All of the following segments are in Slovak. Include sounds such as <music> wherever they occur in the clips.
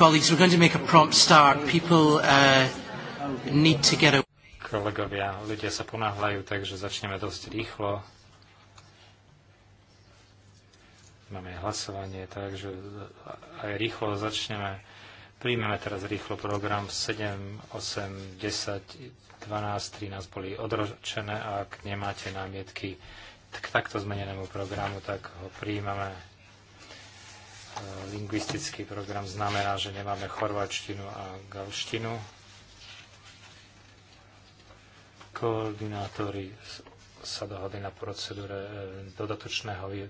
Colleagues, we're going to make a prompt start. People uh, need to get away. Kolegovia, ľudia sa ponáhľajú, takže začneme dosť rýchlo. Máme hlasovanie, takže aj rýchlo začneme. Príjmeme teraz rýchlo program 7, 8, 10, 12, 13 boli odročené a ak nemáte námietky k takto zmenenému programu, tak ho príjmame lingvistický program znamená, že nemáme chorvačtinu a galštinu. Koordinátori sa dohodli na procedúre e, dodatočného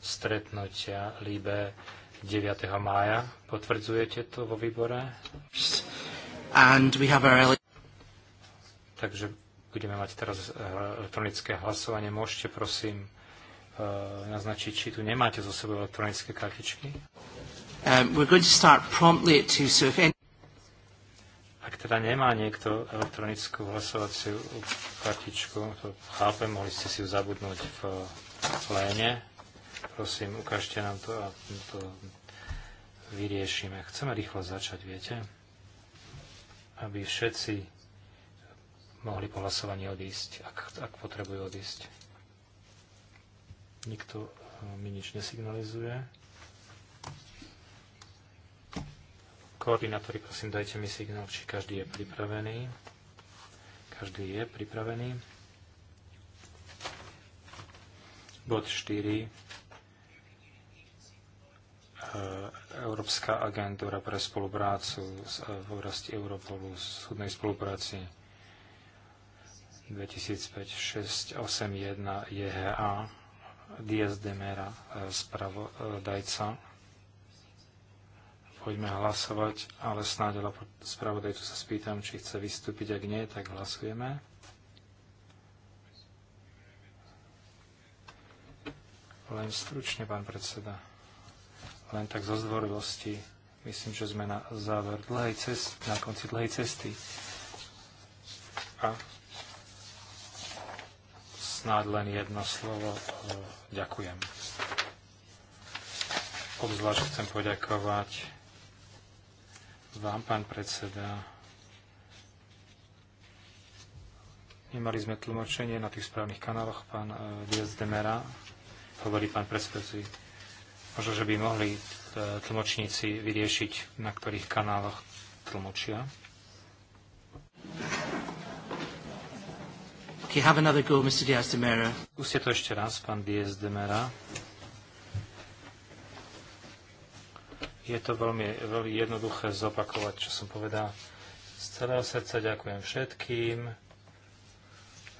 stretnutia LIBE 9. mája. Potvrdzujete to vo výbore? And we have our... Takže budeme mať teraz e, elektronické hlasovanie. Môžete prosím Eh, naznačiť, či tu nemáte zo sebou elektronické kartičky. Um, we're going to start promptly at two, so if any... Ak teda nemá niekto elektronickú hlasovaciu kartičku, to chápem, mohli ste si ju zabudnúť v pléne. Prosím, ukážte nám to a to vyriešime. Chceme rýchlo začať, viete? Aby všetci mohli po hlasovaní odísť, ak, ak potrebujú odísť. Nikto e, mi nič nesignalizuje. Koordinátori, prosím, dajte mi signál, či každý je pripravený. Každý je pripravený. Bod 4. E, Európska agentúra pre spoluprácu e, v oblasti Europolu v súdnej spolupráci 2005-681 JHA Diaz de Mera, e, spravodajca. Poďme hlasovať, ale snáď spravodajcu sa spýtam, či chce vystúpiť. Ak nie, tak hlasujeme. Len stručne, pán predseda. Len tak zo zdvorilosti. Myslím, že sme na záver dlhej cesty, na konci dlhej cesty. A snáď len jedno slovo. Ďakujem. Obzvlášť chcem poďakovať vám, pán predseda. Nemali sme tlmočenie na tých správnych kanáloch, pán e, Diez Demera, hovorí pán predsedci. Možno, že by mohli e, tlmočníci vyriešiť, na ktorých kanáloch tlmočia. Okay, have another go, Mr. Diaz de Mera. Skúste to ešte raz, pán Diaz de Mera. Je to veľmi, veľmi jednoduché zopakovať, čo som povedal. Z celého srdca ďakujem všetkým,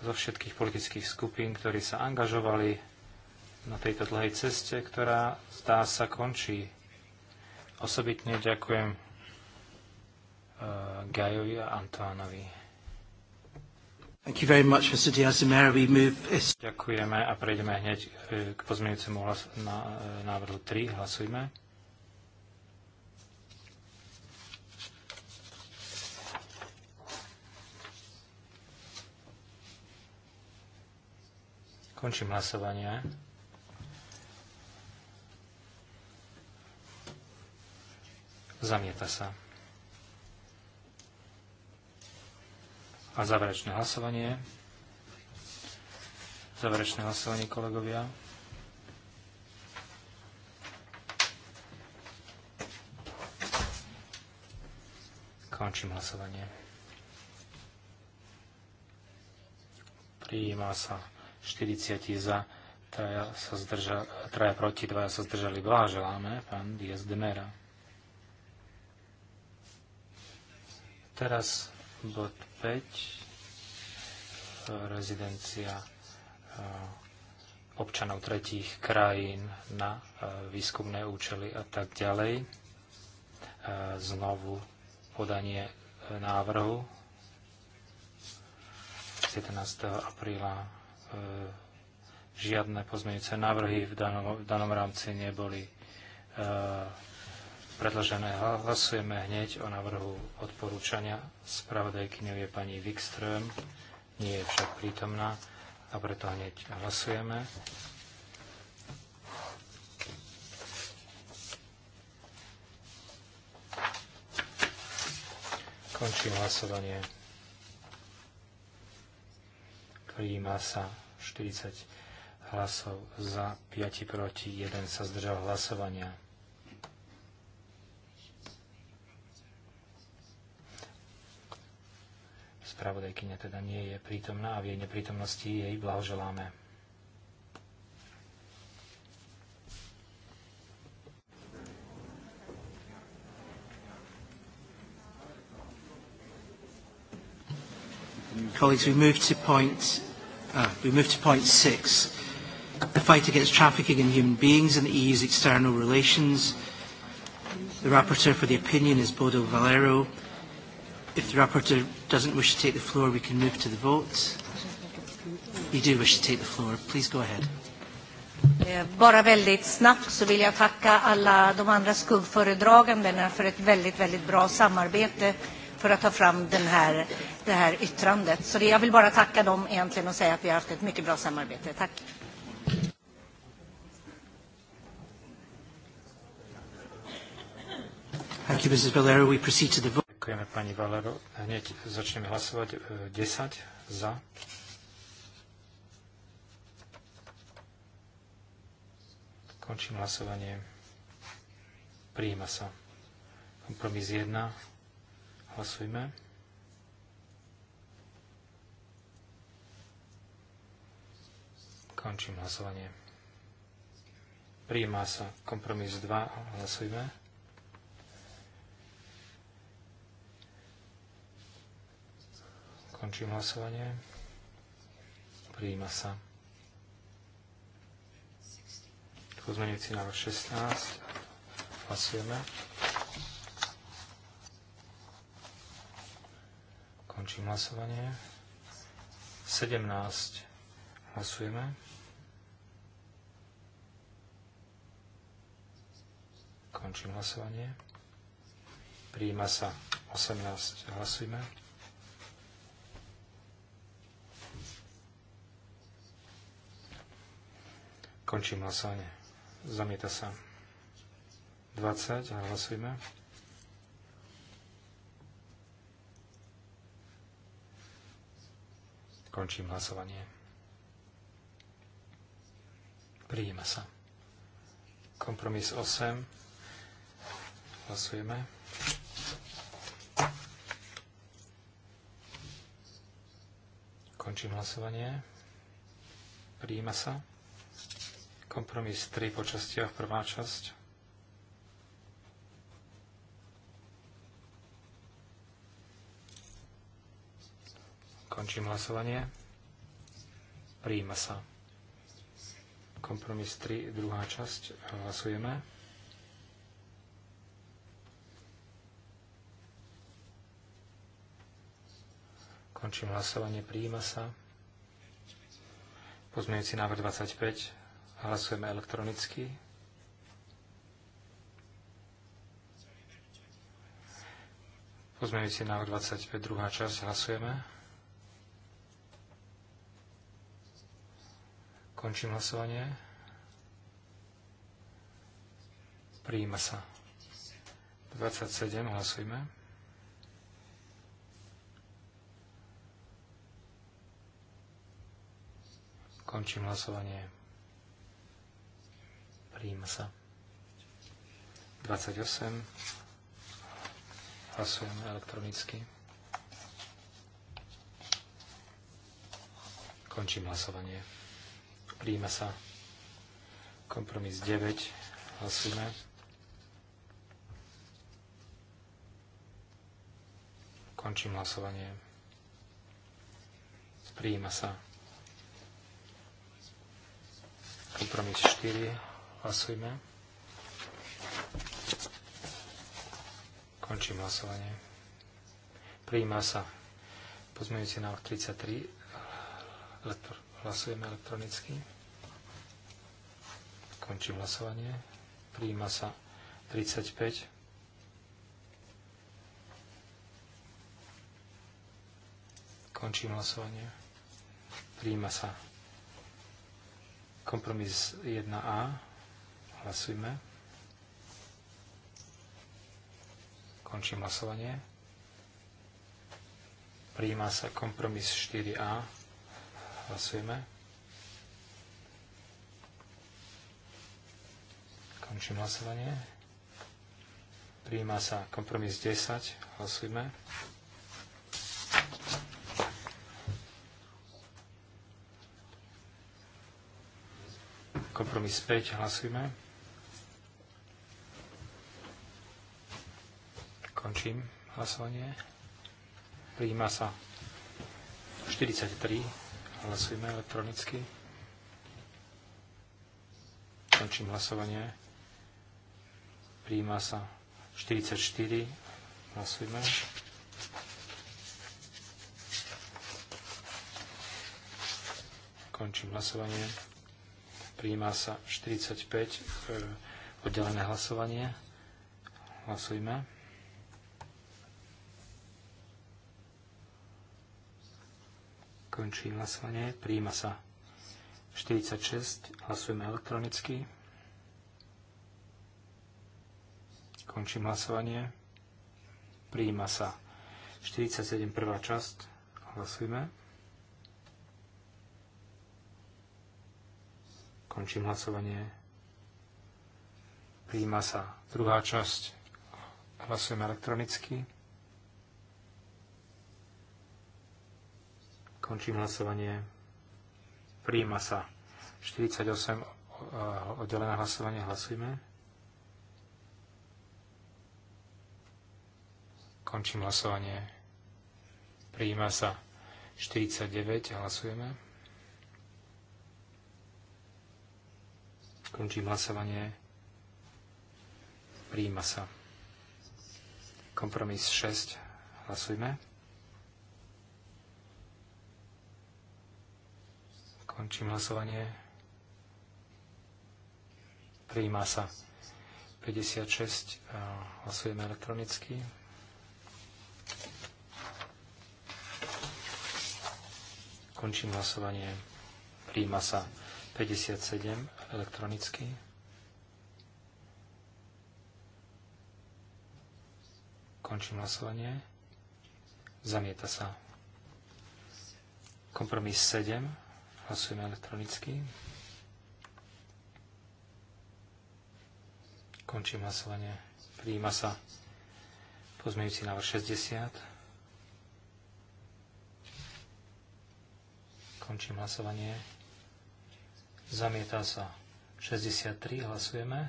zo všetkých politických skupín, ktorí sa angažovali na tejto dlhej ceste, ktorá zdá sa končí. Osobitne ďakujem eh, Gajovi a Antoánovi. Ďakujeme a prejdeme hneď e, k pozmeňujúcemu hlas na e, návrhu 3. Hlasujme. Končím hlasovanie. Zamieta sa. a záverečné hlasovanie. Záverečné hlasovanie, kolegovia. Končím hlasovanie. Prijíma sa 40 za, traja, sa zdrža, traja proti, dvaja sa zdržali. Blahoželáme, pán Diaz de Mera. Teraz bod rezidencia eh, občanov tretích krajín na eh, výskumné účely a tak ďalej. Eh, znovu podanie návrhu 17. apríla žiadne pozmeňujúce návrhy v danom, v danom rámci neboli Predložené Hlasujeme hneď o návrhu odporúčania. Spravodajkyňou je pani Wikström, nie je však prítomná a preto hneď hlasujeme. Končím hlasovanie. Príjima sa 40 hlasov za, 5 proti, 1 sa zdržal hlasovania. Spravodajkyňa teda nie je prítomná a v jej neprítomnosti jej blahoželáme. Colleagues, we move to point, uh, we move to point six, the fight against trafficking in human beings and the EU's external relations. The rapporteur for the opinion is Bodo Valero. If the rapporteur doesn't wish to take the floor, we can move to the vote. You do wish to take the floor. Please go ahead. Eh, bara väldigt snabbt så vill jag tacka alla de andra skuggföredragandena för ett väldigt, väldigt bra samarbete för att ta fram den här, det här yttrandet. Så det, jag vill bara tacka dem egentligen och säga att vi har haft ett mycket bra samarbete. Tack! Thank you, Mrs. Valero. We proceed to the vote. Ďakujeme pani Valero. Hneď začneme hlasovať 10 e, za. Končím hlasovanie. Prijíma sa. Kompromis 1. Hlasujme. Končím hlasovanie. Prijíma sa. Kompromis 2. Hlasujme. Končím hlasovanie. Prijíma sa. Pozmeňujúci návrh 16. Hlasujeme. Končím hlasovanie. 17. Hlasujeme. Končím hlasovanie. Prijíma sa 18. Hlasujeme. Končím hlasovanie. Zamieta sa. 20. Hlasujeme. Končím hlasovanie. Prijíma sa. Kompromis 8. Hlasujeme. Končím hlasovanie. Prijíma sa. Kompromis 3 po častiach, prvá časť. Končím hlasovanie. Príjima sa. Kompromis 3, druhá časť. Hlasujeme. Končím hlasovanie. Príjima sa. Pozmeňujúci návrh 25. Hlasujeme elektronicky. Pozmeňujúci návrh 25, druhá časť. Hlasujeme. Končím hlasovanie. Prijíma sa. 27, hlasujme. Končím hlasovanie. Príjima sa. 28. Hlasujeme elektronicky. Končím hlasovanie. Príjima sa. Kompromis 9. Hlasujeme. Končím hlasovanie. Príjima sa. Kompromis 4. Hlasujme. Končím hlasovanie. Prijíma sa pozmeňujúci návrh 33. Hlasujeme elektronicky. Končím hlasovanie. Prijíma sa 35. Končím hlasovanie. Prijíma sa kompromis 1A. Hlasujme. Končím hlasovanie. Prijíma sa kompromis 4A. Hlasujeme. Končím hlasovanie. Prijíma sa kompromis 10. Hlasujme. Kompromis 5. Hlasujme. Končím hlasovanie. Príjima sa 43. Hlasujeme elektronicky. Končím hlasovanie. Príjima sa 44. Hlasujeme. Končím hlasovanie. Príjima sa 45. Eh, oddelené hlasovanie. Hlasujme. Končím hlasovanie. Príjima sa 46. Hlasujeme elektronicky. Končím hlasovanie. Príjima sa 47. prvá časť. Hlasujeme. Končím hlasovanie. Príjima sa druhá časť. Hlasujeme elektronicky. Končím hlasovanie. Príjima sa. 48 oddelené hlasovanie. Hlasujme. Končím hlasovanie. Prijíma sa 49. Hlasujeme. Končím hlasovanie. Prijíma sa. Kompromis 6. Hlasujme. Končím hlasovanie. Prijíma sa 56. Eh, hlasujeme elektronicky. Končím hlasovanie. Prijíma sa 57 elektronicky. Končím hlasovanie. Zamieta sa. Kompromis 7. Hlasujeme elektronicky. Končím hlasovanie. Prijíma sa pozmeňujúci návrh 60. Končím hlasovanie. Zamieta sa 63. Hlasujeme.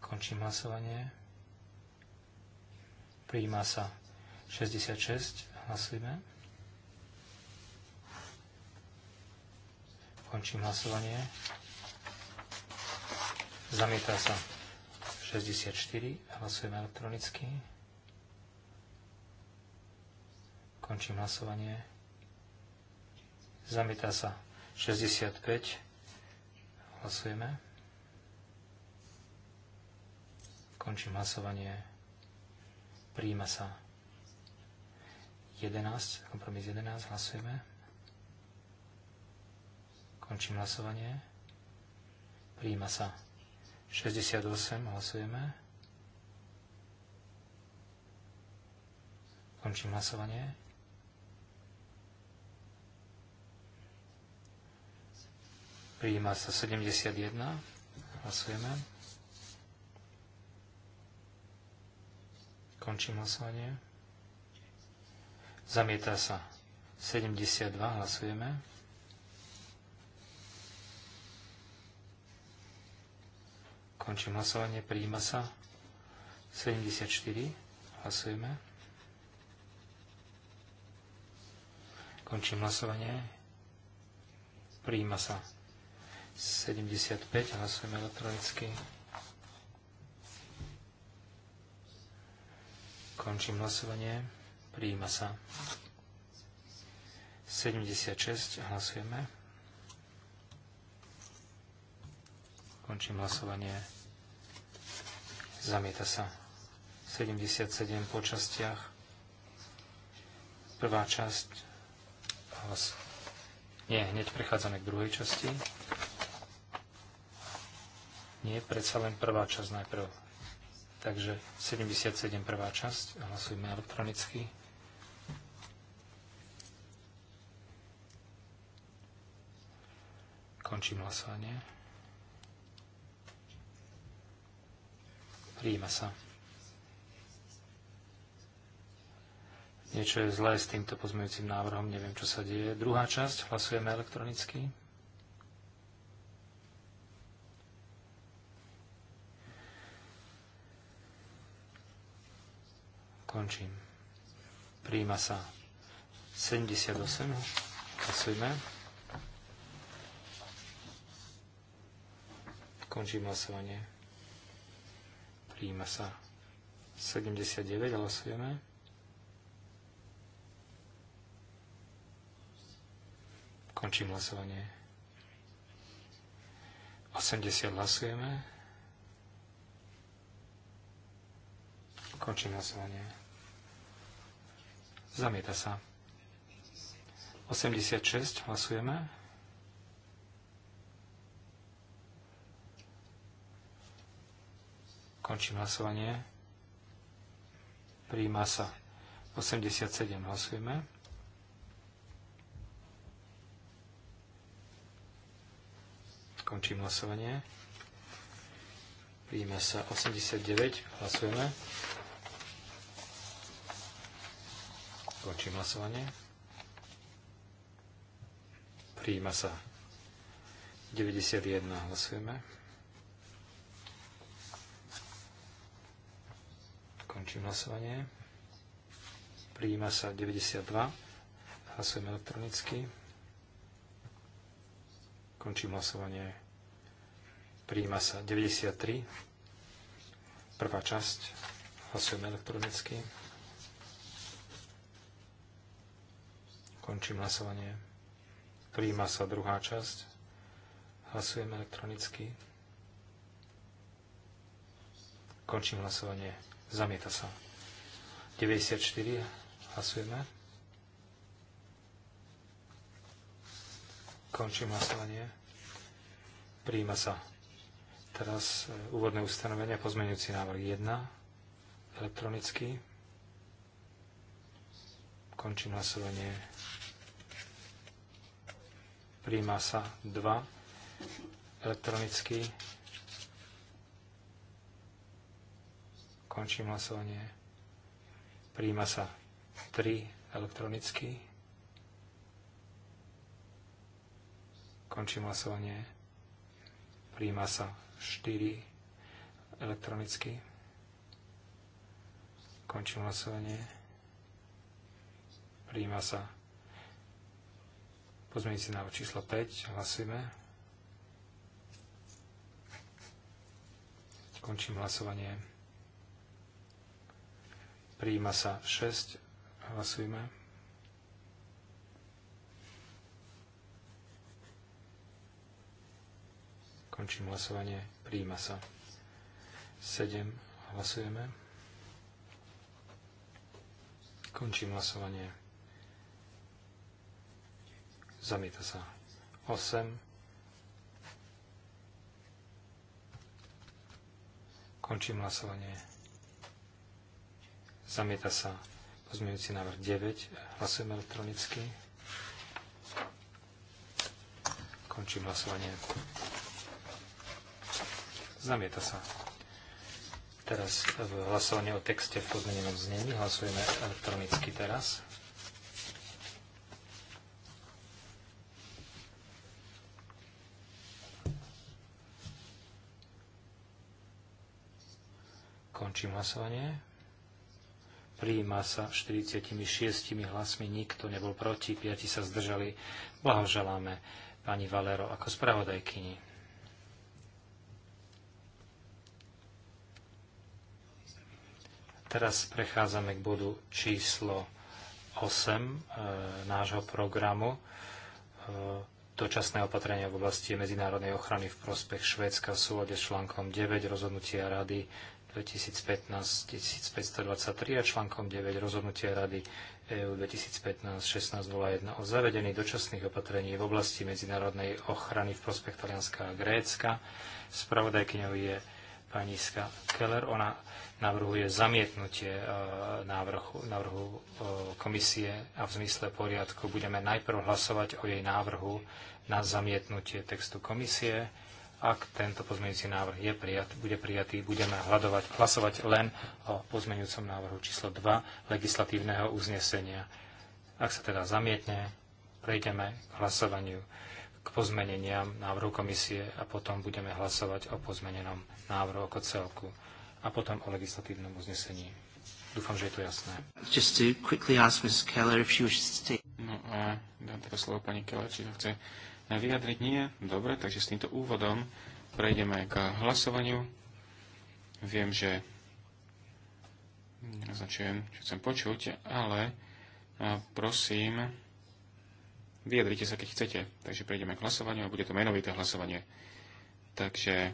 Končím hlasovanie. Prijíma sa 66. hlasujeme. Končím hlasovanie. Zamieta sa 64. Hlasujeme elektronicky. Končím hlasovanie. Zamieta sa 65. Hlasujeme. Končím hlasovanie. Príjima sa. 11, kompromis 11, hlasujeme. Končím hlasovanie. Príjima sa. 68, hlasujeme. Končím hlasovanie. Príjima sa 71. Hlasujeme. Končím hlasovanie. Zamieta sa. 72 hlasujeme. Končím hlasovanie. Prijíma sa. 74. Hlasujeme. Končím hlasovanie. Prijíma sa. 75. Hlasujeme elektronicky. Končím hlasovanie. Prijíma sa. 76. Hlasujeme. Končím hlasovanie. Zamieta sa. 77 po častiach. Prvá časť. Hlas. Nie, hneď prechádzame k druhej časti. Nie, predsa len prvá časť najprv. Takže 77 prvá časť, hlasujme elektronicky. Končím hlasovanie. Príjima sa. Niečo je zlé s týmto pozmeňujúcim návrhom, neviem, čo sa deje. Druhá časť, hlasujeme elektronicky. Končím. Príjima sa 78. Hlasujme. Končím hlasovanie. Príjima sa 79. Hlasujeme. Končím hlasovanie. 80 hlasujeme. Končím hlasovanie. Zamieta sa. 86 hlasujeme. Končím hlasovanie. Príjma sa. 87 hlasujeme. Končím hlasovanie. Príjme sa 89. Hlasujeme. Končím hlasovanie. Príjima sa. 91 hlasujeme. Končím hlasovanie. Príjima sa 92. Hlasujeme elektronicky. Končím hlasovanie. Príjima sa 93. Prvá časť. Hlasujeme elektronicky. Končím hlasovanie. Príjma sa druhá časť. Hlasujem elektronicky. Končím hlasovanie. Zamieta sa. 94. Hlasujeme. Končím hlasovanie. Príjma sa. Teraz e, úvodné ustanovenia, pozmeňujúci návrh 1, elektronicky. Končím hlasovanie Príjma sa 2 elektronicky. Končím hlasovanie. Príjma sa 3 elektronicky. Končím hlasovanie. Príjma sa 4 elektronicky. Končím hlasovanie. Príjma sa Pozmeňujúci návrh číslo 5. Hlasujeme. Končím hlasovanie. Prijíma sa 6. Hlasujeme. Končím hlasovanie. Prijíma sa 7. Hlasujeme. Končím hlasovanie. Zamieta sa. 8. Končím hlasovanie. Zamieta sa pozmeňujúci návrh 9. Hlasujeme elektronicky. Končím hlasovanie. Zamieta sa. Teraz v hlasovanie o texte v pozmenenom znení hlasujeme elektronicky teraz. Končím hlasovanie. Príjima sa 46 hlasmi, nikto nebol proti, 5 sa zdržali. Blahoželáme pani Valero ako spravodajkyni. Teraz prechádzame k bodu číslo 8 e, nášho programu. E, dočasné opatrenia v oblasti medzinárodnej ochrany v prospech Švédska v súlade s článkom 9 rozhodnutia Rady 2015-1523 a článkom 9 rozhodnutia Rady EU 2015-1601 o zavedení dočasných opatrení v oblasti medzinárodnej ochrany v prospech Talianska a Grécka. Spravodajkyňou je pani Ska Keller. Ona navrhuje zamietnutie e, návrhu, návrhu e, komisie a v zmysle poriadku budeme najprv hlasovať o jej návrhu na zamietnutie textu komisie. Ak tento pozmeňujúci návrh je prijat, bude prijatý, budeme hľadovať, hlasovať len o pozmeňujúcom návrhu číslo 2 legislatívneho uznesenia. Ak sa teda zamietne, prejdeme k hlasovaniu k pozmeneniam návrhu komisie a potom budeme hlasovať o pozmenenom návrhu ako celku a potom o legislatívnom uznesení. Dúfam, že je to jasné. Just to quickly ask Mrs. Keller if she wishes to take... No a dám teraz slovo pani Keller, či to chce vyjadriť nie? Dobre, takže s týmto úvodom prejdeme k hlasovaniu. Viem, že naznačujem, čo chcem počuť, ale prosím, vyjadrite sa, keď chcete. Takže prejdeme k hlasovaniu a bude to menovité hlasovanie. Takže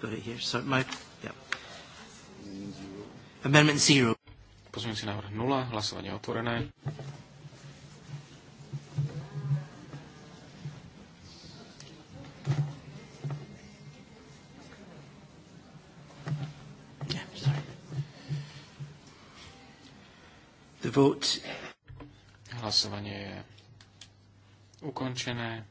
it here. So my, yeah. Amendment zero. Pozmeňujúci návrh 0, hlasovanie otvorené. Hlasovanie je ukončené.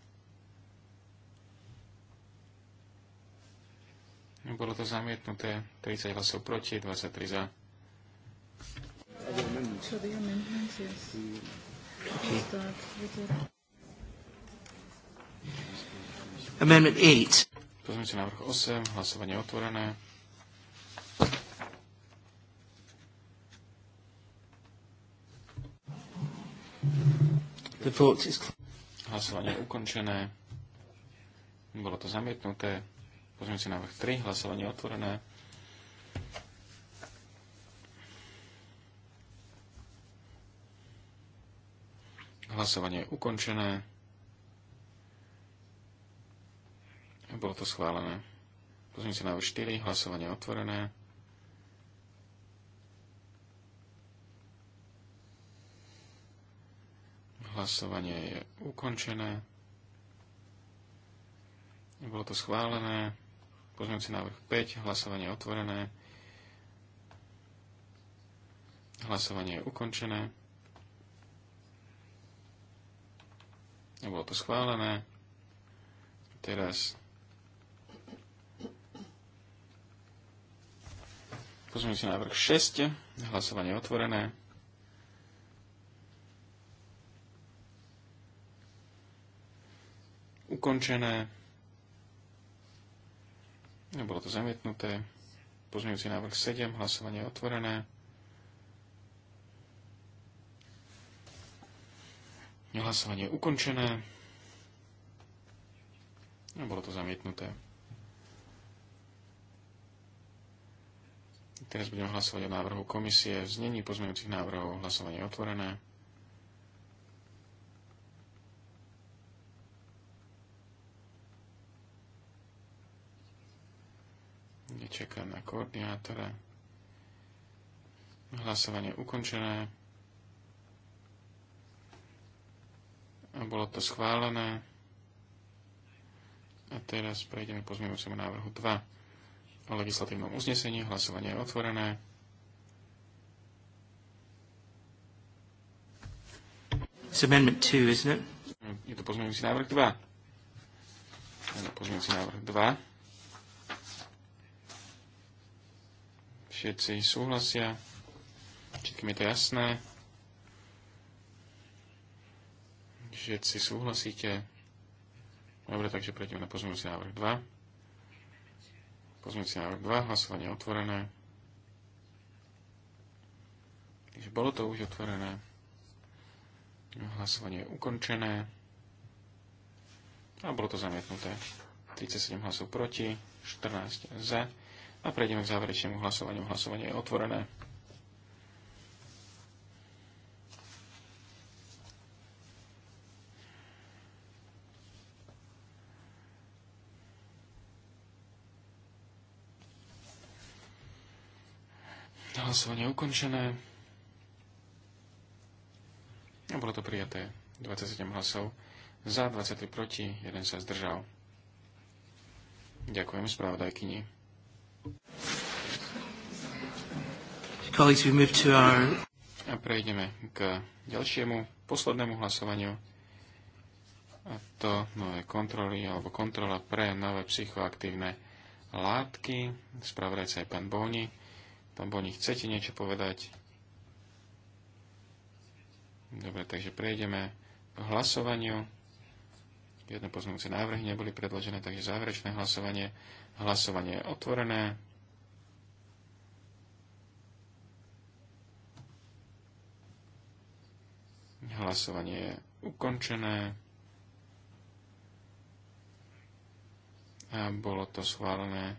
Bolo to zamietnuté 30 hlasov proti, 23 za the amendments. For the amendments, yes. Okay. Start with the... Amendment 8. Pozmite návrh 8, hlasovanie otvorené. The vote is Hlasovanie ukončené. Bolo to zamietnuté. Pozmeňujúci návrh 3. Hlasovanie otvorené. Hlasovanie je ukončené. Bolo to schválené. Pozrime sa návrh 4. Hlasovanie je otvorené. Hlasovanie je ukončené. Bolo to schválené. Pozmeňujúci návrh 5. Hlasovanie je otvorené. Hlasovanie je ukončené. Nebolo to schválené. Teraz pozmeňujúci návrh 6. Hlasovanie otvorené. Ukončené. Nebolo to zamietnuté. Pozmeňujúci návrh 7. Hlasovanie otvorené. Hlasovanie je ukončené. A bolo to zamietnuté. Teraz budeme hlasovať o návrhu komisie v znení pozmeňujúcich návrhov. Hlasovanie je otvorené. Nečaká na koordinátora. Hlasovanie ukončené. a bolo to schválené. A teraz prejdeme k pozmeňujúcemu návrhu 2 o legislatívnom uznesení. Hlasovanie je otvorené. It's amendment 2, isn't it? Je to pozmeňujúci návrh 2. to pozmeňujúci návrh 2. Všetci súhlasia. Všetkým je to jasné. Všetci súhlasíte. Dobre, takže prejdeme na pozmeňujúci návrh 2. Pozmeňujúci návrh 2, hlasovanie otvorené. Takže bolo to už otvorené. Hlasovanie je ukončené. A bolo to zamietnuté. 37 hlasov proti, 14 za. A prejdeme k záverečnému hlasovaniu. Hlasovanie je otvorené. Hlasovanie ukončené. A bolo to prijaté. 27 hlasov za, 23 proti, 1 sa zdržal. Ďakujem spravodajkyni. A prejdeme k ďalšiemu, poslednému hlasovaniu. A to nové kontroly alebo kontrola pre nové psychoaktívne látky. Spravodajca je pán Bóni. Pán Boni, chcete niečo povedať? Dobre, takže prejdeme k hlasovaniu. Jedno pozmúce návrhy neboli predložené, takže záverečné hlasovanie. Hlasovanie je otvorené. Hlasovanie je ukončené. A bolo to schválené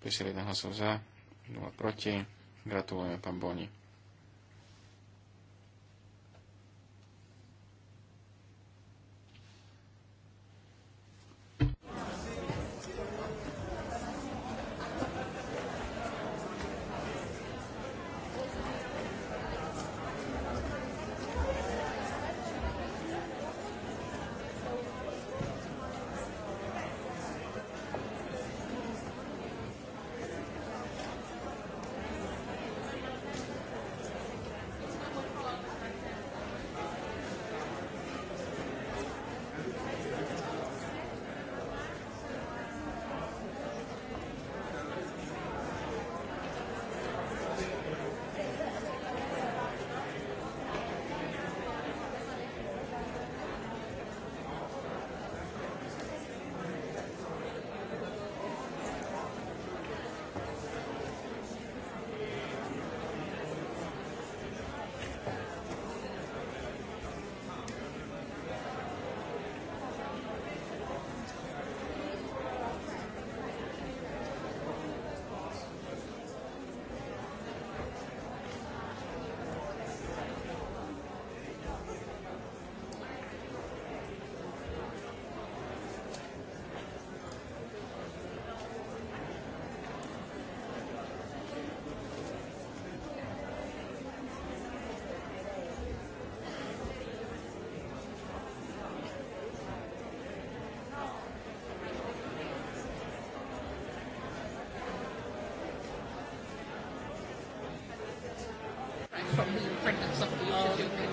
51 hlasov za, 0 proti. Gratulujeme, pán Boni.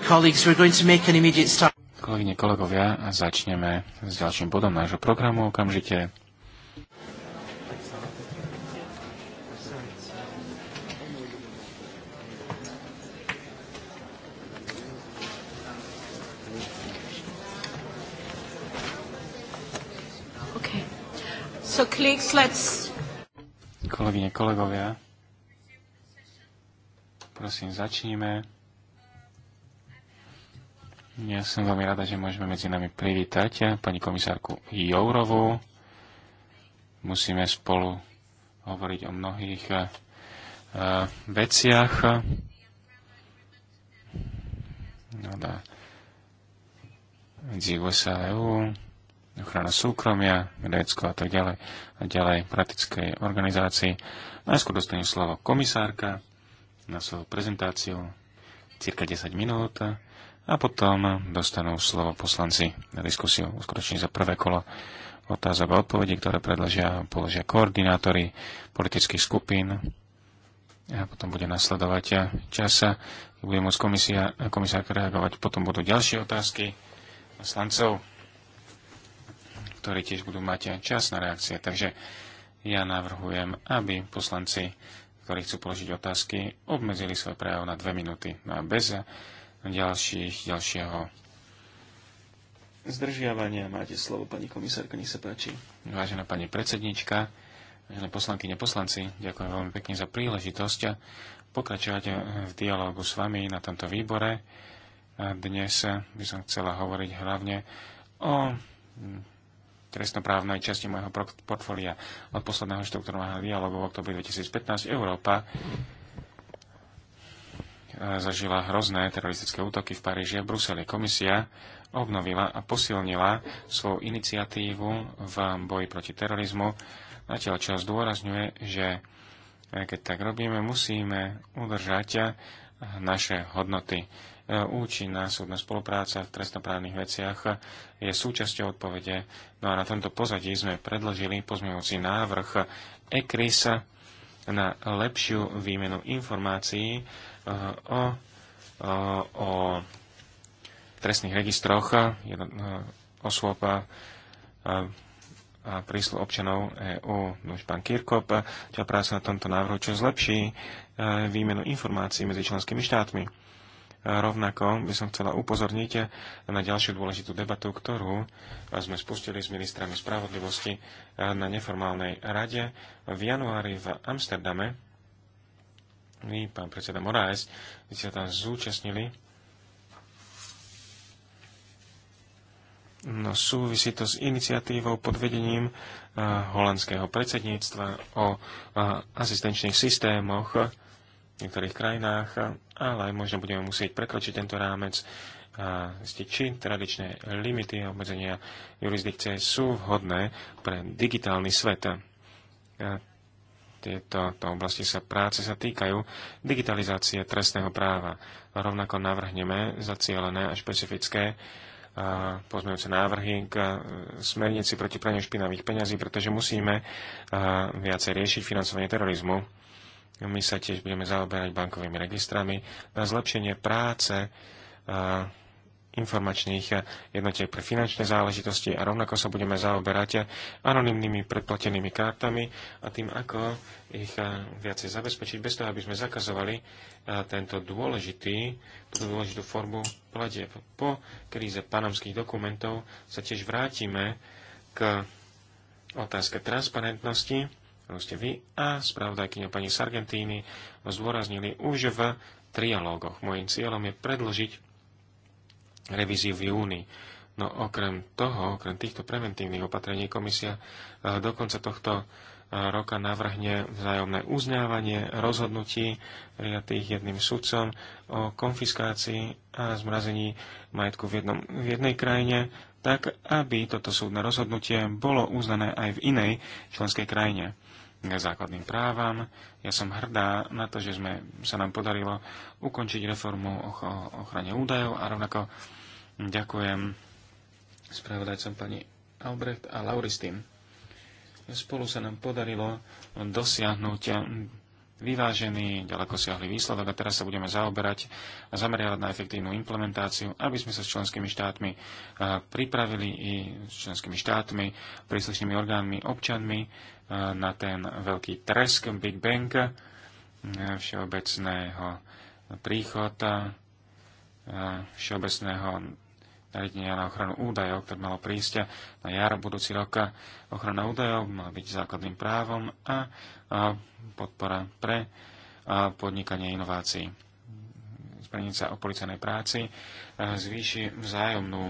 colleagues, we're going to make an immediate start. Kolegyne, kolegovia, začneme s ďalším bodom nášho programu okamžite. Okay. So, colleagues, let's... Kolegyne, kolegovia, prosím, začníme. Ja som veľmi rada, že môžeme medzi nami privítať eh, pani komisárku Jourovú. Musíme spolu hovoriť o mnohých uh, veciach. No dá. Medzi USA a EU, e ochrana súkromia, Grécko a tak ďalej. A ďalej praktickej organizácii. Najskôr dostane slovo komisárka na svoju prezentáciu cirka 10 minút a potom dostanú slovo poslanci na diskusiu skutočne za prvé kolo otázok a odpovedí, ktoré predložia, položia koordinátori politických skupín. A potom bude nasledovať časa, bude môcť komisia, komisárka reagovať. Potom budú ďalšie otázky poslancov, ktorí tiež budú mať čas na reakcie. Takže ja navrhujem, aby poslanci, ktorí chcú položiť otázky, obmedzili svoje právo na dve minúty. No a bez ďalších, ďalšieho zdržiavania. Máte slovo, pani komisárka, nech sa páči. Vážená pani predsednička, vážené poslankyne, poslanci, ďakujem veľmi pekne za príležitosť pokračovať v dialogu s vami na tomto výbore. A dnes by som chcela hovoriť hlavne o trestnoprávnej časti môjho portfólia od posledného štruktúrneho dialogu v oktobri 2015 Európa zažila hrozné teroristické útoky v Paríži a v Bruseli. Komisia obnovila a posilnila svoju iniciatívu v boji proti terorizmu, zatiaľ čo zdôrazňuje, že keď tak robíme, musíme udržať naše hodnoty. Účinná súdna spolupráca v trestnoprávnych veciach je súčasťou odpovede. No a na tomto pozadí sme predložili pozmeňujúci návrh ECRIS na lepšiu výmenu informácií o, o, o trestných registroch osôb a, a príslu občanov EU. Už pán Kirkop ťa práca na tomto návrhu, čo zlepší výmenu informácií medzi členskými štátmi. Rovnako by som chcela upozorniť na ďalšiu dôležitú debatu, ktorú sme spustili s ministrami spravodlivosti na neformálnej rade v januári v Amsterdame vy, pán predseda Moraes, vy sa tam zúčastnili. No, súvisí to s iniciatívou pod vedením holandského predsedníctva o asistenčných systémoch v niektorých krajinách, ale aj možno budeme musieť prekročiť tento rámec a zistiť, či tradičné limity a obmedzenia jurisdikcie sú vhodné pre digitálny svet. A tieto oblasti sa práce sa týkajú digitalizácie trestného práva. Rovnako navrhneme zacielené a špecifické pozmejúce návrhy k e, smernici proti praniu špinavých peňazí, pretože musíme viacej riešiť financovanie terorizmu. My sa tiež budeme zaoberať bankovými registrami na zlepšenie práce informačných jednotiek pre finančné záležitosti a rovnako sa budeme zaoberať anonymnými predplatenými kartami a tým, ako ich eh, viacej zabezpečiť, bez toho, aby sme zakazovali eh, tento dôležitý, tú dôležitú formu platieb. Po kríze panamských dokumentov sa tiež vrátime k otázke transparentnosti, ktorú ste vy a spravodajkyňa pani Sargentini zdôraznili už v trialógoch. Mojím cieľom je predložiť revíziu v júni. No okrem toho, okrem týchto preventívnych opatrení, komisia e, do konca tohto e, roka navrhne vzájomné uznávanie rozhodnutí prijatých jedným sudcom o konfiskácii a zmrazení majetku v, jednom, v jednej krajine, tak aby toto súdne rozhodnutie bolo uznané aj v inej členskej krajine základným právam. Ja som hrdá na to, že sme, sa nám podarilo ukončiť reformu o ochrane údajov a rovnako Ďakujem spravodajcom pani Albrecht a Lauristin. Spolu sa nám podarilo dosiahnuť vyvážený, ďaleko siahly výsledok a teraz sa budeme zaoberať a zameriavať na efektívnu implementáciu, aby sme sa s členskými štátmi pripravili i s členskými štátmi, príslušnými orgánmi, občanmi na ten veľký tresk Big Bang všeobecného príchoda, všeobecného nariadenia na ochranu údajov, ktoré malo prísť na jar budúci roka. Ochrana údajov mala byť základným právom a, a podpora pre a podnikanie inovácií. Smernica o policajnej práci e, zvýši vzájomnú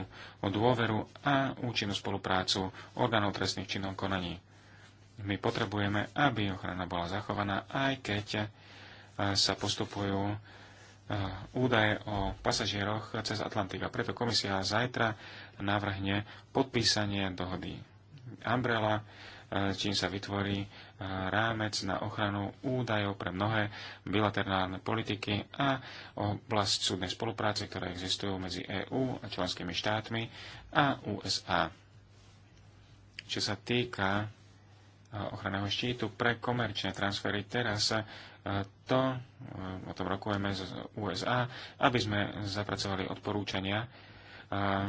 dôveru a účinnú spoluprácu orgánov trestných činov konaní. My potrebujeme, aby ochrana bola zachovaná, aj keď e, sa postupujú Eh, údaje o pasažieroch cez Atlantik a preto komisia zajtra navrhne podpísanie dohody Umbrella, eh, čím sa vytvorí eh, rámec na ochranu údajov pre mnohé bilaterálne politiky a oblasť súdnej spolupráce, ktoré existujú medzi EÚ a členskými štátmi a USA. Čo sa týka ochranného štítu pre komerčné transfery, teraz to, eh, o tom rokujeme z USA, aby sme zapracovali odporúčania eh,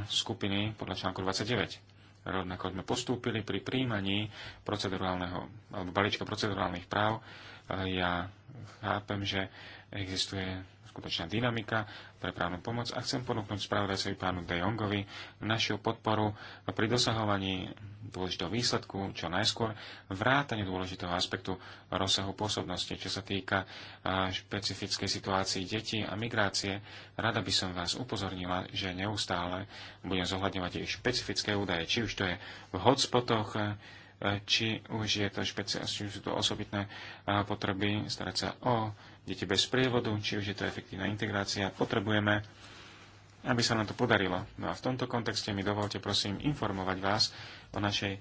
skupiny podľa článku 29. Rovnako sme postúpili pri príjmaní procedurálneho, alebo balíčka procedurálnych práv. Eh, ja chápem, že existuje skutočná dynamika pre právnu pomoc a chcem ponúknuť spravodajcovi pánu De Jongovi našu podporu pri dosahovaní dôležitého výsledku čo najskôr vrátane dôležitého aspektu rozsahu pôsobnosti, čo sa týka špecifickej situácii detí a migrácie. Rada by som vás upozornila, že neustále budem zohľadňovať ich špecifické údaje, či už to je v hotspotoch, E, či už je to špeci- či sú to osobitné e, potreby starať sa o deti bez prievodu, či už je to efektívna integrácia. Potrebujeme, aby sa nám to podarilo. No a v tomto kontexte mi dovolte prosím informovať vás o našej e,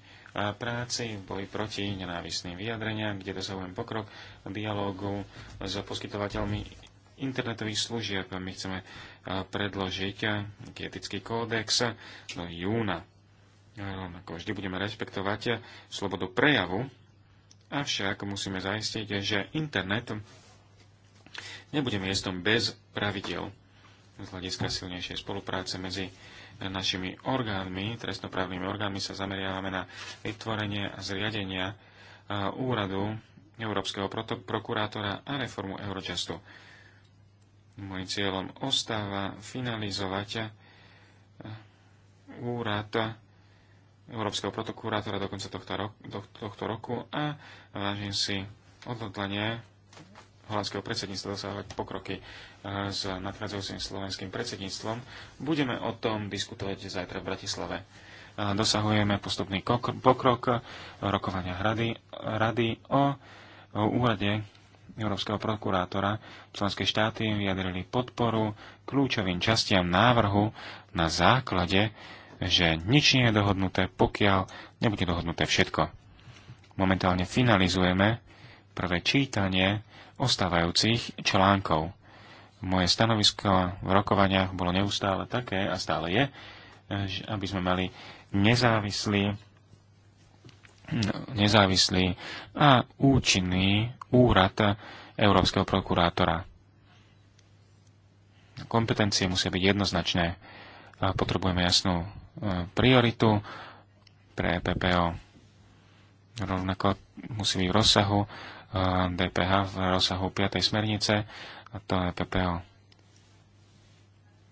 práci v boji proti nenávisným vyjadreniam, kde dosahujem pokrok dialógu s poskytovateľmi internetových služieb. My chceme predložiť etický kódex do júna ako vždy budeme rešpektovať slobodu prejavu, avšak musíme zaistiť, že internet nebude miestom bez pravidel z hľadiska silnejšej spolupráce medzi našimi orgánmi, trestnoprávnymi orgánmi sa zameriavame na vytvorenie a zriadenia úradu Európskeho prokurátora a reformu Eurojustu. Mojím cieľom ostáva finalizovať úrad Európskeho protokurátora do konca tohto, roku, tohto roku a vážim si odhodlanie holandského predsedníctva dosahovať pokroky e, s nadchádzajúcim slovenským predsedníctvom. Budeme o tom diskutovať zajtra v Bratislave. E, dosahujeme postupný pokrok rokovania rady, rady o úrade Európskeho prokurátora. Členské štáty vyjadrili podporu kľúčovým častiam návrhu na základe že nič nie je dohodnuté, pokiaľ nebude dohodnuté všetko. Momentálne finalizujeme prvé čítanie ostávajúcich článkov. Moje stanovisko v rokovaniach bolo neustále také a stále je, aby sme mali nezávislý, nezávislý a účinný úrad Európskeho prokurátora. Kompetencie musia byť jednoznačné. Potrebujeme jasnú E, prioritu pre e PPO. Rovnako musí byť v rozsahu e, DPH, v rozsahu 5. smernice, a to je PPO.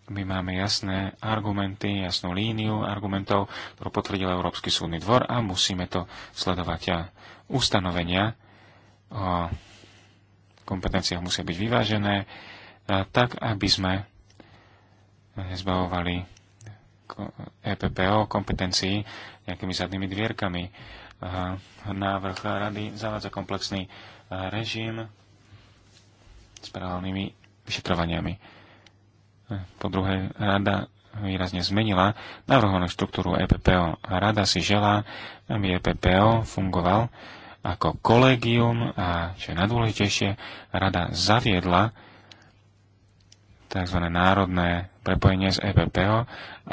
My máme jasné argumenty, jasnú líniu argumentov, ktorú potvrdil Európsky súdny dvor a musíme to sledovať. A ustanovenia o kompetenciách musia byť vyvážené, tak aby sme zbavovali EPPO kompetencií nejakými zadnými dvierkami. Návrh rady zavádza komplexný eh, režim s paralelnými vyšetrovaniami. Eh, po druhé, rada výrazne zmenila navrhovanú štruktúru EPPO. Rada si želá, aby EPPO fungoval ako kolegium a, čo je najdôležitejšie, rada zaviedla tzv. národné prepojenie s EPPO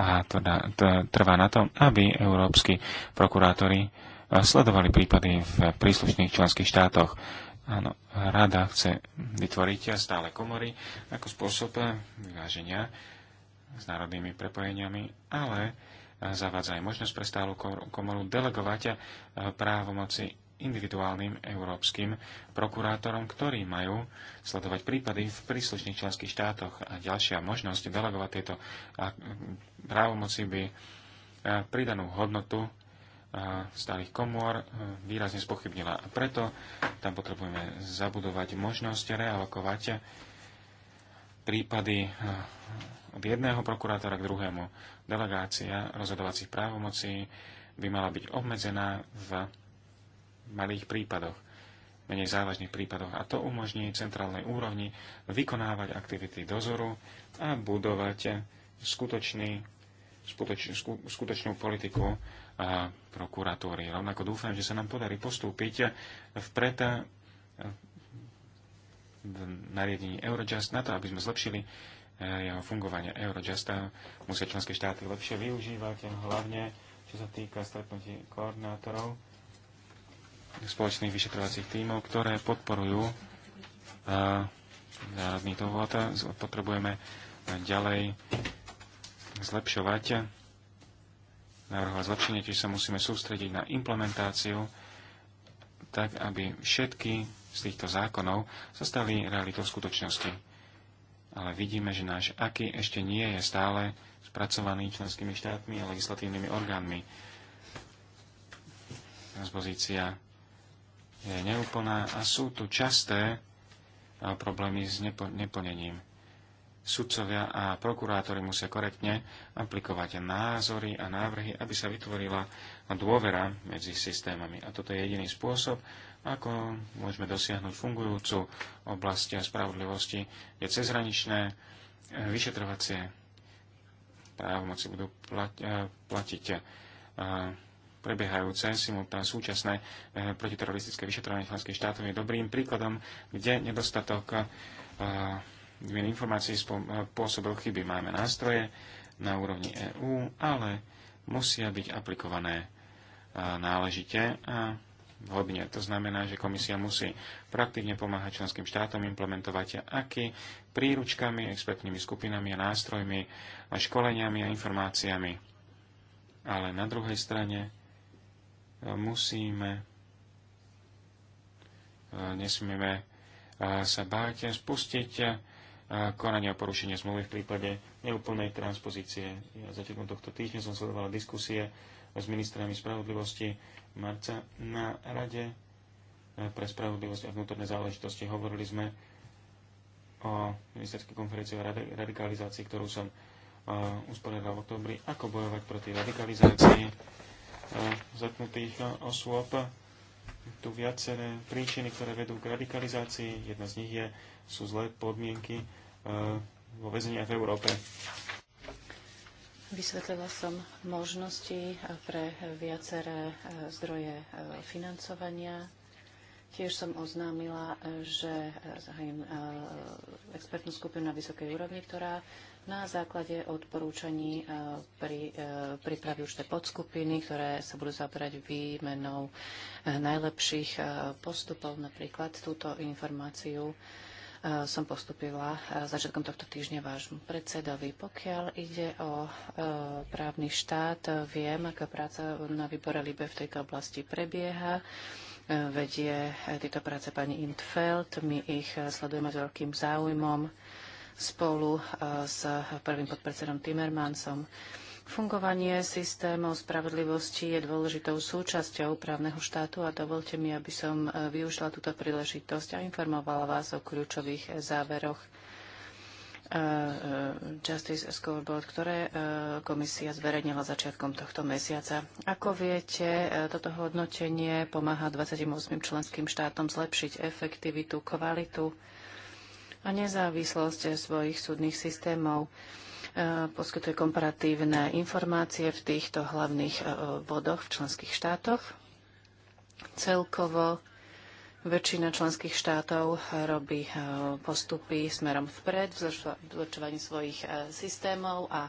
a to, da, to trvá na tom, aby európsky prokurátori e, sledovali prípady v príslušných členských štátoch. Áno, rada chce vytvoriť stále komory ako spôsob vyváženia s národnými prepojeniami, ale zavádza aj možnosť pre stálu komoru delegovať e, právomoci individuálnym európskym prokurátorom, ktorí majú sledovať prípady v príslušných členských štátoch. A ďalšia možnosť delegovať tieto právomoci by pridanú hodnotu starých komôr výrazne spochybnila. A preto tam potrebujeme zabudovať možnosť realokovať prípady od jedného prokurátora k druhému. Delegácia rozhodovacích právomocí by mala byť obmedzená v malých prípadoch, menej závažných prípadoch a to umožní centrálnej úrovni vykonávať aktivity dozoru a budovať skutočný, skutočnú, skutočnú politiku a prokuratúry. Rovnako dúfam, že sa nám podarí postúpiť vpred v nariadení Eurojust na to, aby sme zlepšili eh, jeho fungovanie Eurojusta. Musia členské štáty lepšie využívať, hlavne čo sa týka stretnutí koordinátorov spoločných vyšetrovacích tímov, ktoré podporujú e, národný dôvod. Potrebujeme ďalej zlepšovať a zlepšenie, tiež sa musíme sústrediť na implementáciu, tak aby všetky z týchto zákonov sa stali realitou skutočnosti. Ale vidíme, že náš aký ešte nie je stále spracovaný členskými štátmi a legislatívnymi orgánmi. Transpozícia je neúplná a sú tu časté problémy s neplnením. Sudcovia a prokurátori musia korektne aplikovať názory a návrhy, aby sa vytvorila dôvera medzi systémami. A toto je jediný spôsob, ako môžeme dosiahnuť fungujúcu oblasti a spravodlivosti, je cezhraničné e, vyšetrovacie právomoci budú e, platiť e, prebiehajúce simultán súčasné eh, protiteroristické vyšetrovanie členských štátov je dobrým príkladom, kde nedostatok eh, výmien informácií spôsobil eh, chyby. Máme nástroje na úrovni EÚ, ale musia byť aplikované náležite a vhodne. To znamená, že komisia musí proaktívne pomáhať členským štátom implementovať aký príručkami, expertnými skupinami a nástrojmi, a školeniami a informáciami. Ale na druhej strane musíme, e, nesmieme e, sa báť spustiť e, konanie o porušenie zmluvy v prípade neúplnej transpozície. Ja začiatkom tohto týždňa som sledovala diskusie s ministrami spravodlivosti marca na Rade pre spravodlivosť a vnútorné záležitosti. Hovorili sme o ministerskej konferencii o radikalizácii, ktorú som usporiadal v oktobri, ako bojovať proti radikalizácii zatknutých e, osôb. Tu viaceré príčiny, ktoré vedú k radikalizácii. Jedna z nich je, sú zlé podmienky e, vo väzeniach v Európe. Vysvetlila som možnosti e, pre viaceré zdroje financovania. Tiež som oznámila, že zahájim expertnú skupinu na vysokej úrovni, ktorá na základe odporúčaní e, pri, e, pripraví určité podskupiny, ktoré sa budú zabrať výmenou e, najlepších postupov. Napríklad túto informáciu som postupila začiatkom tohto týždňa vášmu predsedovi. Pokiaľ ide o právny štát, viem, aká práca na výbore LIBE v tejto oblasti prebieha vedie tieto práce pani Intfeld. My ich sledujeme s veľkým záujmom spolu e, s prvým podpredsedom Timmermansom. Fungovanie systémov spravodlivosti je dôležitou súčasťou právneho štátu a dovolte mi, aby som e, využila túto príležitosť a informovala vás o kľúčových záveroch e, Justice Scoreboard, ktoré komisia zverejnila začiatkom tohto mesiaca. Ako viete, toto hodnotenie pomáha 28 členským štátom zlepšiť efektivitu, kvalitu a nezávislosť svojich súdnych systémov. E, poskytuje komparatívne informácie v týchto hlavných e, bodoch v členských štátoch. Celkovo Väčšina členských štátov robí e, postupy smerom vpred v zlepšovaní svojich systémov a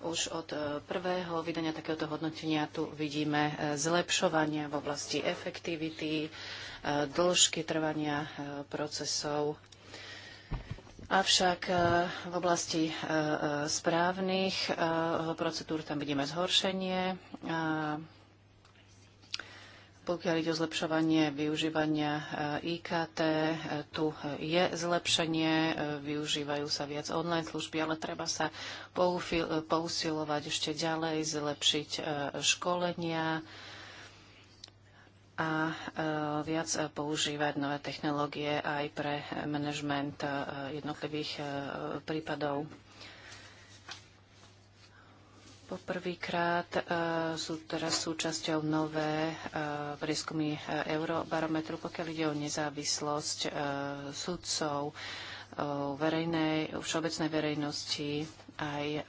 už od prvého vydania takéhoto hodnotenia tu vidíme zlepšovania v oblasti efektivity, dĺžky trvania procesov Avšak e, v oblasti e, e, správnych procedúr tam vidíme zhoršenie. Pokiaľ ide o zlepšovanie využívania IKT, tu je zlepšenie, využívajú sa viac online služby, ale treba sa pousilovať ešte ďalej, zlepšiť školenia, a e, viac používať nové technológie aj pre manažment e, jednotlivých e, prípadov. Poprvýkrát sú teraz súčasťou nové prieskumy Eurobarometru, pokiaľ ide o nezávislosť sudcov, verejnej, všeobecnej verejnosti aj e,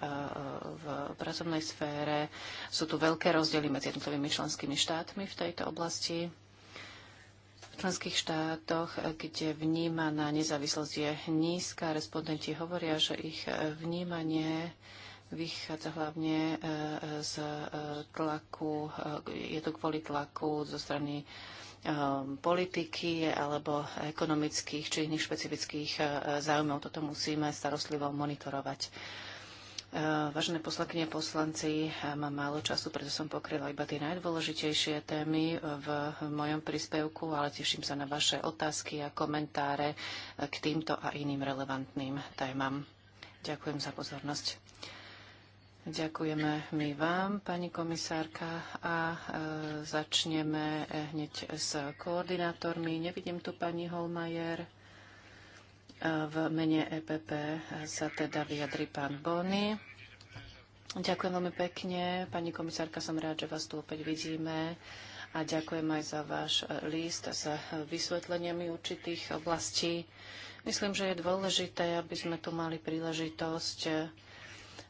v pracovnej sfére. Sú tu veľké rozdiely medzi jednotlivými členskými štátmi v tejto oblasti. V členských štátoch, e, kde vnímaná nezávislosť je nízka, respondenti hovoria, že ich e, vnímanie vychádza hlavne z tlaku, je to kvôli tlaku zo strany politiky alebo ekonomických či iných špecifických záujmov. Toto musíme starostlivo monitorovať. Ehm, vážené poslankyne poslanci, ehm, mám málo času, preto som pokryla iba tie najdôležitejšie témy ehm, v mojom príspevku, ale teším sa na vaše otázky a komentáre k týmto a iným relevantným témam. Ďakujem za pozornosť. Ďakujeme my vám, pani komisárka, a e, začneme eh, hneď s koordinátormi. Nevidím tu pani Holmajer. V mene EPP sa teda vyjadri pán Bony. Ďakujem veľmi pekne. Pani komisárka, som rád, že vás tu opäť vidíme a ďakujem aj za váš list a za vysvetleniami určitých oblastí. Myslím, že je dôležité, aby sme tu mali príležitosť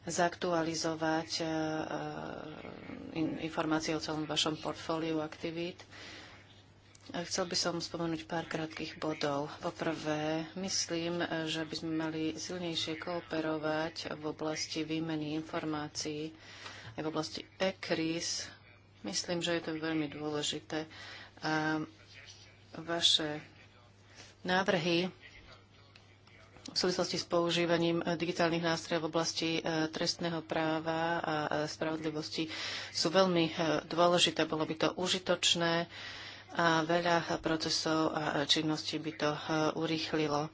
zaktualizovať eh, informácie o celom vašom portfóliu aktivít. Chcel by som spomenúť pár krátkých bodov. Poprvé, myslím, že by sme mali silnejšie kooperovať v oblasti výmeny informácií aj v oblasti ECRIS. Myslím, že je to veľmi dôležité. A vaše návrhy v súvislosti s používaním digitálnych nástrojov v oblasti e, trestného práva a e, spravodlivosti sú veľmi e, dôležité. Bolo by to užitočné a veľa procesov a činností by to e, urýchlilo.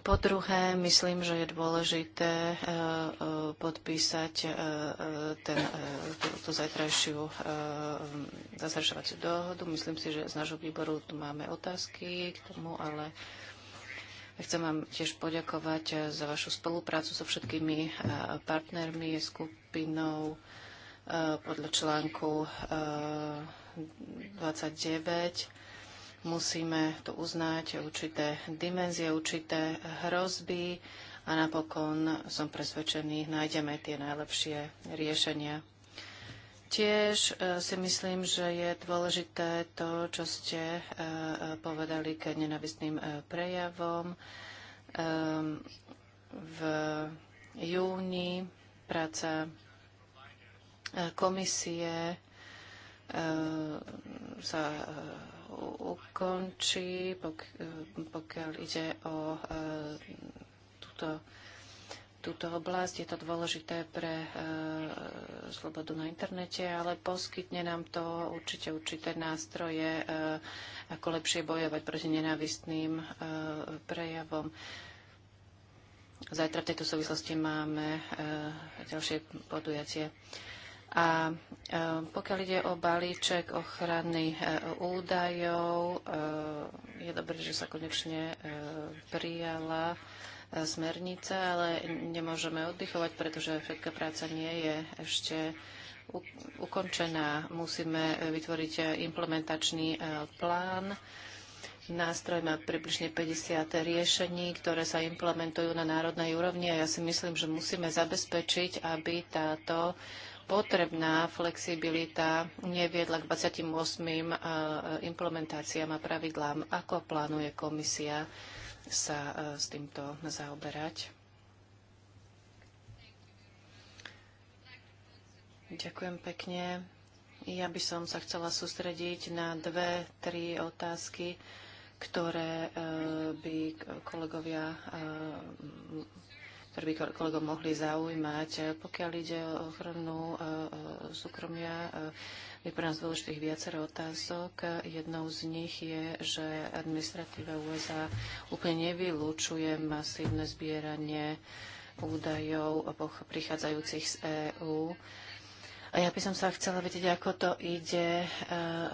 Po druhé, myslím, že je dôležité e, e, podpísať ten, tú zajtrajšiu zazrašovaciu dohodu. Myslím si, že z nášho výboru tu máme otázky k tomu, ale chcem vám tiež poďakovať za vašu spoluprácu so všetkými partnermi, skupinou podľa článku 29. Musíme tu uznať určité dimenzie, určité hrozby a napokon som presvedčený, nájdeme tie najlepšie riešenia. Tiež e, si myslím, že je dôležité to, čo ste e, povedali k nenavistným e, prejavom. Ehm, v júni práca komisie E, sa e, ukončí, e, pokiaľ ide o túto túto oblasť. Je to dôležité pre slobodu na internete, ale poskytne nám to určite určité nástroje, ako lepšie bojovať proti nenávistným prejavom. Zajtra v tejto súvislosti máme e, ďalšie podujatie. E, a e, pokiaľ ide o balíček ochrany e, údajov, e, je dobré, že sa konečne prijala smernica, ale nemôžeme oddychovať, pretože všetká práca nie je ešte ukončená. Musíme vytvoriť implementačný plán. Nástroj má približne 50 riešení, ktoré sa implementujú na národnej úrovni a ja si myslím, že musíme zabezpečiť, aby táto potrebná flexibilita neviedla k 28 eh, implementáciám a pravidlám. Ako plánuje komisia sa eh, s týmto zaoberať? Ďakujem pekne. Ja by som sa chcela sústrediť na dve, tri otázky, ktoré eh, by kolegovia ktoré by kolegov mohli zaujímať. E, pokiaľ ide o ochranu e, e, súkromia, je pre nás dôležitých viacero otázok. Jednou z nich je, že administratíva USA úplne nevylúčuje masívne zbieranie údajov prichádzajúcich z EÚ a ja by som sa chcela vedieť, ako to ide e,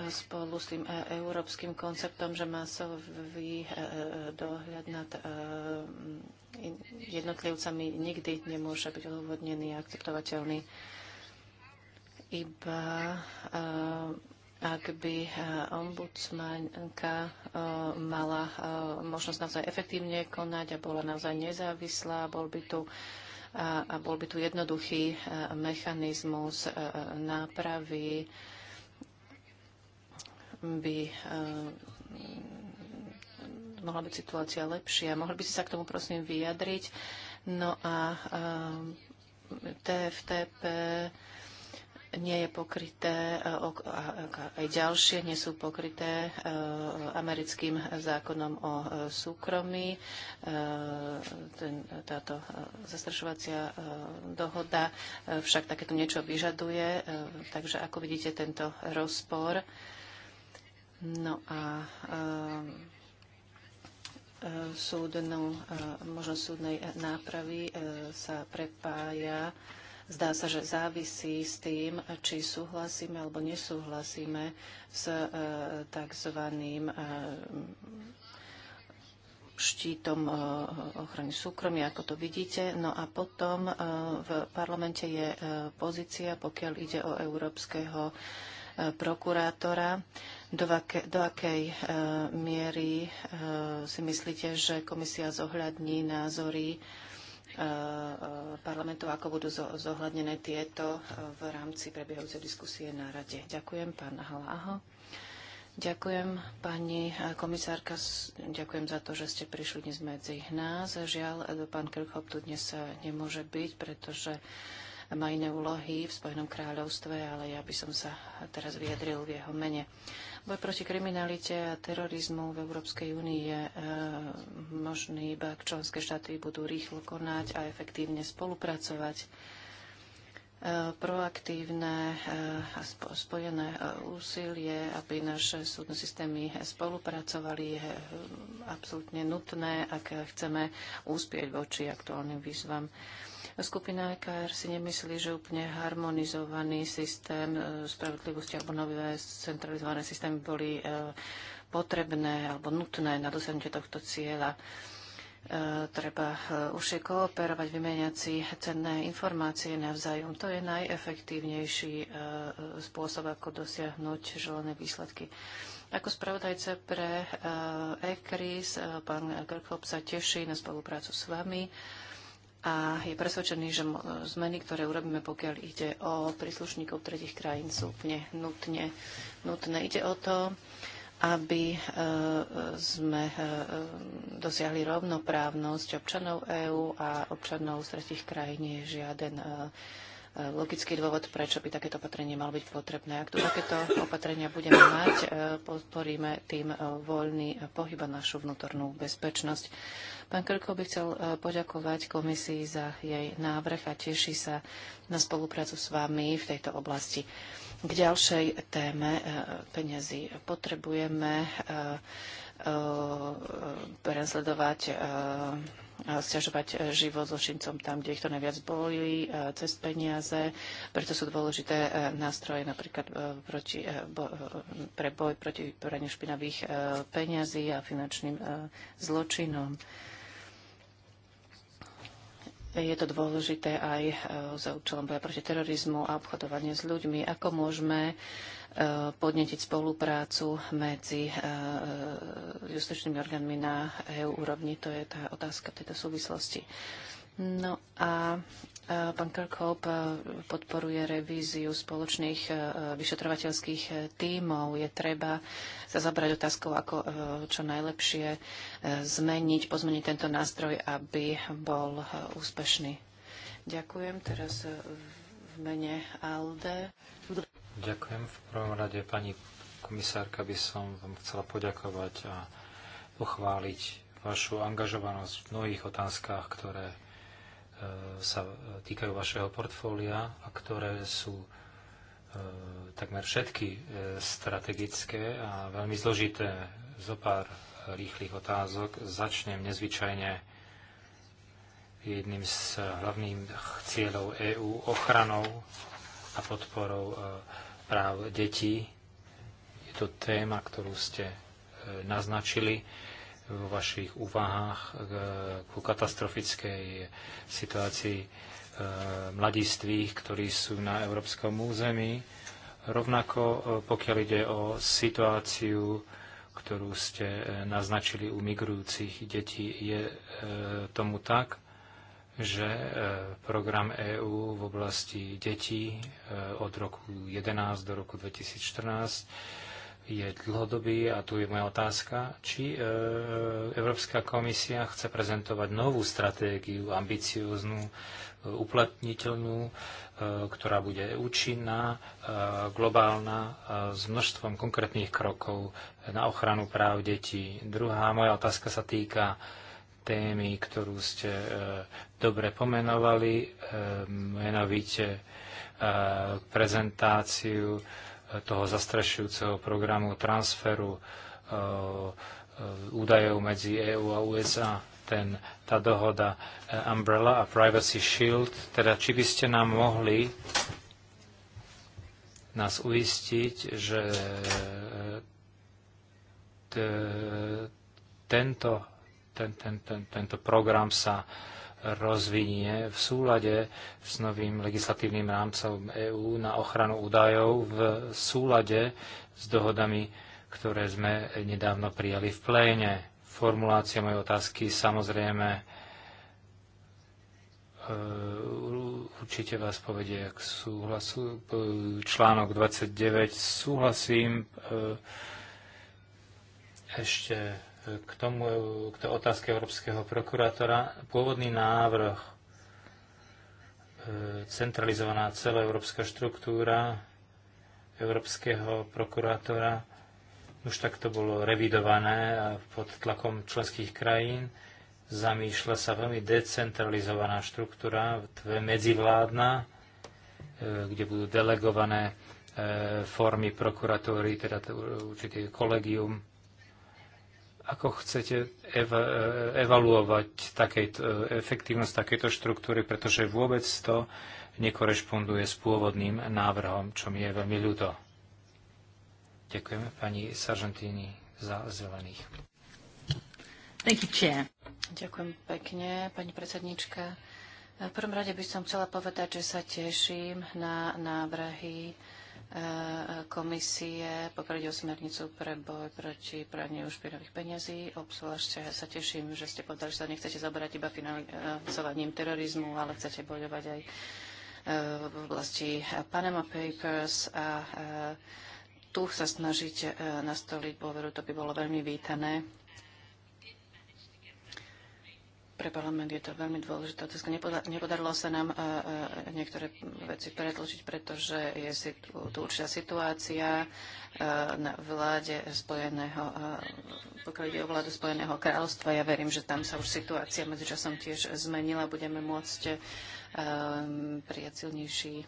spolu s tým e, európskym konceptom, že masový e, dohľad nad jednotlivcami nikdy nemôže byť odôvodnený a akceptovateľný. Iba ak by ombudsmanka mala možnosť naozaj efektívne konať a bola naozaj nezávislá, bol by tu a, a bol by tu jednoduchý e, mechanizmus e, nápravy by e, mohla byť situácia lepšia. Mohli by si sa k tomu prosím vyjadriť. No a TFTP nie je pokryté, e, aj ďalšie nie sú pokryté e, americkým zákonom o e, súkromí. Táto zastrašovacia dohoda však takéto niečo vyžaduje, takže ako vidíte tento rozpor. No a súdnu, možno súdnej nápravy sa prepája zdá sa, že závisí s tým, či súhlasíme alebo nesúhlasíme s e, tzv. E, štítom e, ochrany súkromia, ako to vidíte. No a potom v parlamente je pozícia, pokiaľ ide o európskeho prokurátora. Do, ake, do akej miery si myslíte, že komisia zohľadní názory Eh, parlamentov, ako budú zohľadnené tieto eh, v rámci prebiehajúcej diskusie na rade. Ďakujem, pán Haláho. Ďakujem, pani eh, komisárka, ďakujem za to, že ste prišli dnes medzi nás. Žiaľ, pán Kirchhoff tu dnes nemôže byť, pretože má iné úlohy v Spojenom kráľovstve, ale ja by som sa teraz vyjadril v jeho mene. Boj proti kriminalite a terorizmu v Európskej únii je e, možný, iba ak členské štáty budú rýchlo konať a efektívne spolupracovať e, proaktívne e, a spojené e, úsilie, aby naše súdne systémy spolupracovali, je absolútne nutné, ak chceme úspieť voči aktuálnym výzvam. Skupina EKR si nemyslí, že úplne harmonizovaný systém e, spravodlivosti alebo nové centralizované systémy boli e, potrebné alebo nutné na dosiahnutie tohto cieľa e, treba užšie kooperovať, vymeniať si cenné informácie navzájom. To je najefektívnejší spôsob, ako dosiahnuť želené výsledky. Ako spravodajca pre ECRIS, pán Krkop sa teší na spoluprácu s vami a je presvedčený, že zmeny, ktoré urobíme, pokiaľ ide o príslušníkov tretich krajín, sú úplne nutne, nutné. Ide o to, aby e, sme e, e, dosiahli rovnoprávnosť občanov EÚ a občanov z tretich krajín. Nie je žiaden logický dôvod, prečo by takéto opatrenie malo byť potrebné. Ak tu takéto opatrenia budeme mať, podporíme tým voľný pohyb a našu vnútornú bezpečnosť. Pán Krko by chcel e, poďakovať komisii za jej návrh a teší sa na spoluprácu s vami v tejto oblasti. K ďalšej téme e, peniazy potrebujeme e, prezledovať sťažovať život zločincom tam, kde ich to najviac boli, cez peniaze. Preto sú dôležité nástroje napríklad proti, bo, pre boj proti praniu špinavých peňazí a finančným zločinom. Je to dôležité aj e, za účelom boja proti terorizmu a obchodovanie s ľuďmi. Ako môžeme e, podnetiť spoluprácu medzi e, justičnými orgánmi na EU úrovni? To je tá otázka v tejto súvislosti. No a Pán Kirkhope eh, podporuje revíziu spoločných eh, vyšetrovateľských eh, tímov. Je treba sa zabrať otázkou, ako čo najlepšie zmeniť, pozmeniť tento nástroj, aby bol úspešný. Ďakujem. Teraz v mene ALDE. Ďakujem. V prvom rade, pani komisárka, by som vám chcela poďakovať a pochváliť vašu angažovanosť v mnohých otázkach, ktoré sa týkajú vašeho portfólia a ktoré sú e, takmer všetky e, strategické a veľmi zložité. Zo pár rýchlych otázok začnem nezvyčajne jedným z hlavných cieľov EÚ ochranou a podporou e, práv detí. Je to téma, ktorú ste naznačili vo vašich úvahách e, ku katastrofickej situácii e, mladistvých, ktorí sú na európskom území. Rovnako e, pokiaľ ide o situáciu, ktorú ste naznačili u migrujúcich detí, je tomu tak, že program EÚ v oblasti detí od roku 2011 do roku 2014 je dlhodobý a tu je moja otázka, či e, Európska komisia chce prezentovať novú stratégiu, ambicióznu, e, uplatniteľnú, e, ktorá bude účinná, globálna, s množstvom konkrétnych krokov na ochranu práv detí. Druhá moja otázka sa týka témy, ktorú ste dobre pomenovali, menovite prezentáciu toho zastrešujúceho programu transferu e, e, údajov medzi EÚ a USA, ten, tá dohoda e, Umbrella a Privacy Shield. Teda či by ste nám mohli nás uistiť, že tento, ten, ten, ten, tento program sa rozvinie v súlade s novým legislatívnym rámcom EÚ na ochranu údajov v súlade s dohodami, ktoré sme nedávno prijali v pléne. Formulácia mojej otázky samozrejme e, určite vás povedie k súhlasu. Článok 29 súhlasím. E, ešte k, tomu, k tej otázke Európskeho prokurátora. Pôvodný návrh e, centralizovaná európska štruktúra Európskeho prokurátora už tak to bolo revidované pod tlakom členských krajín. Zamýšľa sa veľmi decentralizovaná štruktúra, medzivládna, e, kde budú delegované e, formy prokuratúry, teda určitý kolegium ako chcete eva, e, evaluovať takejto, e, efektívnosť takejto štruktúry, pretože vôbec to nekorešponduje s pôvodným návrhom, čo mi je veľmi ľúto. Ďakujeme pani Sargentini za zelených. Thank you, chair. Ďakujem pekne, pani predsednička. V prvom rade by som chcela povedať, že sa teším na návrhy komisie, pokiaľ ide o smernicu pre boj proti praniu špinavých peňazí. Obzvlášť sa teším, že ste povedali, že sa nechcete zaberať iba financovaním terorizmu, ale chcete bojovať aj e, v oblasti Panama Papers a e, tu sa snažiť e, nastoliť dôveru, to by bolo veľmi vítané pre parlament je to veľmi dôležitá Otázka. Nepodarilo sa nám e, e, niektoré veci predložiť, pretože je tu určitá situácia e, na vláde spojeného, pokiaľ ide o vládu spojeného kráľovstva. Ja verím, že tam sa už situácia medzičasom tiež zmenila. Budeme môcť prijať silnejší,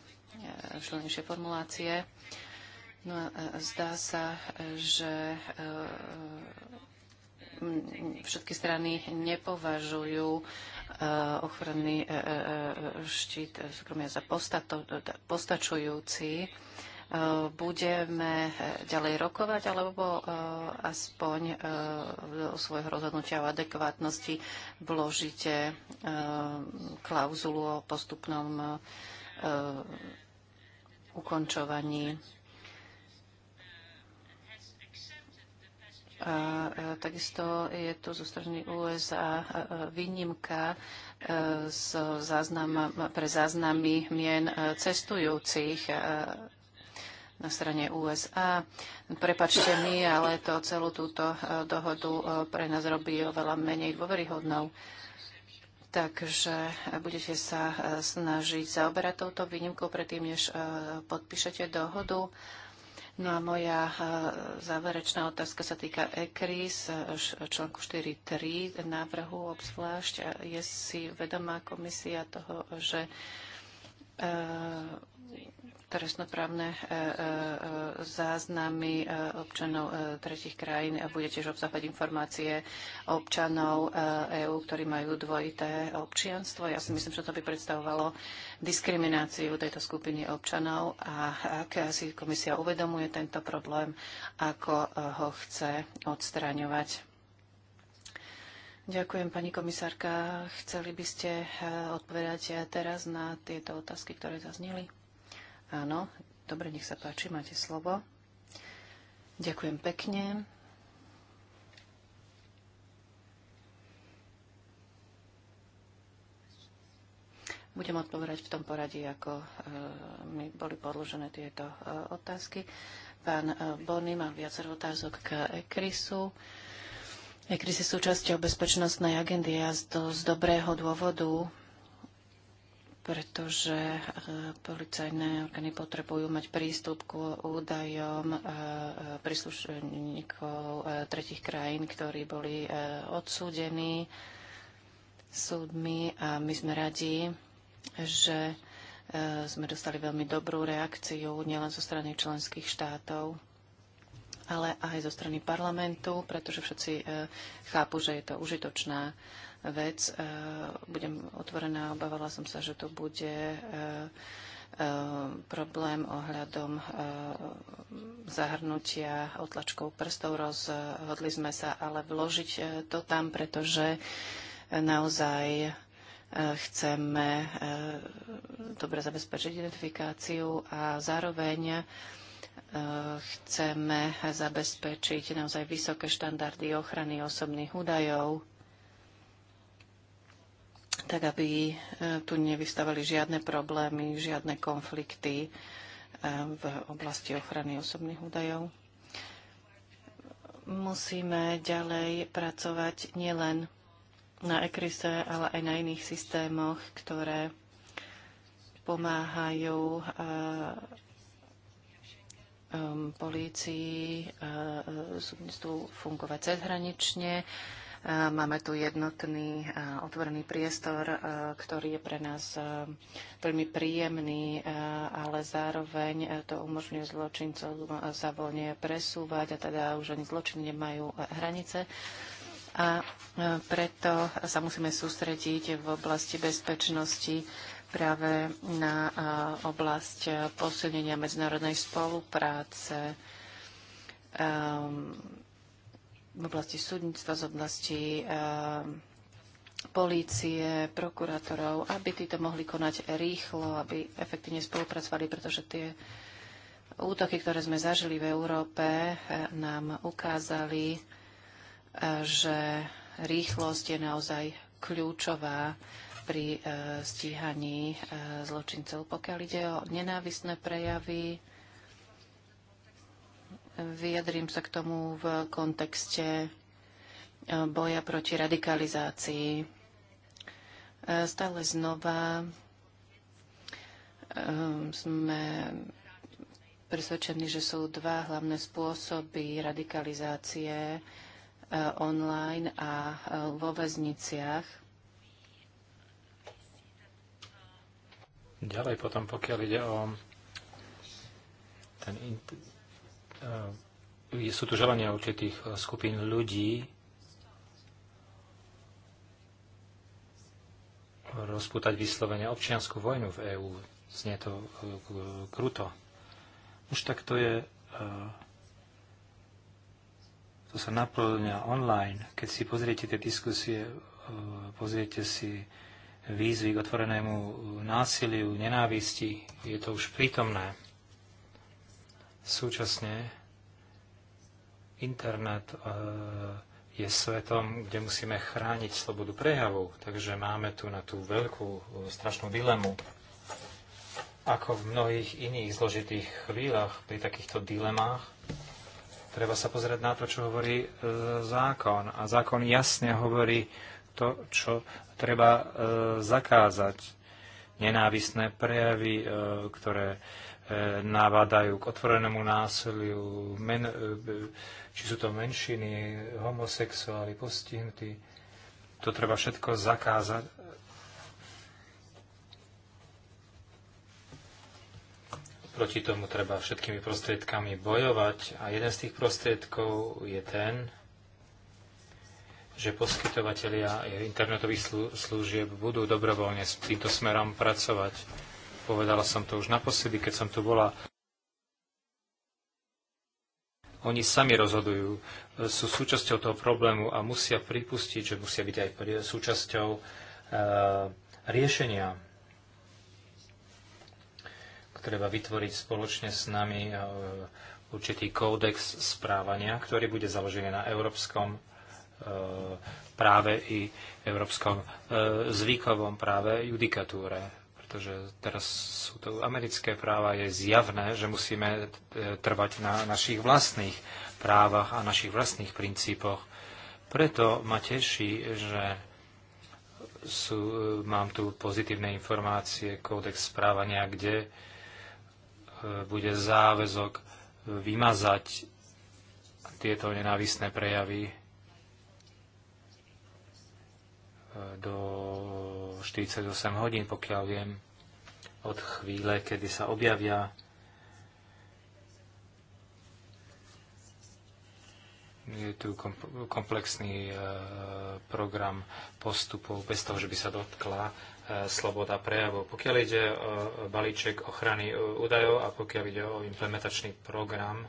silnejšie formulácie. No a zdá sa, že všetky strany nepovažujú e, ochranný e, e, štít súkromia za postačujúci. Budeme ďalej rokovať, alebo aspoň do svojho rozhodnutia o adekvátnosti vložite klauzulu o postupnom ukončovaní Takisto je tu zo strany USA výnimka e, záznam, pre záznamy mien e, cestujúcich e, na strane USA. Prepačte mi, ale to celú túto dohodu pre nás robí oveľa menej dôveryhodnou. Takže budete sa snažiť zaoberať touto výnimkou predtým, než podpíšete dohodu. No a moja e, záverečná otázka sa týka ECRIS, e, článku 4.3 návrhu obzvlášť. E, je si vedomá komisia toho, že trestnoprávne e, e, e, záznamy občanov tretich krajín a bude tiež obsahovať informácie občanov EÚ, ktorí majú dvojité občianstvo. Ja si myslím, že to by predstavovalo diskrimináciu tejto skupiny občanov a ak si komisia uvedomuje tento problém, ako ho chce odstraňovať. Ďakujem, pani komisárka. Chceli by ste odpovedať teraz na tieto otázky, ktoré zazneli? Áno, dobre, nech sa páči, máte slovo. Ďakujem pekne. Budem odpovedať v tom poradí, ako e, mi boli podložené tieto e, otázky. Pán e, Bonny mal viacero otázok k ECRISu. ECRIS je súčasťou bezpečnostnej agendy a z, do, z dobrého dôvodu pretože e, policajné orgány potrebujú mať prístup k údajom e, e, príslušníkov tretich krajín, ktorí boli odsúdení súdmi a my sme radi, že sme dostali veľmi dobrú reakciu nielen zo strany členských štátov, ale aj zo strany parlamentu, pretože všetci chápu, že je to užitočná vec. E, budem otvorená, obávala som sa, že to bude e, e, problém ohľadom zahrnutia otlačkou prstov. Rozhodli sme sa ale vložiť to tam, pretože naozaj chceme dobre zabezpečiť identifikáciu a zároveň chceme zabezpečiť naozaj vysoké štandardy ochrany osobných údajov tak aby e, tu nevystavali žiadne problémy, žiadne konflikty e, v oblasti ochrany osobných údajov. Musíme ďalej pracovať nielen na ECRISE, ale aj na iných systémoch, ktoré pomáhajú e, polícii, súdnictvu fungovať cezhranične Máme tu jednotný otvorený priestor, ktorý je pre nás veľmi príjemný, ale zároveň to umožňuje zločincov sa voľne presúvať a teda už ani zločiny nemajú hranice a preto sa musíme sústrediť v oblasti bezpečnosti práve na oblasť posilnenia medzinárodnej spolupráce. Um, v oblasti súdnictva, z oblasti eh, polície, prokurátorov, aby títo mohli konať rýchlo, aby efektívne spolupracovali, pretože tie útoky, ktoré sme zažili v Európe, eh, nám ukázali, eh, že rýchlosť je naozaj kľúčová pri stíhaní zločincov. Pokiaľ ide o nenávisné prejavy, Vyjadrím sa k tomu v kontexte e, boja proti radikalizácii. E, stále znova e, sme presvedčení, že sú dva hlavné spôsoby radikalizácie online a vo väzniciach. Ďalej potom, pokiaľ ide o ten E, sú tu želania určitých e, skupín ľudí rozputať vyslovene občianskú vojnu v EÚ. Znie to e, kruto. Už tak to je to sa naplňa online. Keď si pozriete tie diskusie, pozriete si výzvy k otvorenému násiliu, nenávisti, je to už prítomné. Súčasne internet e, je svetom, kde musíme chrániť slobodu prejavu. Takže máme tu na tú veľkú e, strašnú dilemu. Ako v mnohých iných zložitých chvíľach pri takýchto dilemách, treba sa pozrieť na to, čo hovorí e, zákon. A zákon jasne hovorí to, čo treba zakázať. Nenávisné prejavy, ktoré nabádajú k otvorenému násiliu, men, e, či sú to menšiny, homosexuáli, postihnutí. To treba všetko zakázať. Proti tomu treba všetkými prostriedkami bojovať a jeden z tých prostriedkov je ten, že poskytovateľia internetových služieb budú dobrovoľne s týmto smerom pracovať Povedala som to už naposledy, keď som tu bola. Oni sami rozhodujú, sú súčasťou toho problému a musia pripustiť, že musia byť aj súčasťou e, riešenia. Treba vytvoriť spoločne s nami e, určitý kódex správania, ktorý bude založený na európskom e, práve i európskom e, zvykovom práve judikatúre pretože teraz sú to americké práva, je zjavné, že musíme e, trvať na našich vlastných právach a našich vlastných princípoch. Preto ma teší, že sú, e, mám tu pozitívne informácie, kódex správania, kde e, bude záväzok vymazať tieto nenávisné prejavy do 48 hodín, pokiaľ viem, od chvíle, kedy sa objavia. Je tu komplexný e, program postupov bez toho, že by sa dotkla e, sloboda prejavov. Pokiaľ ide o balíček ochrany e, údajov a pokiaľ ide o implementačný program,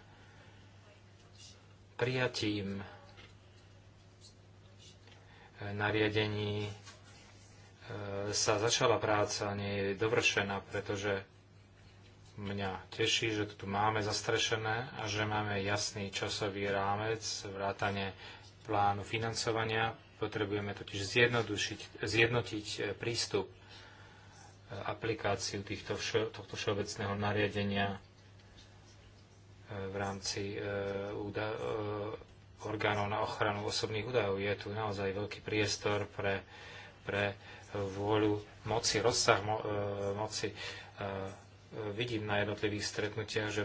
prijatím nariadení e, sa začala práca, nie je dovršená, pretože mňa teší, že to tu máme zastrešené a že máme jasný časový rámec, vrátane plánu financovania. Potrebujeme totiž zjednodušiť, zjednotiť e, prístup e, aplikáciu týchto tohto všeobecného nariadenia v rámci e, e, orgánov na ochranu osobných údajov. Je tu naozaj veľký priestor pre, pre vôľu moci, rozsah mo, e, moci. E, e, vidím na jednotlivých stretnutiach, že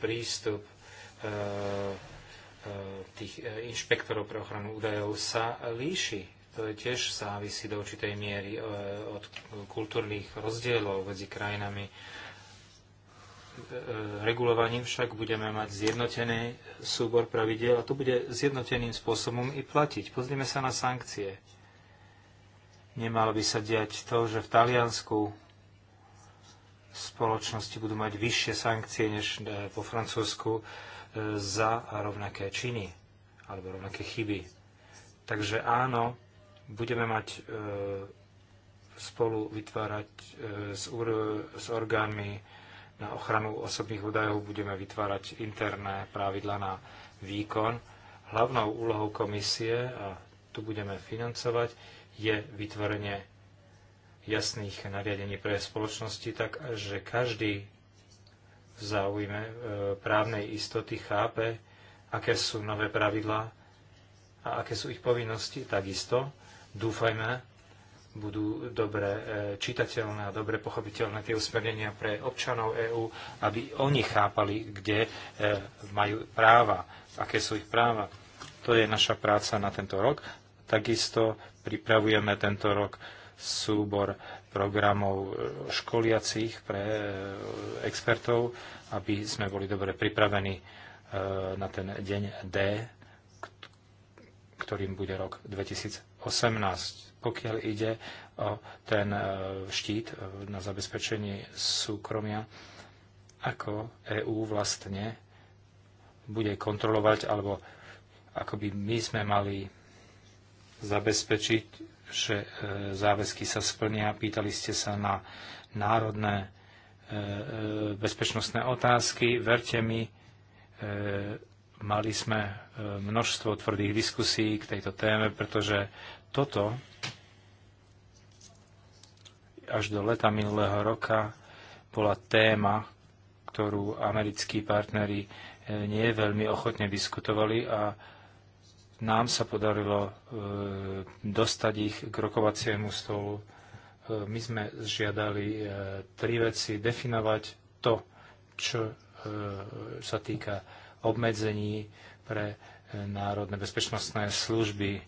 prístup tých inšpektorov pre ochranu údajov sa líši. To je tiež závisí do určitej miery od kultúrnych rozdielov medzi krajinami E, e, regulovaním však budeme mať zjednotený súbor pravidiel a to bude zjednoteným spôsobom i platiť. Pozrime sa na sankcie. Nemalo by sa diať to, že v Taliansku spoločnosti budú mať vyššie sankcie než e, po Francúzsku za rovnaké činy alebo rovnaké chyby. Takže áno, budeme mať spolu vytvárať s, orgánmi na ochranu osobných údajov budeme vytvárať interné pravidla na výkon. Hlavnou úlohou komisie, a tu budeme financovať, je vytvorenie jasných nariadení pre spoločnosti, tak že každý v záujme e, právnej istoty chápe, aké sú nové pravidlá a aké sú ich povinnosti, takisto dúfajme, budú dobre e, čitateľné a dobre pochopiteľné tie usmernenia pre občanov EÚ, aby oni chápali, kde e, majú práva, aké sú ich práva. To je naša práca na tento rok. Takisto pripravujeme tento rok súbor programov e, školiacich pre expertov, aby sme boli dobre pripravení na ten deň D, ktorým bude rok 2018 pokiaľ ide o ten e, štít e, na zabezpečenie súkromia, ako EÚ vlastne bude kontrolovať, alebo ako by my sme mali zabezpečiť, že e, záväzky sa splnia. Pýtali ste sa na národné bezpečnostné otázky. Verte mi, mali sme množstvo tvrdých diskusí k tejto téme, pretože toto až do leta minulého roka bola téma, ktorú americkí partneri nie veľmi ochotne diskutovali a nám sa podarilo e, dostať ich k rokovaciemu stolu. E, my sme žiadali e, tri veci. Definovať to, čo sa týka obmedzení pre národné bezpečnostné služby,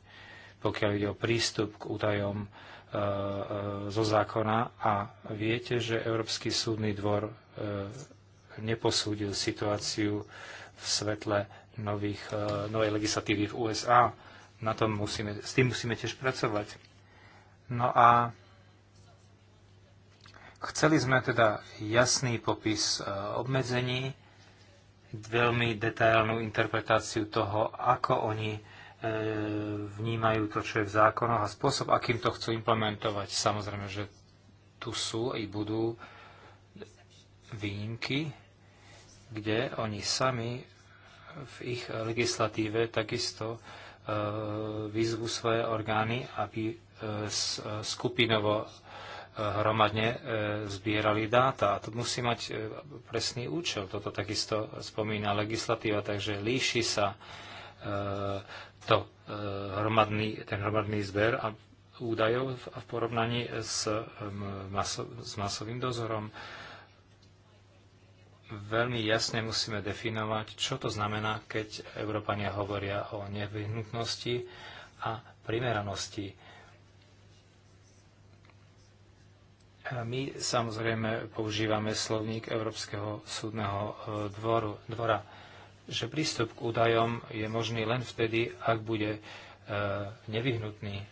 pokiaľ ide o prístup k údajom, E, e, zo zákona a viete, že Európsky súdny dvor e, neposúdil situáciu v svetle nových, novej legislatívy v USA. Na tom musíme, s tým musíme tiež pracovať. No a chceli sme teda jasný popis obmedzení, veľmi detailnú interpretáciu toho, ako oni E, vnímajú to, čo je v zákonoch a spôsob, akým to chcú implementovať. Samozrejme, že tu sú i budú výnimky, kde oni sami v ich legislatíve takisto e, vyzvú svoje orgány, aby e, skupinovo hromadne zbierali dáta. A to musí mať presný účel. Toto takisto spomína legislatíva, takže líši sa to eh, hromadný, ten hromadný zber a údajov v porovnaní s, maso, s masovým dozorom veľmi jasne musíme definovať, čo to znamená, keď Európania hovoria o nevyhnutnosti a primeranosti. My samozrejme používame slovník Európskeho súdneho eh, dvoru, dvora že prístup k údajom je možný len vtedy, ak bude e, nevyhnutný.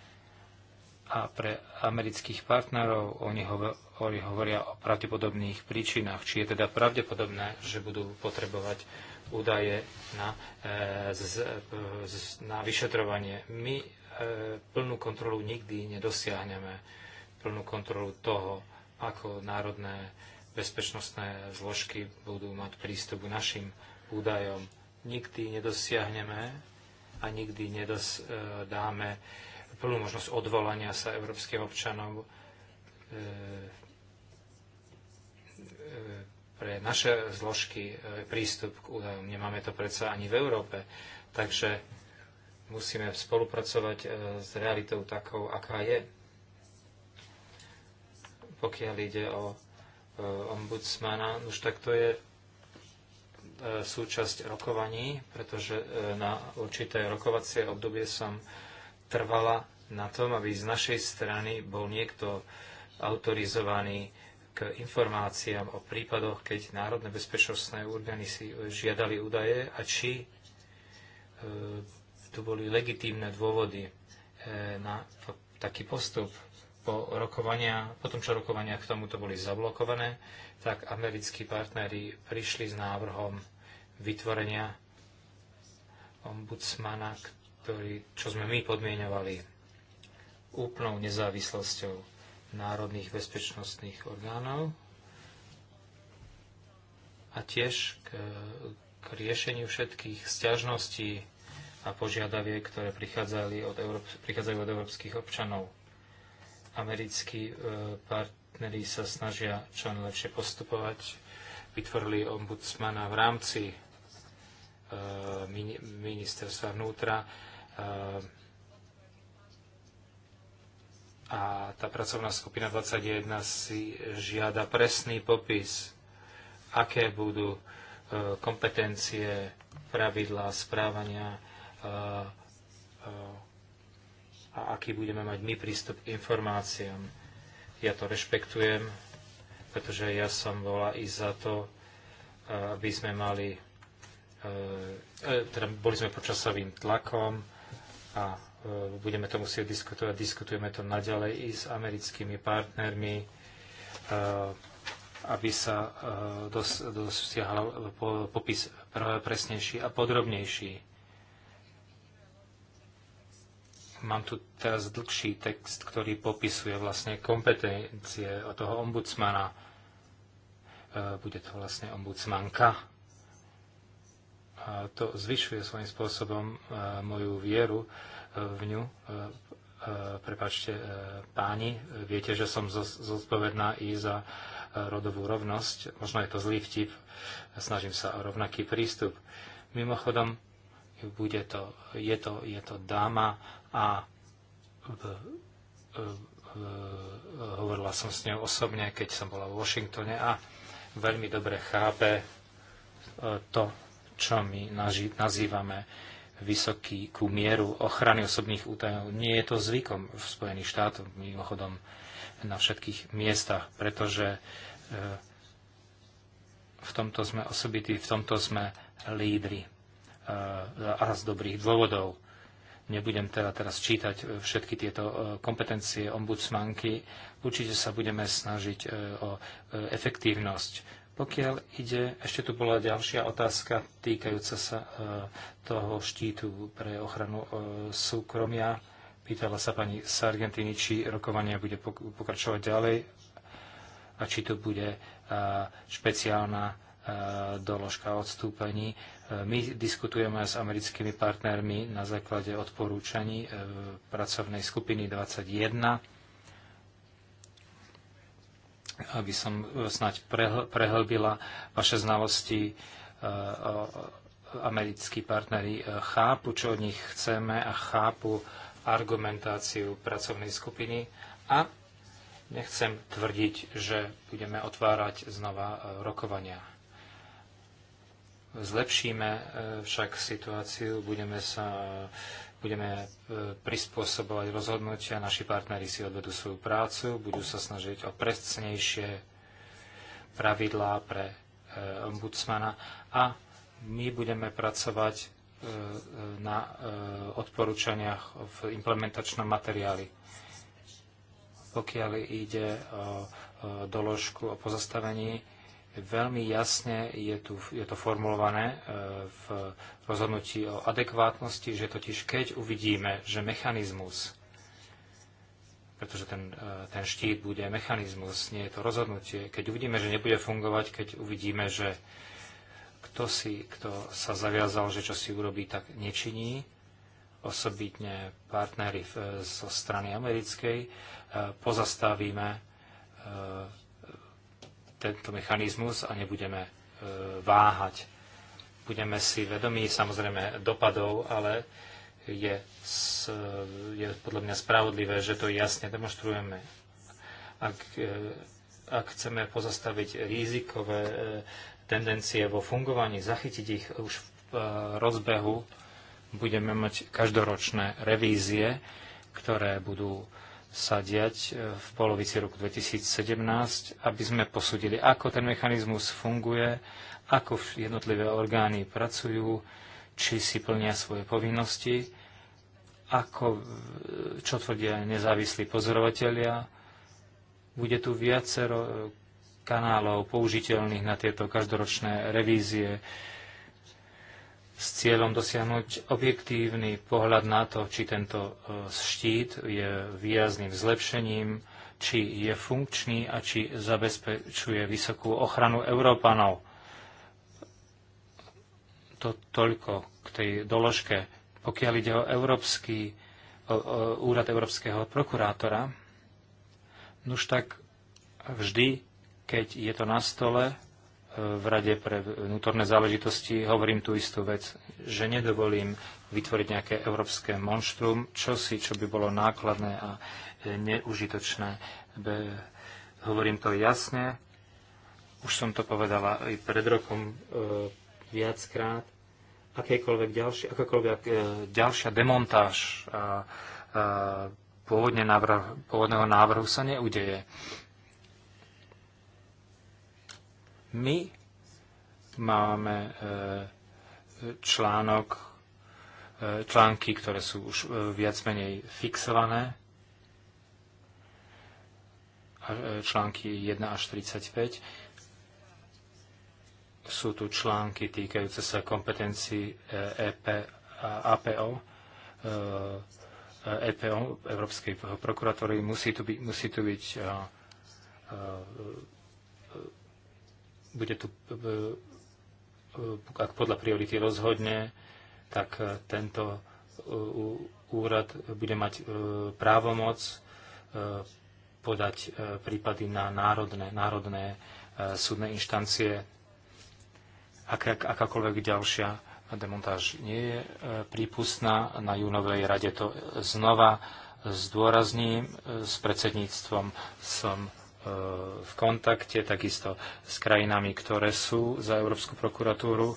A pre amerických partnerov oni, hovo- oni hovoria o pravdepodobných príčinách, či je teda pravdepodobné, že budú potrebovať údaje na, e, z, z, na vyšetrovanie. My e, plnú kontrolu nikdy nedosiahneme. Plnú kontrolu toho, ako národné bezpečnostné zložky budú mať prístup k našim údajom. Nikdy nedosiahneme a nikdy nedáme e, plnú možnosť odvolania sa európskych občanov e, e, pre naše zložky prístup k údajom. Nemáme to predsa ani v Európe. Takže musíme spolupracovať s realitou takou, aká je. Pokiaľ ide o ombudsmana, už tak to je E, súčasť rokovaní, pretože e, na určité rokovacie obdobie som trvala na tom, aby z našej strany bol niekto autorizovaný k informáciám o prípadoch, keď národné bezpečnostné orgány si žiadali údaje a či e, tu boli legitímne dôvody na taký postup po, rokovania, tom, čo rokovania k tomuto boli zablokované, tak americkí partneri prišli s návrhom vytvorenia ombudsmana, ktorý, čo sme my podmienovali úplnou nezávislosťou národných bezpečnostných orgánov a tiež k, k riešeniu všetkých stiažností a požiadaviek, ktoré prichádzali od Európ- prichádzajú od európskych občanov. Americkí e, partneri sa snažia čo najlepšie postupovať. Vytvorili ombudsmana v rámci e, ministerstva vnútra e, a tá pracovná skupina 21 si žiada presný popis, aké budú kompetencie, pravidlá správania a aký budeme mať my prístup k informáciám. Ja to rešpektujem, pretože ja som bola i za to, e, aby sme mali, e, e, teda boli sme počasovým tlakom a budeme to musieť diskutovať, diskutujeme to naďalej i s americkými partnermi, aby sa dosiahal popis presnejší a podrobnejší Mám tu teraz dlhší text, ktorý popisuje vlastne kompetencie toho ombudsmana. E, bude to vlastne ombudsmanka. A to zvyšuje svojím spôsobom e, moju vieru e, v ňu. Prepačte, páni, viete, že som zodpovedná i za rodovú rovnosť. Možno je to zlý vtip, snažím sa o rovnaký prístup. Mimochodom, bude to, je, to, je to dáma a hovorila som s ňou osobne, keď som bola v Washingtone a veľmi dobre chápe e, to, čo my nazývame ku mieru ochrany osobných útajov. Nie je to zvykom v Spojených štátoch, mimochodom na všetkých miestach, pretože e, v tomto sme osobití, v tomto sme lídry a z dobrých dôvodov. Nebudem teda teraz čítať e, všetky tieto e, kompetencie ombudsmanky. Určite sa budeme snažiť e, o efektívnosť. Pokiaľ ide, ešte tu bola ďalšia otázka týkajúca sa toho štítu pre ochranu súkromia. Pýtala sa pani Sargentini, či rokovania bude pokračovať ďalej a či tu bude špeciálna Eh, doložka odstúpení. Eh, my diskutujeme s americkými partnermi na základe odporúčaní eh, pracovnej skupiny 21, aby som snáď prehlbila vaše znalosti americkí partnery chápu, čo od nich chceme a chápu argumentáciu pracovnej skupiny a nechcem tvrdiť, že budeme otvárať znova rokovania Zlepšíme e, však situáciu, budeme, sa, budeme e, prispôsobovať rozhodnutia, naši partnery si odvedú svoju prácu, budú sa snažiť o presnejšie pravidlá pre e, ombudsmana a my budeme pracovať na odporúčaniach v implementačnom materiáli. Pokiaľ ide o doložku o pozastavení Veľmi jasne je, tu, je to formulované e, v rozhodnutí o adekvátnosti, že totiž keď uvidíme, že mechanizmus, pretože ten, e, ten štít bude mechanizmus, nie je to rozhodnutie, keď uvidíme, že nebude fungovať, keď uvidíme, že kto, si, kto sa zaviazal, že čo si urobí, tak nečiní, osobitne partnery e, zo strany americkej, pozastavíme tento mechanizmus a nebudeme e, váhať. Budeme si vedomí samozrejme dopadov, ale je, je podľa mňa spravodlivé, že to jasne demonstrujeme. Ak, e, ak chceme pozastaviť rizikové e, tendencie vo fungovaní, zachytiť ich už v rozbehu, budeme mať každoročné revízie, ktoré budú sa diať e, v polovici roku 2017, aby sme posudili, ako ten mechanizmus funguje, ako jednotlivé orgány pracujú, či si plnia svoje povinnosti, ako, čo tvrdia nezávislí pozorovatelia. Bude tu viacero e, kanálov použiteľných na tieto každoročné revízie, s cieľom dosiahnuť objektívny pohľad na to, či tento e, štít je výrazným zlepšením, či je funkčný a či zabezpečuje vysokú ochranu Európanov. To toľko k tej doložke. Pokiaľ ide o Európsky o, o, úrad Európskeho prokurátora, nuž tak vždy, keď je to na stole, v Rade pre vnútorné záležitosti hovorím tú istú vec, že nedovolím vytvoriť nejaké európske monštrum, čo si čo by bolo nákladné a e, neužitočné. Be, hovorím to jasne, už som to povedala aj pred rokom e, viackrát, akékoľvek ďalšie, akákoľvek e, ďalšia demontáž a, a pôvodne návrh, pôvodného návrhu sa neudeje. My máme e, článok, e, články, ktoré sú už e, viac menej fixované, články 1 až 35. Sú tu články týkajúce sa kompetencií EP, APO, EPO, Európskej prokuratúry. Musí tu byť, musí tu byť bude tu, e, e, ak podľa priority rozhodne, tak e, tento úrad bude mať právomoc podať prípady na národné, národné súdne inštancie. Ak, akákoľvek ďalšia demontáž nie je prípustná. Na júnovej rade to znova zdôrazním. S predsedníctvom som v kontakte takisto s krajinami, ktoré sú za Európsku prokuratúru. E,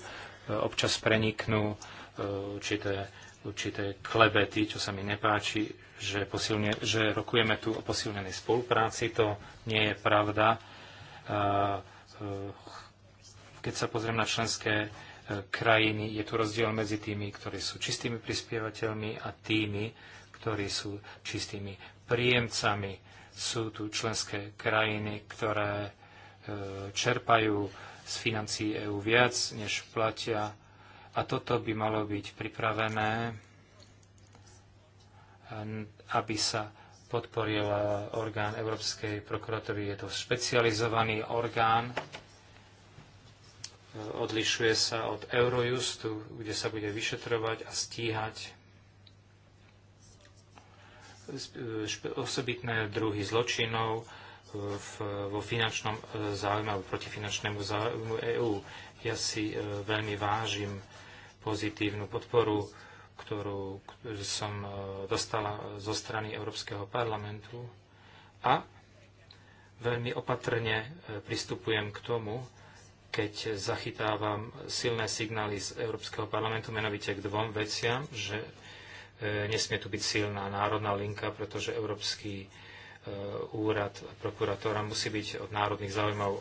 občas preniknú e, určité, určité klebety, čo sa mi nepáči, že, posilne, že rokujeme tu o posilnenej spolupráci. To nie je pravda. E, keď sa pozriem na členské krajiny, je tu rozdiel medzi tými, ktorí sú čistými prispievateľmi a tými, ktorí sú čistými príjemcami sú tu členské krajiny, ktoré e, čerpajú z financií EÚ viac, než platia. A toto by malo byť pripravené, aby sa podporil e, orgán Európskej prokuratúry. Je to špecializovaný orgán, e, odlišuje sa od Eurojustu, kde sa bude vyšetrovať a stíhať osobitné druhy zločinov e, v, vo finančnom e, záujme alebo proti finančnému záujmu EÚ. Ja si e, veľmi vážim pozitívnu podporu, ktorú som dostala zo strany Európskeho parlamentu a veľmi opatrne pristupujem k tomu, keď zachytávam silné signály z Európskeho parlamentu, menovite k dvom veciam, že E, nesmie tu byť silná národná linka, pretože Európsky e, úrad prokurátora musí byť od národných záujmov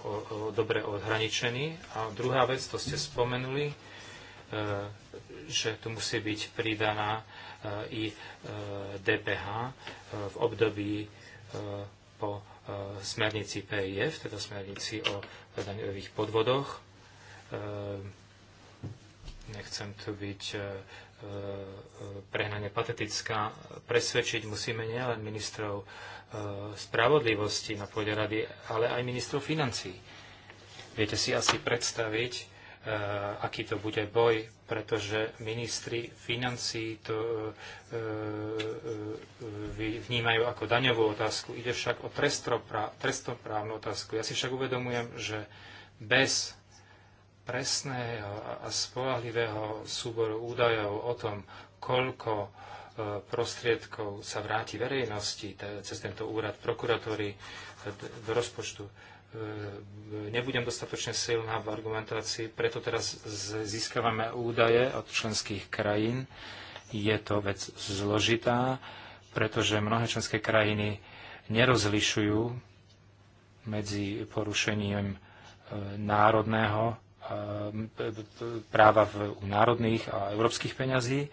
dobre odhraničený. A druhá vec, to ste spomenuli, e, že tu musí byť pridaná i DPH v období po smernici PIF, teda smernici o daňových podvodoch. Nechcem tu byť E, e, prehnane patetická. Presvedčiť musíme nielen ministrov e, spravodlivosti na pôde rady, ale aj ministrov financí. Viete si asi predstaviť, aký to bude boj, pretože ministri financí to vnímajú ako daňovú otázku. Ide však o trestoprávnu otázku. Ja si však uvedomujem, že bez presného a spolahlivého súboru údajov o tom, koľko e, prostriedkov sa vráti verejnosti cez tento úrad prokuratúry e, do rozpočtu. E, nebudem dostatočne silná v argumentácii, preto teraz získavame údaje od členských krajín. Je to vec zložitá, pretože mnohé členské krajiny nerozlišujú medzi porušením národného Um, práva v, u národných a európskych peňazí.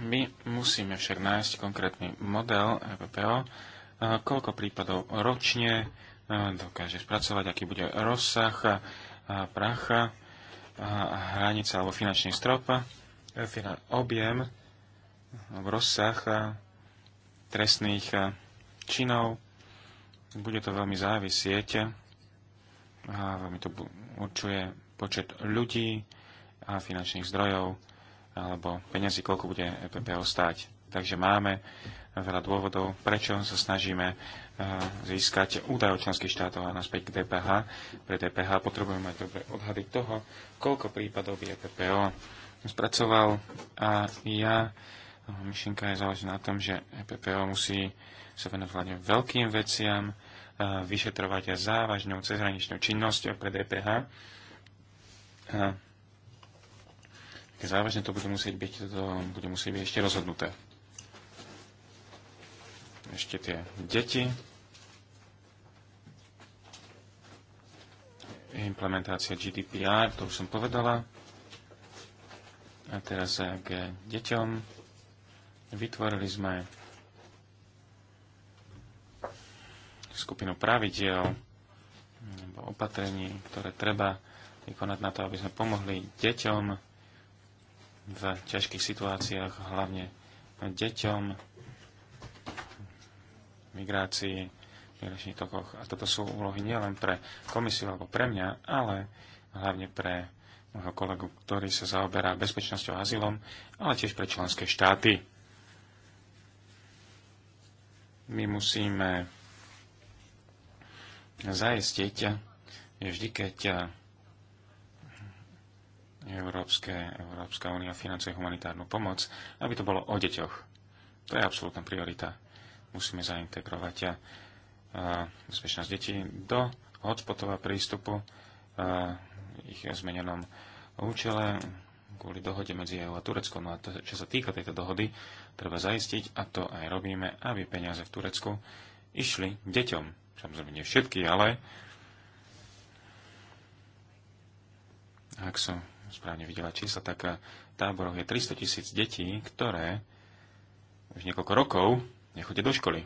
My musíme však nájsť konkrétny model EPPO, uh, koľko prípadov ročne uh, dokáže spracovať, aký bude rozsah uh, pracha, hranica alebo finančný strop, objem, rozsah trestných činov. Bude to veľmi závisieť a veľmi to určuje počet ľudí a finančných zdrojov alebo peniazy, koľko bude EPPO stáť. Takže máme veľa dôvodov, prečo sa snažíme e, získať údaj členských štátov a naspäť k DPH. Pre DPH potrebujeme mať dobre odhady toho, koľko prípadov by EPPO spracoval. A ja, myšlienka je založená na tom, že EPPO musí sa venovať veľkým veciam, vyšetrovať závažnou cezhraničnou činnosťou pre DPH. Tak závažne to bude musieť byť, to bude musieť byť ešte rozhodnuté. Ešte tie deti. Implementácia GDPR, to už som povedala. A teraz k deťom. Vytvorili sme skupinu pravidiel alebo opatrení, ktoré treba vykonať na to, aby sme pomohli deťom v ťažkých situáciách, hlavne deťom migrácii, migračných tokoch. A toto sú úlohy nielen pre komisiu alebo pre mňa, ale hlavne pre môjho kolegu, ktorý sa zaoberá bezpečnosťou a azylom, ale tiež pre členské štáty. My musíme zaistiť, že vždy, keď eh, Európske, Európska únia financuje humanitárnu pomoc, aby to bolo o deťoch. To je absolútna priorita. Musíme zaintegrovať eh, bezpečnosť detí do hotspotova prístupu a, eh, ich zmenenom účele kvôli dohode medzi EU a Tureckom. No a to, čo sa týka tejto dohody, treba zaistiť, a to aj robíme, aby peniaze v Turecku išli deťom. Samozrejme nie všetky, ale ak som správne videla čísla, tak eh, v táboroch je 300 tisíc detí, ktoré už niekoľko rokov nechodia do školy.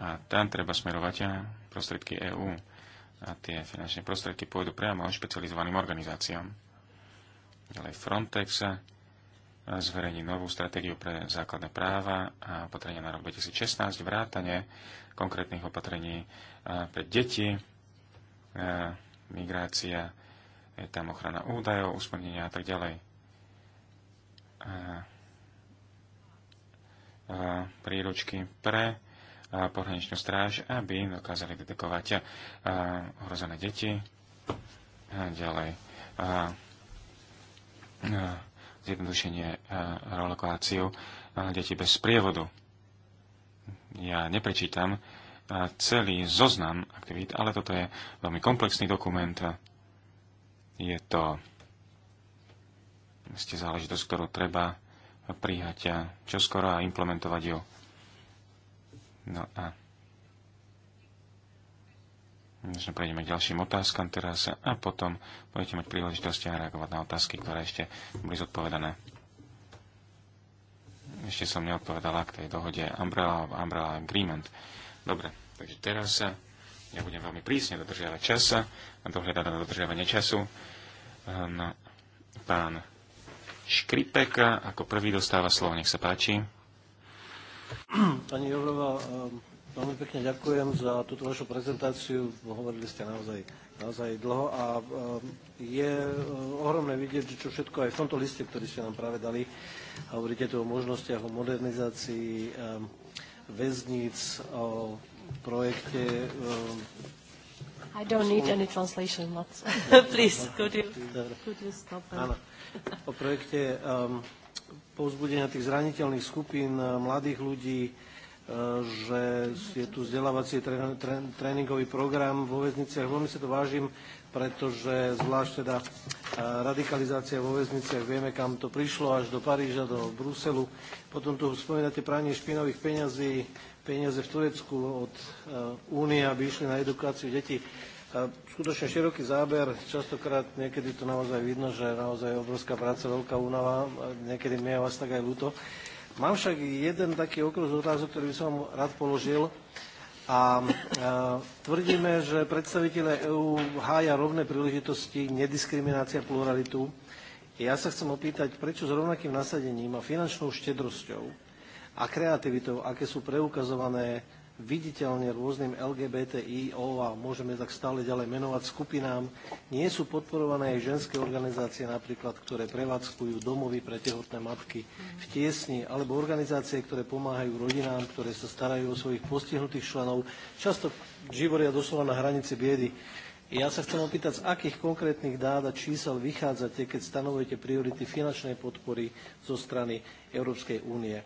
A tam treba smerovať eh, prostriedky EÚ. A tie finančné prostriedky pôjdu priamo špecializovaným organizáciám. Ďalej Frontex, eh, zverejní novú stratégiu pre základné práva a opatrenia na rok 2016, vrátane konkrétnych opatrení pre deti, migrácia, je tam ochrana údajov, usmernenia a tak ďalej. Príručky pre pohraničnú stráž, aby dokázali detekovať ohrozené deti. A ďalej. A, a, zjednodušenie e, relokáciu e, detí bez prievodu. Ja neprečítam e, celý zoznam aktivít, ale toto je veľmi komplexný dokument. Je to ste záležitosť, ktorú treba prihať, čoskoro a implementovať ju. No a dnes prejdeme k ďalším otázkam teraz a potom budete mať príležitosť a reagovať na otázky, ktoré ešte boli zodpovedané. Ešte som neodpovedala k tej dohode Umbrella, Umbrella Agreement. Dobre, takže teraz ja budem veľmi prísne dodržiavať čas a dohľadať na dodržiavanie času. No, pán Škripek ako prvý dostáva slovo, nech sa páči. Pani Jovrova, Veľmi pekne ďakujem za túto vašu prezentáciu. Hovorili ste naozaj, naozaj dlho a e, je e, ohromné vidieť, že čo všetko aj v tomto liste, ktorý ste nám práve dali, hovoríte tu o možnostiach, o modernizácii e, väzníc, o projekte I don't need any translation, not. <laughs> please, could you, could you stop? Áno. O projekte um, povzbudenia tých zraniteľných skupín mladých ľudí, že je tu vzdelávací tréningový program vo väzniciach. Veľmi si to vážim, pretože zvlášť teda e, radikalizácia vo väzniciach, vieme, kam to prišlo, až do Paríža, do Bruselu. Potom tu spomínate pranie špinových peňazí, peniaze v Turecku od e, Únie, aby išli na edukáciu detí. E, skutočne široký záber, častokrát niekedy to naozaj vidno, že naozaj obrovská práca, veľká únava, niekedy mi je vás tak aj ľúto. Mám však jeden taký okruh otázok, ktorý by som rád položil. A e, tvrdíme, že predstaviteľe EÚ hája rovné príležitosti, nediskriminácia, pluralitu. Ja sa chcem opýtať, prečo s rovnakým nasadením a finančnou štedrosťou a kreativitou, aké sú preukazované viditeľne rôznym LGBTIO a môžeme tak stále ďalej menovať skupinám, nie sú podporované aj ženské organizácie napríklad, ktoré prevádzkujú domovy pre tehotné matky v tiesni, alebo organizácie, ktoré pomáhajú rodinám, ktoré sa starajú o svojich postihnutých členov. Často živoria doslova na hranici biedy. Ja sa chcem opýtať, z akých konkrétnych dát a čísel vychádzate, keď stanovujete priority finančnej podpory zo strany Európskej únie.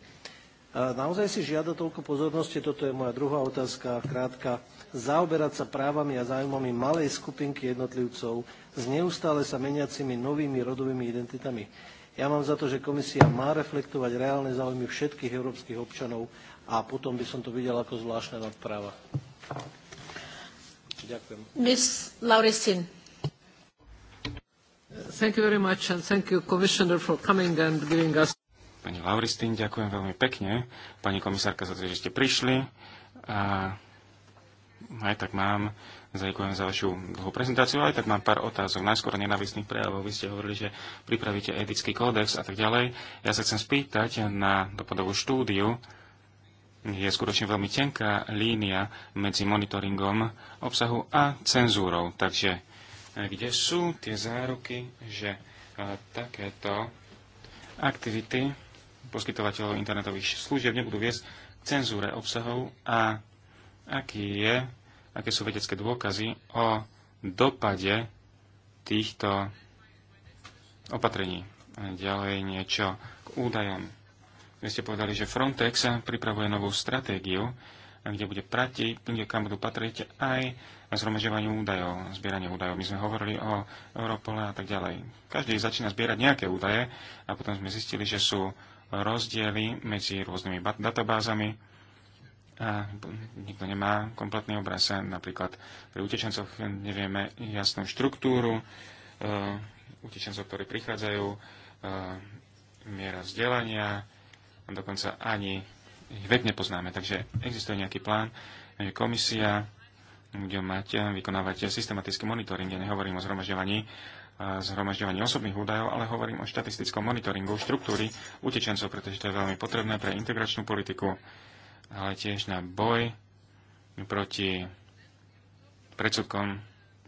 Naozaj si žiada toľko pozornosti, toto je moja druhá otázka, krátka, zaoberať sa právami a zájmami malej skupinky jednotlivcov s neustále sa meniacimi novými rodovými identitami. Ja mám za to, že komisia má reflektovať reálne záujmy všetkých európskych občanov a potom by som to videl ako zvláštne nadpráva. Ďakujem. Ms. Lauristin. Thank you very much and thank you, Commissioner, for coming and giving us Pani Lauristín, ďakujem veľmi pekne. Pani komisárka, za to, že ste prišli. A aj tak mám, ďakujem za vašu dlhú prezentáciu, aj tak mám pár otázok. Najskôr nenávistných prejavov. Vy ste hovorili, že pripravíte etický kódex a tak ďalej. Ja sa chcem spýtať na dopadovú štúdiu. Je skutočne veľmi tenká línia medzi monitoringom obsahu a cenzúrou. Takže eh, kde sú tie záruky, že eh, takéto aktivity poskytovateľov internetových služieb nebudú viesť k cenzúre obsahov a aký je, aké sú vedecké dôkazy o dopade týchto opatrení. A ďalej niečo k údajom. Vy ste povedali, že Frontex pripravuje novú stratégiu, kde bude prati, kde kam budú patriť aj zhromažďovanie údajov, zbieranie údajov. My sme hovorili o Europole a tak ďalej. Každý začína zbierať nejaké údaje a potom sme zistili, že sú rozdiely medzi rôznymi databázami a nikto nemá kompletný obraz. Napríklad pri utečencoch nevieme jasnú štruktúru e, utečencov, ktorí prichádzajú, e, miera vzdelania, dokonca ani ich vek nepoznáme. Takže existuje nejaký plán, komisia bude mať, vykonávať systematický monitoring. Ja nehovorím o zhromažďovaní Zhromažďovanie osobných údajov, ale hovorím o štatistickom monitoringu štruktúry utečencov, pretože to je veľmi potrebné pre integračnú politiku, ale tiež na boj proti predsudkom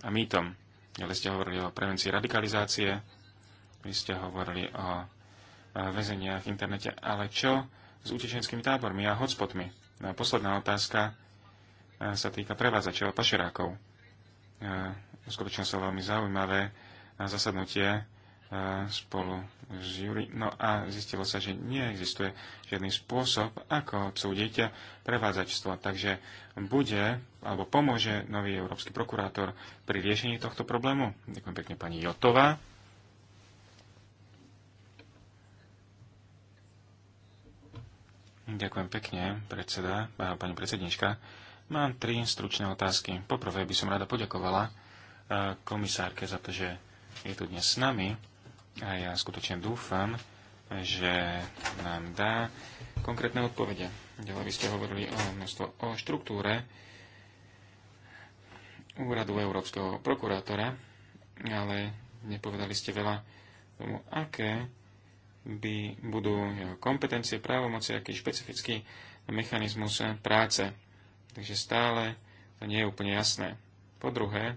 a mýtom. Ale ste hovorili o prevencii radikalizácie, vy ste hovorili o e, väzeniach v internete, ale čo s utečenskými tábormi a hotspotmi? No a posledná otázka e, sa týka prevádzačov a pašerákov. E, Skutočne sa veľmi zaujímavé zasadnutie e, spolu s Júri. No a zistilo sa, že neexistuje žiadny spôsob, ako odsúdiť prevádzačstvo. Takže bude, alebo pomôže nový európsky prokurátor pri riešení tohto problému. Ďakujem pekne pani Jotová. Ďakujem pekne, predseda, pani predsednička. Mám tri stručné otázky. Poprvé by som rada poďakovala e, komisárke za to, že je tu dnes s nami a ja skutočne dúfam, že nám dá konkrétne odpovede. Ďalej by ste hovorili o, množstvo, o štruktúre úradu Európskeho prokurátora, ale nepovedali ste veľa tomu, aké by budú jeho kompetencie, právomoci, aký špecifický mechanizmus práce. Takže stále to nie je úplne jasné. Po druhé,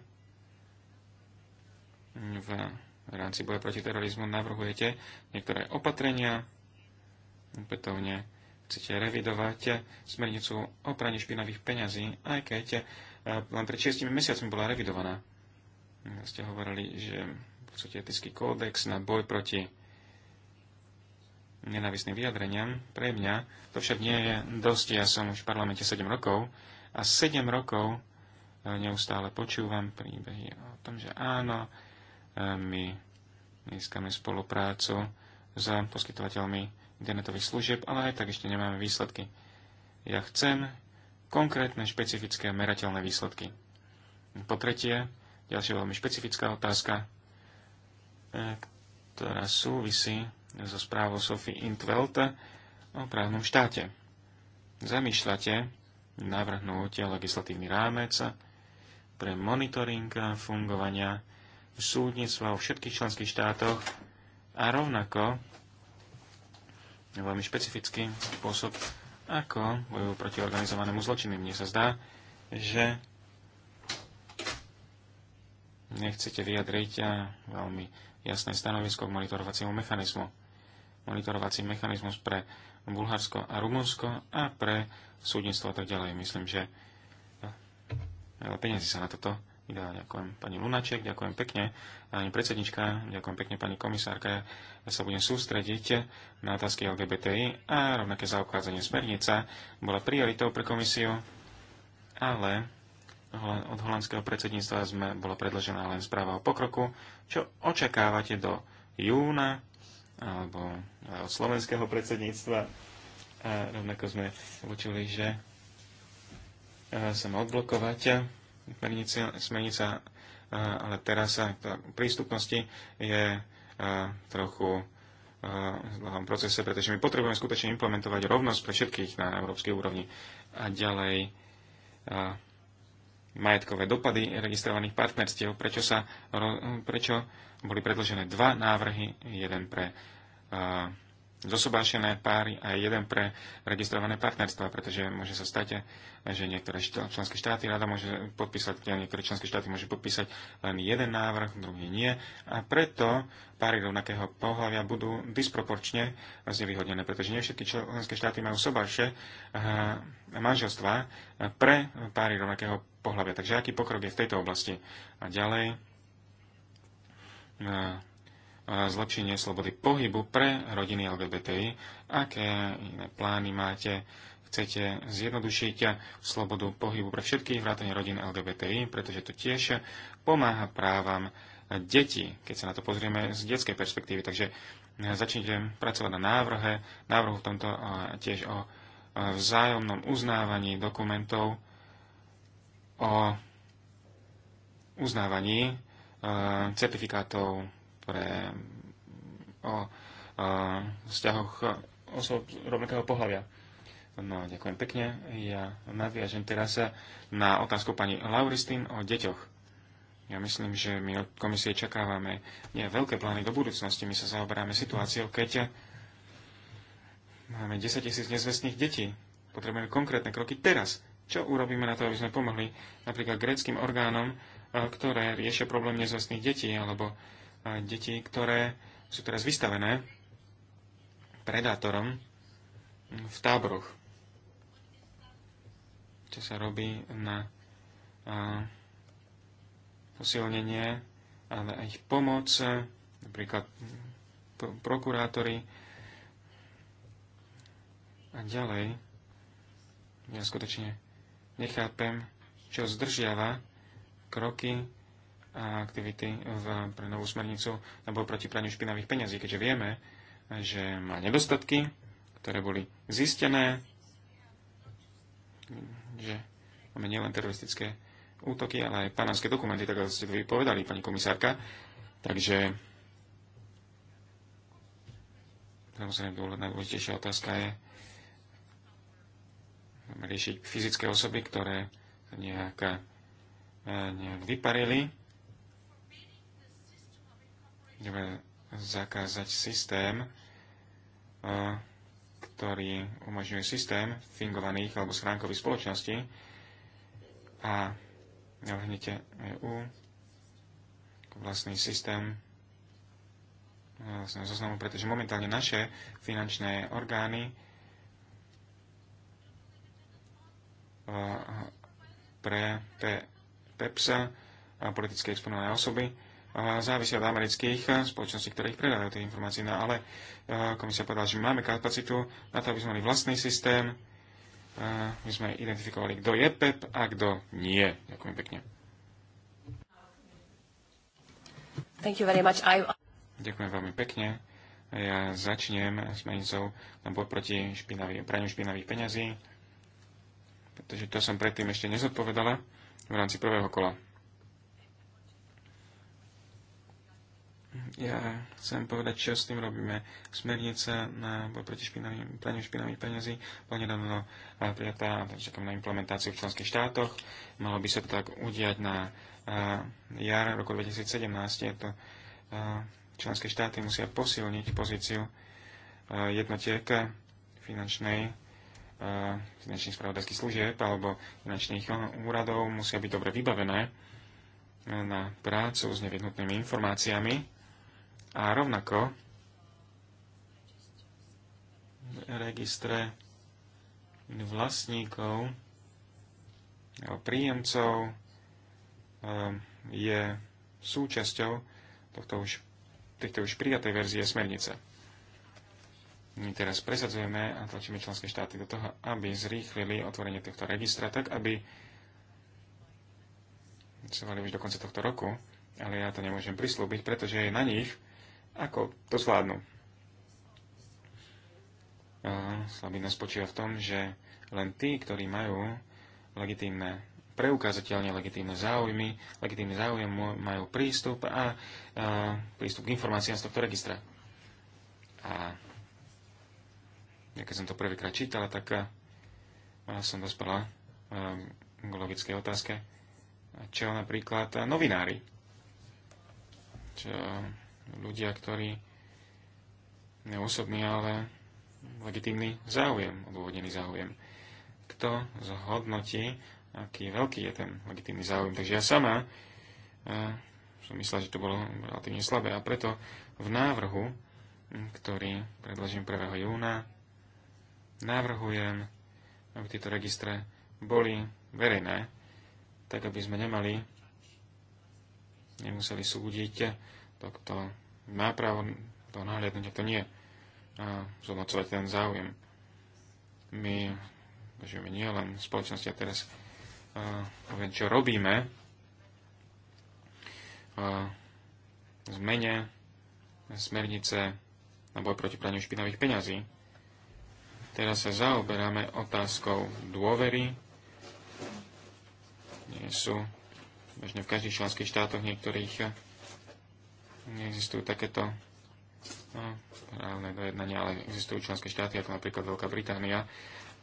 v rámci boja proti terorizmu navrhujete niektoré opatrenia, opätovne chcete revidovať smernicu o praní špinavých peňazí, aj keď eh, len pred 6 mesiacmi bola revidovaná. Ste hovorili, že v podstate etický kódex na boj proti nenávisným vyjadreniam pre mňa. To však nie je dosť. Ja som už v parlamente 7 rokov a 7 rokov eh, neustále počúvam príbehy o tom, že áno, my získame spoluprácu s poskytovateľmi internetových služieb, ale aj tak ešte nemáme výsledky. Ja chcem konkrétne, špecifické, merateľné výsledky. Po tretie, ďalšia veľmi špecifická otázka, e, ktorá súvisí so správou Sophie Intvelt o právnom štáte. Zamýšľate navrhnúť legislatívny rámec pre monitoring fungovania súdnictva vo všetkých členských štátoch a rovnako veľmi špecifický spôsob, ako bojujú proti organizovanému zločinu. Mne sa zdá, že nechcete vyjadriť eh, veľmi jasné stanovisko k monitorovaciemu mechanizmu. Monitorovací mechanizmus pre Bulharsko a Rumunsko a pre súdnictvo a tak ďalej. Myslím, že eh, veľa peniazy sa na toto ja ďakujem pani Lunaček, ďakujem pekne, pani predsednička, ďakujem pekne pani komisárka. Ja sa budem sústrediť na otázky LGBTI a rovnaké zaobchádzanie smernica bola prioritou pre komisiu, ale od holandského predsedníctva sme, bola predložená len správa o pokroku, čo očakávate do júna alebo e, od slovenského predsedníctva. A rovnako sme učili, že sa e, má odblokovať smernica, smernica ale teraz v prístupnosti je trochu v dlhom procese, pretože my potrebujeme skutočne implementovať rovnosť pre všetkých na európskej úrovni. A ďalej majetkové dopady registrovaných partnerstiev, prečo, sa, prečo boli predložené dva návrhy, jeden pre zosobášené páry a jeden pre registrované partnerstva, pretože môže sa stať, že niektoré členské štáty rada môže podpísať, niektoré členské štáty môže podpísať len jeden návrh, druhý nie. A preto páry rovnakého pohľavia budú disproporčne znevýhodnené, pretože nie všetky členské štáty majú sobáše eh, manželstva pre páry rovnakého pohľavia. Takže aký pokrok je v tejto oblasti? A ďalej, eh, zlepšenie slobody pohybu pre rodiny LGBTI, aké iné plány máte, chcete zjednodušiť slobodu pohybu pre všetkých vrátane rodín LGBTI, pretože to tiež pomáha právam detí, keď sa na to pozrieme z detskej perspektívy. Takže začnite pracovať na návrhe, návrhu v tomto tiež o vzájomnom uznávaní dokumentov, o uznávaní e, certifikátov pre, o, o vzťahoch osob rovnakého pohľavia. No, ďakujem pekne. Ja naviažem teraz na otázku pani Lauristin o deťoch. Ja myslím, že my od komisie čakávame nie veľké plány do budúcnosti. My sa zaoberáme situáciou, keď máme 10 tisíc nezvestných detí. Potrebujeme konkrétne kroky teraz. Čo urobíme na to, aby sme pomohli napríklad greckým orgánom, e, ktoré riešia problém nezvestných detí, alebo deti, ktoré sú teraz vystavené predátorom v táboroch. Čo sa robí na posilnenie a na ich pomoc, napríklad prokurátori a ďalej. Ja skutočne nechápem, čo zdržiava kroky aktivity v, pre novú smernicu na boj proti praniu špinavých peňazí, keďže vieme, že má nedostatky, ktoré boli zistené, že máme nielen teroristické útoky, ale aj panamské dokumenty, tak ako ste to vypovedali, pani komisárka. Takže samozrejme najdôležitejšia otázka je riešiť fyzické osoby, ktoré nejak, eh, nejak vyparili Ideme zakázať systém, e, ktorý umožňuje systém fingovaných alebo schránkových spoločností a navrhnete EU vlastný systém vlastne zoznamu, pretože momentálne naše finančné orgány e, pre PEPS a politické exponované osoby závisí od amerických eh, spoločností, ktoré ich predávajú tie informácie. No ale eh, komisia povedala, že máme kapacitu na to, aby sme mali vlastný systém. Eh, my sme identifikovali, kto je PEP a kto nie. Ďakujem pekne. Thank you very much. I... Ďakujem veľmi pekne. Ja začnem s menicou na boj proti špinavý, praniu špinavých peňazí, pretože to som predtým ešte nezodpovedala v rámci prvého kola. Ja chcem povedať, čo s tým robíme. Smernica na boj proti špinavým, praniu špinavých peniazí bola nedávno eh, prijatá, čakám na implementáciu v členských štátoch. Malo by sa to tak udiať na eh, jar roku 2017. Je to, eh, členské štáty musia posilniť pozíciu jednotiek finančnej finančných spravodajských služieb alebo finančných úradov musia byť dobre vybavené na prácu s nevyhnutnými informáciami a rovnako v registre vlastníkov alebo príjemcov ehm, je súčasťou tohto už, tejto už prijatej verzie smernice. My teraz presadzujeme a tlačíme členské štáty do toho, aby zrýchlili otvorenie tohto registra, tak aby sa mali už do konca tohto roku, ale ja to nemôžem prislúbiť, pretože je na nich, ako to zvládnu. Slabina spočíva v tom, že len tí, ktorí majú legitímne, preukázateľne legitímne záujmy, legitímny záujem majú prístup a, a prístup k informáciám z tohto registra. A ja keď som to prvýkrát čítala, tak som dospela k logickej otázke, čo napríklad novinári, čo ľudia, ktorí neosobný, ale legitímny záujem, odôvodnený záujem. Kto zhodnotí, aký veľký je ten legitímny záujem. Takže ja sama uh, som myslela, že to bolo relatívne slabé a preto v návrhu, ktorý predložím 1. júna, návrhujem, aby tieto registre boli verejné, tak aby sme nemali, nemuseli súdiť to, kto má právo to nahliadnúť a to nie. A zhodnocovať ten záujem. My žijeme nie len v spoločnosti a teraz a, poviem, čo robíme. a, zmene smernice na boj proti praniu špinavých peňazí. Teraz sa zaoberáme otázkou dôvery. Nie sú bežne v každých členských štátoch niektorých neexistujú takéto no, reálne dojednania, ale existujú členské štáty, ako napríklad Veľká Británia,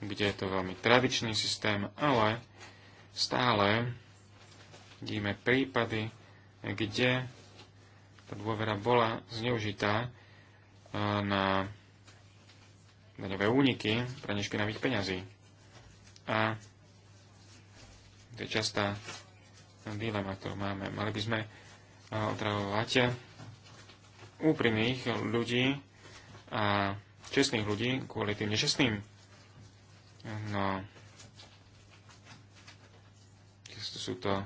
kde je to veľmi tradičný systém, ale stále vidíme prípady, kde tá dôvera bola zneužitá e, na daňové úniky pre nešpinavých peňazí. A to je častá dilema, ktorú máme. Mali by sme e, otravovať úprimných ľudí a čestných ľudí kvôli tým nečestným. No, často sú to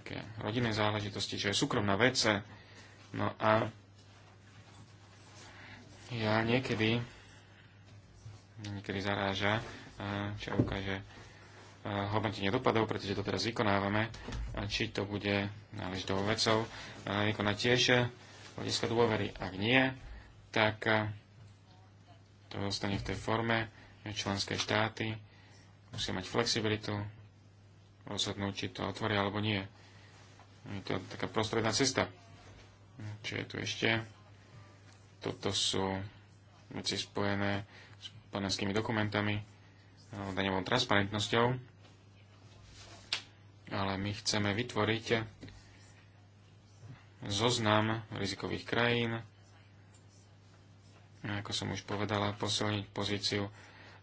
také rodinné záležitosti, čo je súkromná vec. No a ja niekedy, niekedy zaráža, čo ukáže hodnotenie dopadov, pretože to teraz vykonávame, či to bude náležitou vecou vykonať tiež hľadiska dôvery. Ak nie, tak eh, to zostane v tej forme. Členské štáty musia mať flexibilitu, rozhodnúť, či to otvoria alebo nie. Je to taká prostredná cesta. Hm, Čo je tu ešte? Toto sú veci spojené s panenskými dokumentami, eh, daňovou transparentnosťou, ale my chceme vytvoriť zoznam rizikových krajín, ako som už povedala, posilniť pozíciu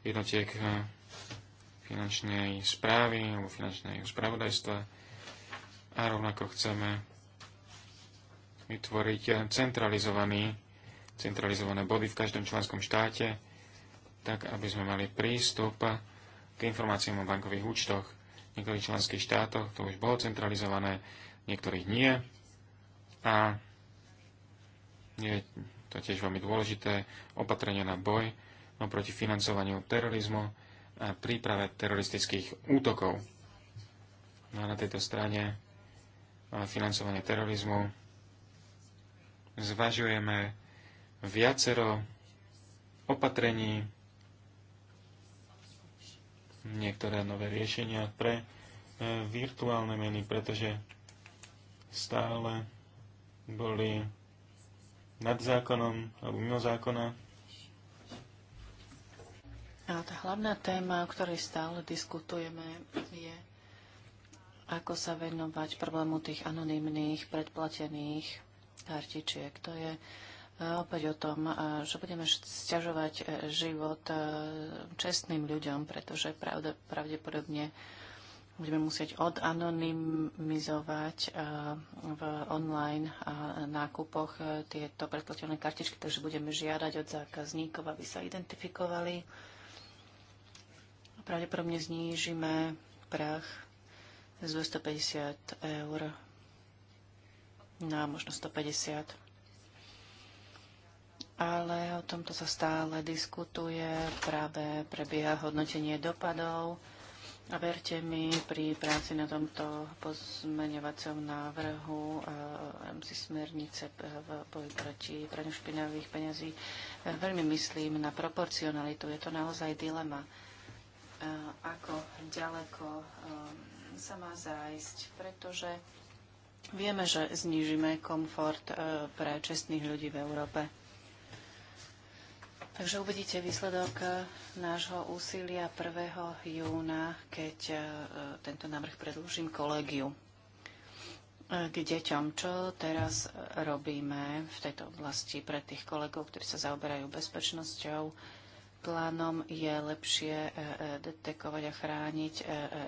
jednotiek eh, finančnej správy alebo finančného spravodajstva a rovnako chceme vytvoriť eh, centralizovaný, centralizované body v každom členskom štáte, tak aby sme mali prístup k informáciám o bankových účtoch. V niektorých členských štátoch to už bolo centralizované, v niektorých nie a je to tiež veľmi dôležité opatrenie na boj no proti financovaniu terorizmu a príprave teroristických útokov. No a na tejto strane financovanie terorizmu zvažujeme viacero opatrení, niektoré nové riešenia pre e, virtuálne meny, pretože stále boli nad zákonom alebo mimo zákona. A tá hlavná téma, o ktorej stále diskutujeme, je ako sa venovať problému tých anonimných predplatených kartičiek. To je e, opäť o tom, e, že budeme sťažovať e, život čestným ľuďom, pretože pravdepodobne budeme musieť odanonymizovať eh, v online eh, nákupoch eh, tieto predplatené kartičky, takže budeme žiadať od zákazníkov, aby sa identifikovali. Pravdepodobne znížime prach z 250 eur na možno 150. Ale o tomto sa stále diskutuje, práve prebieha hodnotenie dopadov a verte mi, pri práci na tomto pozmeňovacom návrhu eh, MC smernice eh, v boji proti praniu špinavých peňazí eh, veľmi myslím na proporcionalitu. Je to naozaj dilema, ako ďaleko sa má zájsť, pretože vieme, že znížime komfort pre čestných ľudí v Európe. Takže uvidíte výsledok e, nášho úsilia 1. júna, keď e, tento návrh predlúžim kolegiu e, k deťom. Čo teraz robíme v tejto oblasti pre tých kolegov, ktorí sa zaoberajú bezpečnosťou? Plánom je lepšie detekovať a chrániť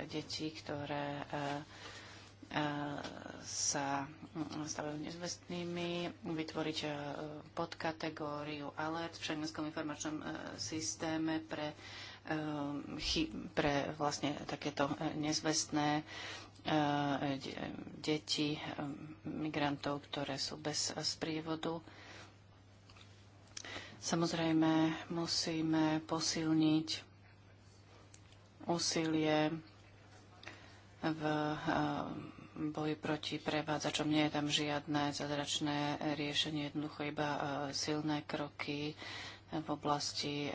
deti, ktoré sa stavajú nezvestnými, vytvoriť e, podkategóriu alert v Schengenskom informačnom e, systéme pre, e, pre vlastne takéto nezvestné deti migrantov, ktoré sú bez sprievodu. Samozrejme, musíme posilniť úsilie v boji proti prevádzačom. Nie je tam žiadne zázračné riešenie, jednoducho iba e, silné kroky v oblasti e,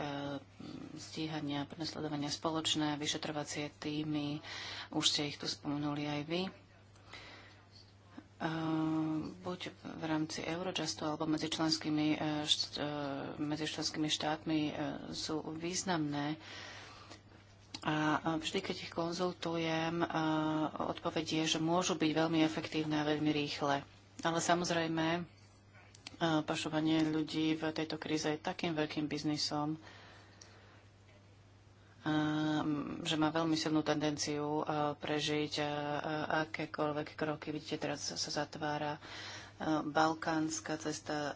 stíhania, prenasledovania spoločné, vyšetrovacie týmy. Už ste ich tu spomenuli aj vy. E, buď v rámci Eurojustu alebo medzi členskými, medzi členskými štátmi sú významné a vždy, keď ich konzultujem, odpoveď je, že môžu byť veľmi efektívne a veľmi rýchle. Ale samozrejme, pašovanie ľudí v tejto kríze je takým veľkým biznisom, že má veľmi silnú tendenciu prežiť akékoľvek kroky. Vidíte, teraz sa zatvára balkánska cesta,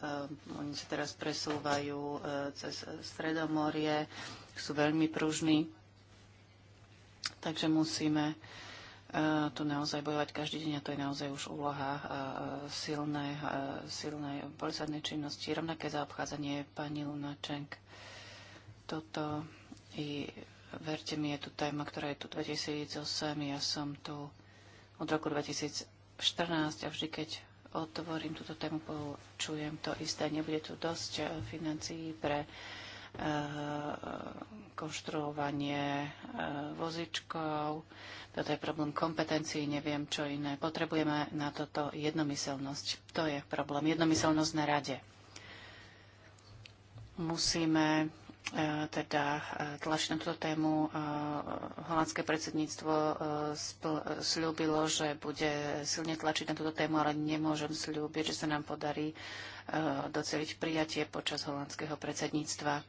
oni sa teraz presúvajú cez Stredomorie, sú veľmi pružní Takže musíme e, tu naozaj bojovať každý deň a to je naozaj už úloha silnej, silnej e, činnosti. Rovnaké zaobchádzanie pani Lunačenk. Toto i verte mi, je tu téma, ktorá je tu 2008. Ja som tu od roku 2014 a vždy, keď otvorím túto tému, počujem to isté. Nebude tu dosť e, financií pre uh, Eh, konštruovanie eh, vozičkov. Toto je problém kompetencií, neviem čo iné. Potrebujeme na toto jednomyselnosť. To je problém. Jednomyselnosť na rade. Musíme eh, teda tlačiť na túto tému. Holandské predsedníctvo slúbilo, že bude silne tlačiť na túto tému, ale nemôžem slúbiť, že sa nám podarí doceliť prijatie počas holandského predsedníctva.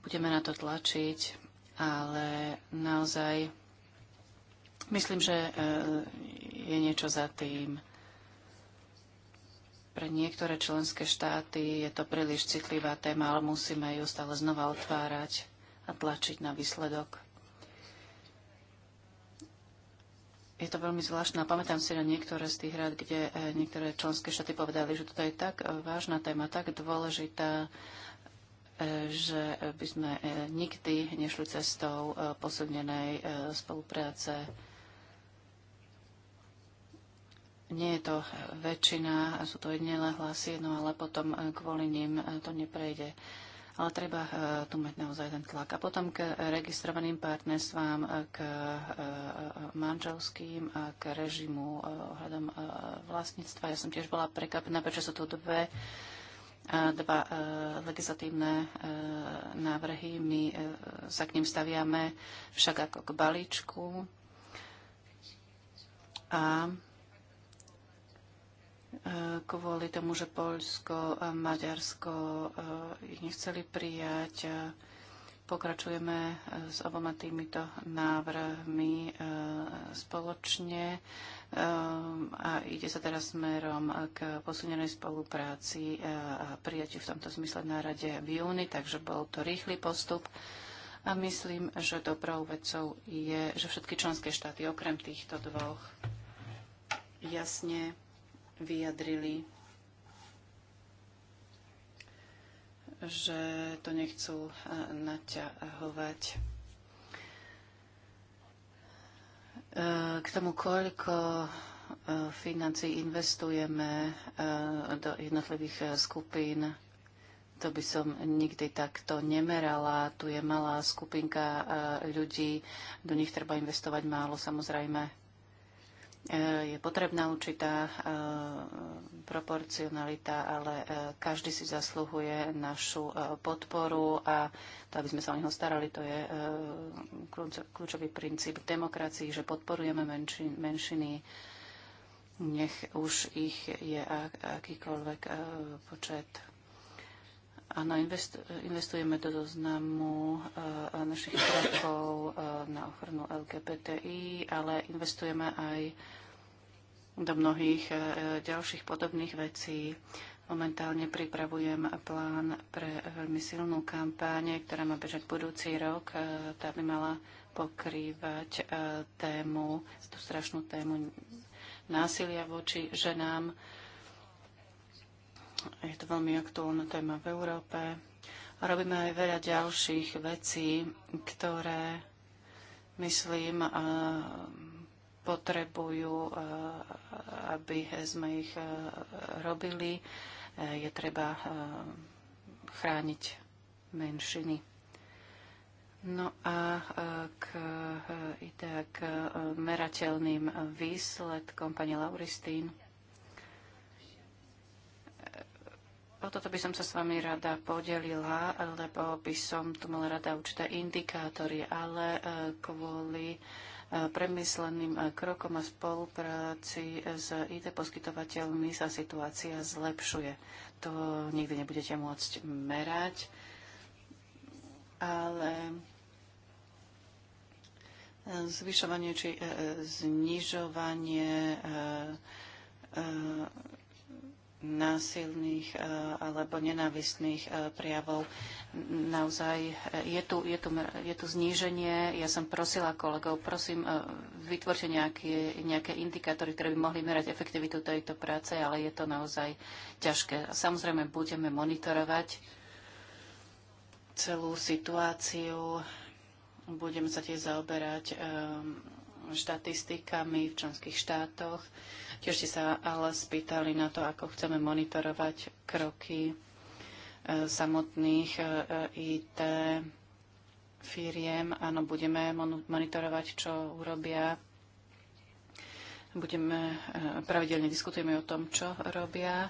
Budeme na to tlačiť, ale naozaj myslím, že e, je niečo za tým. Pre niektoré členské štáty je to príliš citlivá téma, ale musíme ju stále znova otvárať a tlačiť na výsledok. je to veľmi zvláštne. Pamätám si na niektoré z tých rád, kde e, niektoré členské štáty povedali, že toto je tak vážna téma, tak dôležitá že by sme e, nikdy nešli cestou e, posilnenej e, spolupráce. Nie je to väčšina, sú to jedinelé hlasy, no ale potom kvôli ním to neprejde. Ale treba tu mať naozaj ten tlak. A potom k registrovaným partnerstvám, k manželským a k režimu ohľadom vlastníctva. Ja som tiež bola prekvapená, prečo sú tu dve dva e, legislatívne e, návrhy. My e, sa k ním staviame však ako k balíčku. A kvôli tomu, že Polsko a Maďarsko ich nechceli prijať. Pokračujeme s oboma týmito návrhmi spoločne Ehm, a ide sa teraz smerom k posunenej spolupráci eh, a prijatiu v tomto zmysle na rade v júni, takže bol to rýchly postup. A myslím, že dobrou vecou je, že všetky členské štáty okrem týchto dvoch jasne vyjadrili, že to nechcú eh, naťahovať. K tomu, koľko e, financí investujeme e, do jednotlivých e, skupín, to by som nikdy takto nemerala. Tu je malá skupinka ľudí, do nich treba investovať málo samozrejme. E, je potrebná určitá e, proporcionalita, ale e, každý si zasluhuje našu podporu a to, aby sme sa o neho starali, to je kľúčový princíp v demokracii, že podporujeme menšiny, nech už ich je akýkoľvek počet. Áno, investujeme do zoznamu eh, našich krokov eh, na ochranu LGBTI, ale investujeme aj do mnohých eh, ďalších podobných vecí. Momentálne pripravujem plán pre veľmi silnú kampáň, ktorá má bežať budúci rok. Tá by mala pokrývať tému, tú strašnú tému násilia voči ženám je to veľmi aktuálna téma v Európe. A robíme aj veľa ďalších vecí, ktoré, myslím, potrebujú, aby sme ich robili. E, je treba chrániť menšiny. No a k, e, k e, merateľným výsledkom pani Lauristín. O toto by som sa s vami rada podelila, lebo by som tu mala rada určité indikátory, ale e, kvôli e, premysleným e, krokom a spolupráci s IT poskytovateľmi sa situácia zlepšuje. To nikdy nebudete môcť merať, ale zvyšovanie či znižovanie násilných eh, alebo nenávistných eh, prijavov. Naozaj eh, je tu, je, tu, je tu zníženie. Ja som prosila kolegov, prosím, vytvorte nejaké, nejaké indikátory, ktoré by mohli merať efektivitu tejto práce, ale je to naozaj ťažké. Samozrejme, budeme monitorovať celú situáciu. budeme sa tiež zaoberať štatistikami v členských štátoch. Tiež ste sa ale spýtali na to, ako chceme monitorovať kroky e, samotných e, e, IT firiem. Áno, budeme monitorovať, čo urobia. Budeme, pravidelne diskutujeme o tom, čo robia,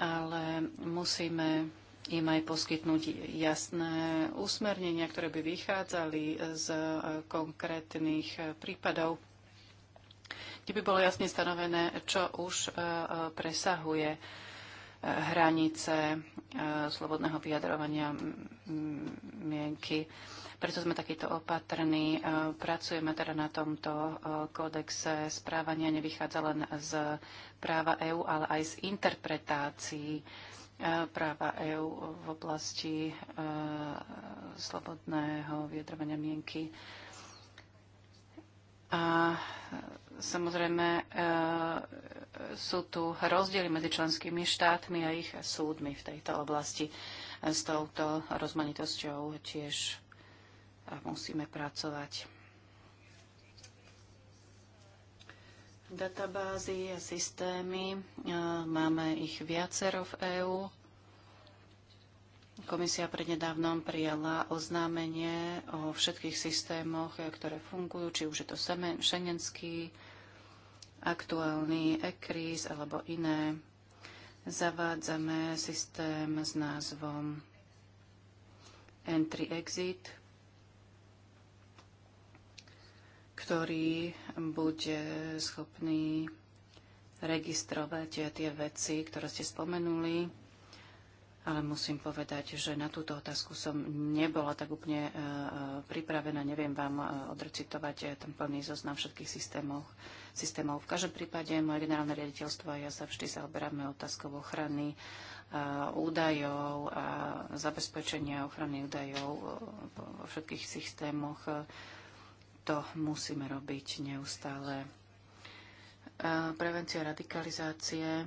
ale musíme im aj poskytnúť jasné úsmernenia, ktoré by vychádzali z konkrétnych prípadov kde by bolo jasne stanovené, čo už e, e, presahuje e, hranice slobodného vyjadrovania mienky. Preto sme takýto opatrní. Pracujeme teda na tomto kódexe správania. Nevychádza len z práva EÚ, ale aj z interpretácií práva EÚ v oblasti slobodného vyjadrovania mienky. A Samozrejme, e, sú tu rozdiely medzi členskými štátmi a ich súdmi v tejto oblasti. S touto rozmanitosťou tiež e, musíme pracovať. Databázy a systémy, e, máme ich viacero v EÚ. Komisia prednedávnom prijala oznámenie o všetkých systémoch, ktoré fungujú, či už je to Schengenský aktuálny ECRIS alebo iné, zavádzame systém s názvom Entry-Exit, ktorý bude schopný registrovať tie veci, ktoré ste spomenuli, ale musím povedať, že na túto otázku som nebola tak úplne e, e, pripravená. Neviem vám e, odrecitovať ten plný zoznam všetkých systémov, systémov. V každom prípade moje generálne riaditeľstvo a ja sa vždy zaoberáme otázkou ochrany údajov a zabezpečenia ochrany údajov vo všetkých systémoch. To musíme robiť neustále. prevencia radikalizácie.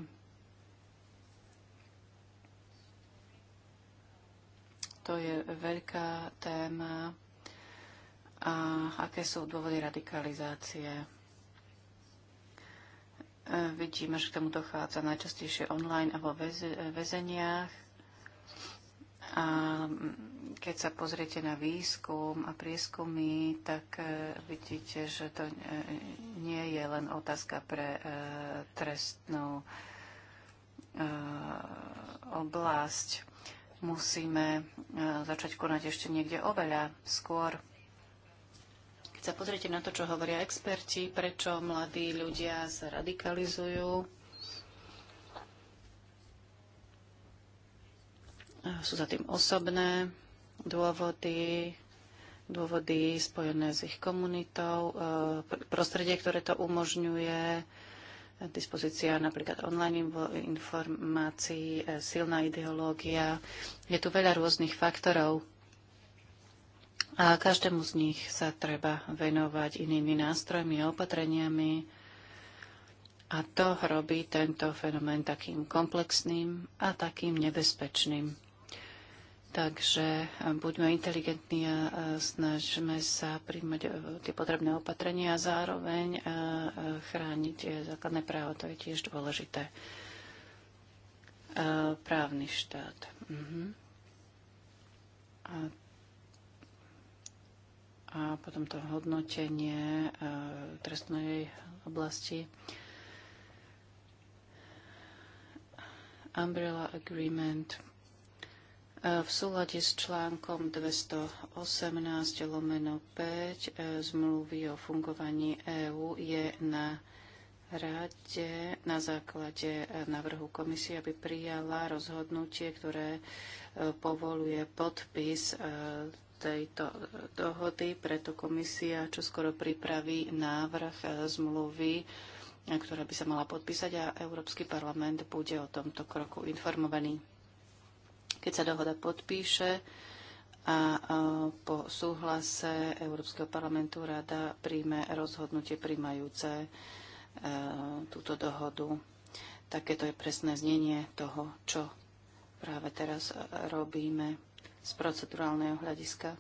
To je veľká téma. A aké sú dôvody radikalizácie? Vidíme, že k tomu dochádza najčastejšie online a vo väzeniach. A keď sa pozriete na výskum a prieskumy, tak e, vidíte, že to e, nie je len otázka pre e, trestnú oblasť. Musíme začať konať ešte niekde oveľa skôr sa pozriete na to, čo hovoria experti, prečo mladí ľudia sa radikalizujú. Sú za tým osobné dôvody, dôvody spojené s ich komunitou, e, prostredie, ktoré to umožňuje, dispozícia napríklad online informácií, e, silná ideológia. Je tu veľa rôznych faktorov. A každému z nich sa treba venovať inými nástrojmi a opatreniami. A to robí tento fenomén takým komplexným a takým nebezpečným. Takže buďme inteligentní a snažme sa príjmať e, tie potrebné opatrenia a zároveň e, e, chrániť základné právo. To je tiež dôležité. Právny štát. Uh-huh. A a potom to hodnotenie e, trestnej oblasti. Umbrella Agreement e, v súlade s článkom 218 lomeno 5 e, zmluvy o fungovaní EÚ je na rade na základe návrhu komisie, aby prijala rozhodnutie, ktoré povoluje podpis tejto e, dohody, preto komisia čoskoro pripraví návrh e, zmluvy, e, ktorá by sa mala podpísať a Európsky parlament bude o tomto kroku informovaný. Keď sa dohoda podpíše a po súhlase Európskeho parlamentu rada príjme rozhodnutie príjmajúce túto dohodu. Takéto je presné znenie toho, čo práve teraz robíme z procedurálneho hľadiska.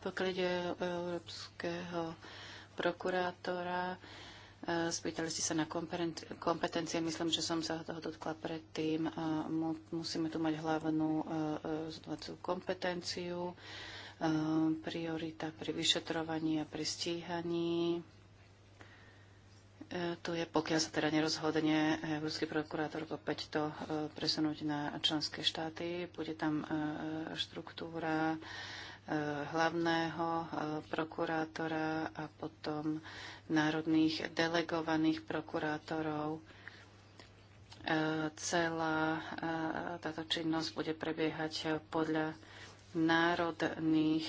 Pokiaľ ide o európskeho prokurátora, e, spýtali ste sa na kompetencie, myslím, že som sa toho dotkla predtým. E, musíme tu mať hlavnú e, zdovacú kompetenciu, priorita pri vyšetrovaní a pri stíhaní E, tu je, pokiaľ sa teda nerozhodne Európsky prokurátor opäť to e, presunúť na členské štáty, bude tam e, štruktúra hlavného prokurátora a potom národných delegovaných prokurátorov. Celá táto činnosť bude prebiehať podľa národných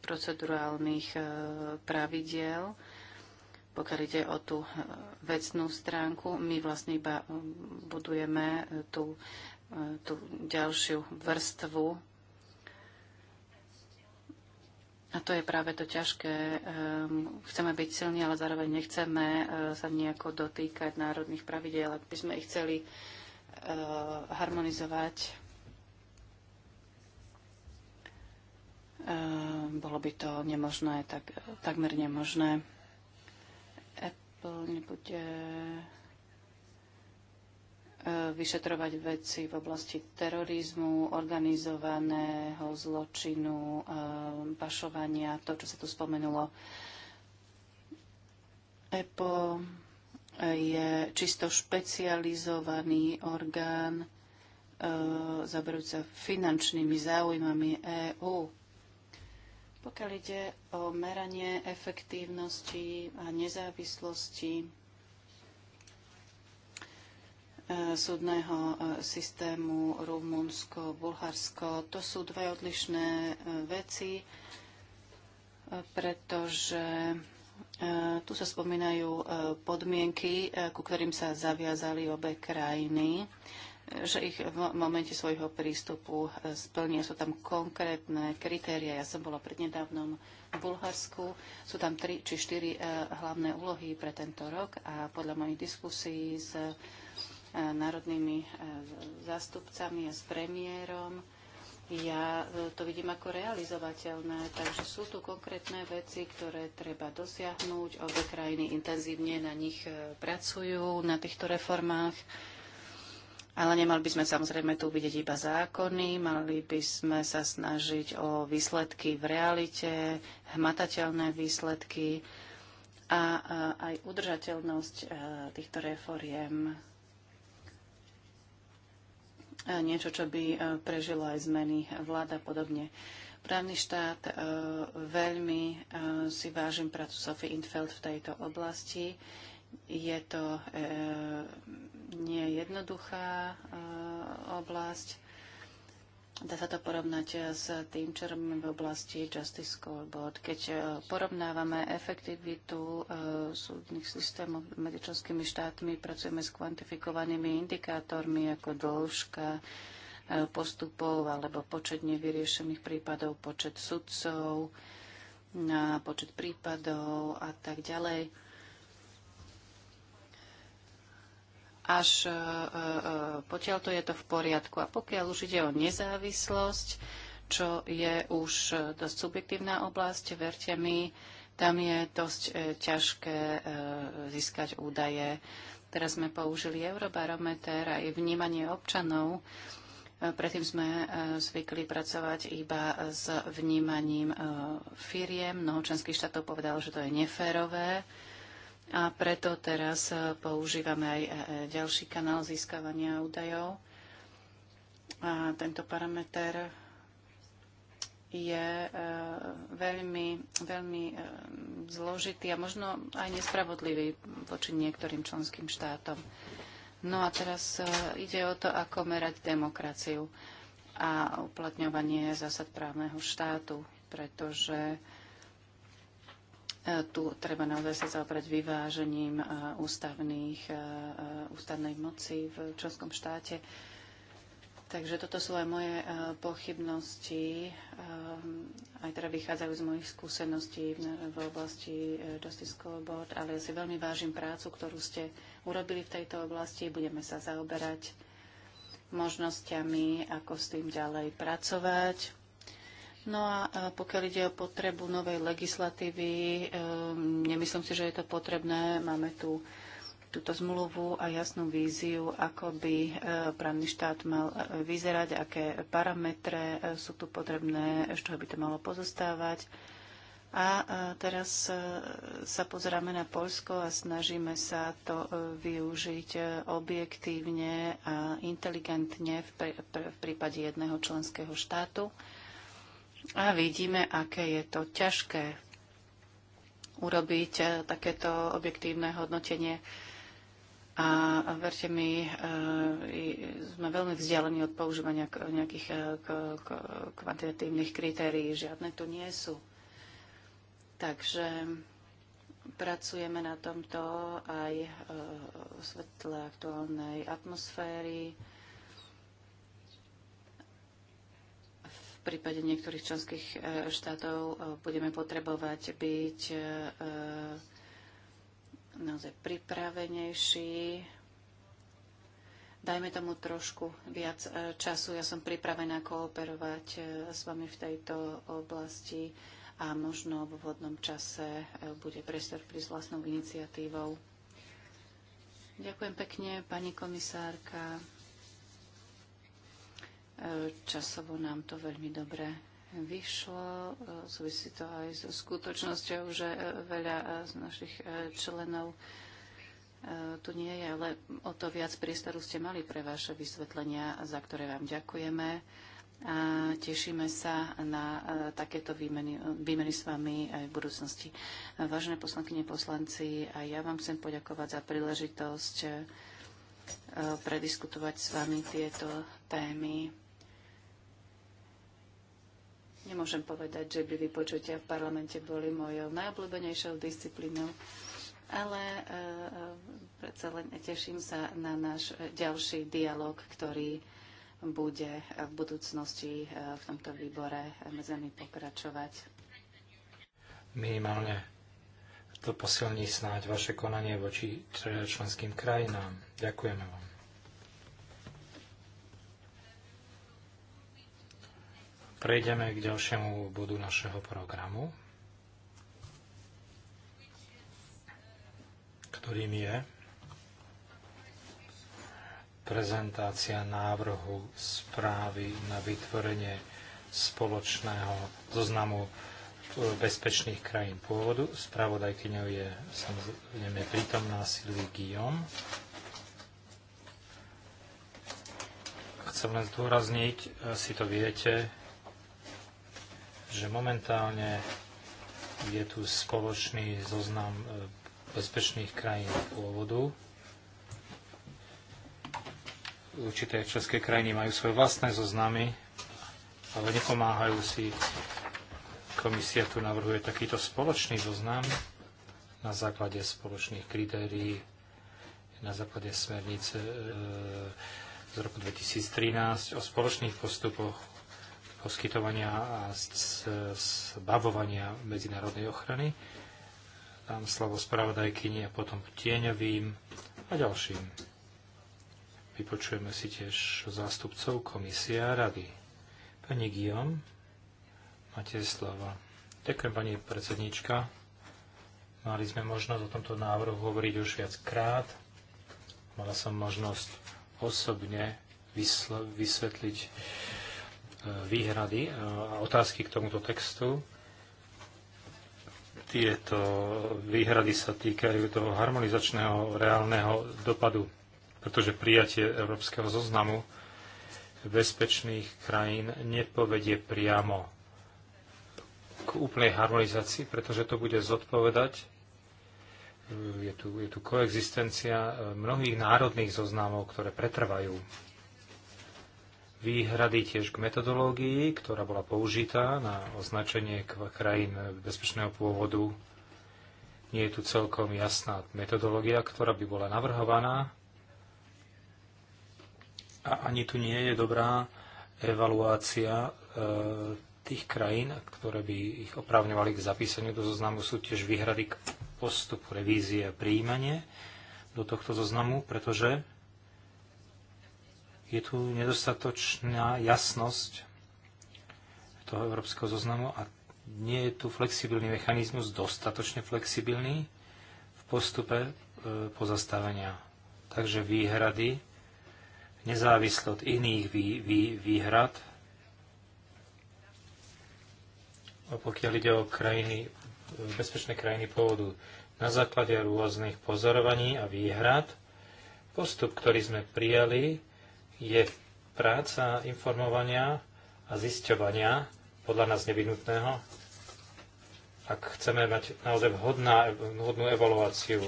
procedurálnych pravidiel pokiaľ ide o tú e, vecnú stránku, my vlastne iba e, budujeme e, tú, tú ďalšiu vrstvu. A to je práve to ťažké. Chceme byť silní, ale zároveň nechceme sa nejako dotýkať národných pravidel. Ak by sme ich chceli harmonizovať, bolo by to nemožné, tak, takmer nemožné plne bude e, vyšetrovať veci v oblasti terorizmu, organizovaného zločinu, e, pašovania, to, čo sa tu spomenulo. EPO je čisto špecializovaný orgán e, zaberujúca finančnými záujmami EÚ. Pokiaľ ide o meranie efektívnosti a nezávislosti e, súdneho e, systému Rumunsko, Bulharsko, to sú dve odlišné e, veci, pretože tu sa spomínajú podmienky, ku ktorým sa zaviazali obe krajiny že ich v momente svojho prístupu e, splnia. Sú tam konkrétne kritéria. Ja som bola prednedávnom v Bulharsku. Sú tam tri či štyri e, hlavné úlohy pre tento rok a podľa mojich diskusí s e, národnými zástupcami a s premiérom ja to vidím ako realizovateľné, takže sú tu konkrétne veci, ktoré treba dosiahnuť. Obe krajiny intenzívne na nich pracujú, na týchto reformách ale nemali by sme samozrejme tu vidieť iba zákony, mali by sme sa snažiť o výsledky v realite, hmatateľné výsledky a aj udržateľnosť e, týchto reforiem e, niečo, čo by e, prežilo aj zmeny vláda a podobne. Právny štát, veľmi si vážim prácu Sophie Infeld v tejto oblasti. Je to e, nie jednoduchá e, oblasť. Dá sa to porovnať e, s tým, čo robíme v oblasti Justice Scoreboard. Keď e, porovnávame efektivitu e, súdnych systémov medzi členskými štátmi, pracujeme s kvantifikovanými indikátormi ako dĺžka, e, postupov alebo počet nevyriešených prípadov, počet sudcov, na počet prípadov a tak ďalej. až e, e, e, potiaľ to je to v poriadku. A pokiaľ už ide o nezávislosť, čo je už dosť subjektívna oblasť, verte mi, tam je dosť ťažké získať údaje. Teraz sme použili eurobarometer a aj vnímanie občanov. Predtým sme zvykli pracovať iba s vnímaním firiem. Mnoho členských štátov povedalo, že to je neférové. A preto teraz e, používame aj e, e, ďalší kanál získavania údajov. A tento parameter je veľmi, veľmi zložitý a možno aj nespravodlivý voči niektorým členským štátom. No a teraz ide o to, ako merať demokraciu a uplatňovanie zásad právneho štátu, pretože E, tu treba naozaj sa zaoprať vyvážením e, ústavných, e, ústavnej moci v členskom štáte. Takže toto sú aj moje pochybnosti, aj teda vychádzajú z mojich skúseností v, oblasti Justice Scoreboard, ale ja si veľmi vážim prácu, ktorú ste urobili v tejto oblasti. Budeme sa zaoberať možnosťami, ako s tým ďalej pracovať. No a e, pokiaľ ide o potrebu novej legislatívy, e, nemyslím si, že je to potrebné. Máme tu túto zmluvu a jasnú víziu, ako by e, právny štát mal vyzerať, aké parametre sú tu potrebné, z čoho by to malo pozostávať. A teraz sa pozeráme na Polsko a snažíme sa to využiť objektívne a inteligentne v prípade jedného členského štátu. A vidíme, aké je to ťažké urobiť eh, takéto objektívne hodnotenie. A verte mi, eh, sme veľmi vzdialení od používania nejakých eh, kvantitatívnych kritérií. Žiadne tu nie sú. Takže pracujeme na tomto aj v svetle aktuálnej atmosféry v prípade niektorých členských e, štátov e, budeme potrebovať byť e, naozaj pripravenejší. Dajme tomu trošku viac času. Ja som pripravená kooperovať s vami v tejto oblasti a možno v vhodnom čase bude priestor pri s vlastnou iniciatívou. Ďakujem pekne, pani komisárka. Časovo nám to veľmi dobre vyšlo. Súvisí to aj so skutočnosťou, že e, veľa e, z našich e, členov tu nie je, ale o to viac priestoru ste mali pre vaše vysvetlenia, za ktoré vám ďakujeme. A tešíme sa na takéto výmeny, výmeny s vami aj v budúcnosti. Vážené poslankyne, poslanci, a ja vám chcem poďakovať za príležitosť prediskutovať s vami tieto témy Nemôžem povedať, že by vypočutia v parlamente boli mojou najobľúbenejšou disciplínou, ale eh, predsa len teším sa na náš ďalší dialog, ktorý bude v budúcnosti eh, v tomto výbore medzi eh, nami pokračovať. Minimálne to posilní snáď vaše konanie voči členským krajinám. Ďakujeme vám. Prejdeme k ďalšiemu bodu našeho programu, ktorým je prezentácia návrhu správy na vytvorenie spoločného zoznamu bezpečných krajín pôvodu. Spravodajkyňou je samozrejme prítomná Sylvie Guillaume. Chcem len zdôrazniť, si to viete, že momentálne je tu spoločný zoznam e, bezpečných krajín pôvodu. Určité členské krajiny majú svoje vlastné zoznamy, ale nepomáhajú si. Komisia tu navrhuje takýto spoločný zoznam na základe spoločných kritérií, na základe smernice e, e, z roku 2013 o spoločných postupoch poskytovania a zbavovania medzinárodnej ochrany. Dám slovo spravodajkyni a potom tieňovým a ďalším. Vypočujeme si tiež zástupcov komisie a rady. Pani Guillaume, máte slovo. Ďakujem, pani predsednička. Mali sme možnosť o tomto návrhu hovoriť už viackrát. Mala som možnosť osobne vysvetliť výhrady a otázky k tomuto textu. Tieto výhrady sa týkajú toho harmonizačného reálneho dopadu, pretože prijatie Európskeho zoznamu bezpečných krajín nepovedie priamo k úplnej harmonizácii, pretože to bude zodpovedať. Je tu, je tu koexistencia mnohých národných zoznamov, ktoré pretrvajú výhrady tiež k metodológii, ktorá bola použitá na označenie krajín bezpečného pôvodu. Nie je tu celkom jasná metodológia, ktorá by bola navrhovaná. A ani tu nie je dobrá evaluácia e, tých krajín, ktoré by ich oprávňovali k zapísaniu do zoznamu, sú tiež výhrady k postupu revízie a príjmanie do tohto zoznamu, pretože je tu nedostatočná jasnosť toho európskeho zoznamu a nie je tu flexibilný mechanizmus, dostatočne flexibilný v postupe e, pozastavenia. Takže výhrady, nezávisle od iných vý, vý, výhrad, pokiaľ ide o krajiny, e, bezpečné krajiny pôvodu, na základe rôznych pozorovaní a výhrad, postup, ktorý sme prijali, je práca informovania a zisťovania podľa nás nevyhnutného, ak chceme mať naozaj vhodná, vhodnú evaluáciu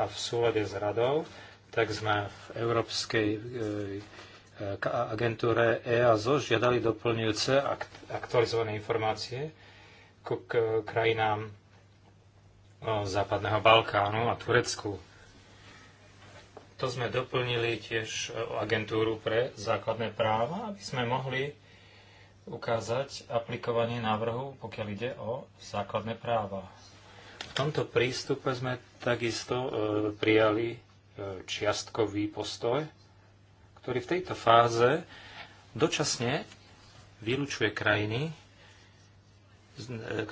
a v súlade s radou, tak sme v Európskej e, e agentúre EASO žiadali doplňujúce aktualizované informácie k krajinám západného Balkánu a Turecku. To sme doplnili tiež e, agentúru pre základné práva, aby sme mohli ukázať aplikovanie návrhu, pokiaľ ide o základné práva. V tomto prístupe sme takisto e, prijali e, čiastkový postoj, ktorý v tejto fáze dočasne vylúčuje krajiny,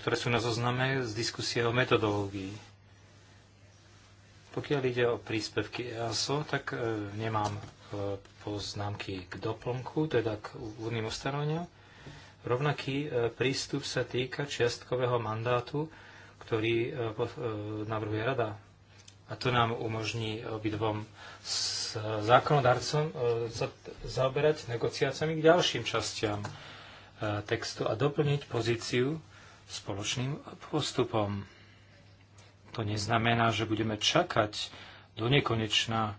ktoré sú na zozname z diskusie o metodológii pokiaľ ide o príspevky EASO, tak e, nemám e, poznámky k doplnku, teda k úvodným ustanoveniam. Rovnaký e, prístup sa týka čiastkového mandátu, ktorý navrhuje Rada. A to nám umožní obidvom s zákonodarcom zaoberať negociáciami k ďalším častiam textu a doplniť pozíciu spoločným postupom. To neznamená, že budeme čakať do nekonečna,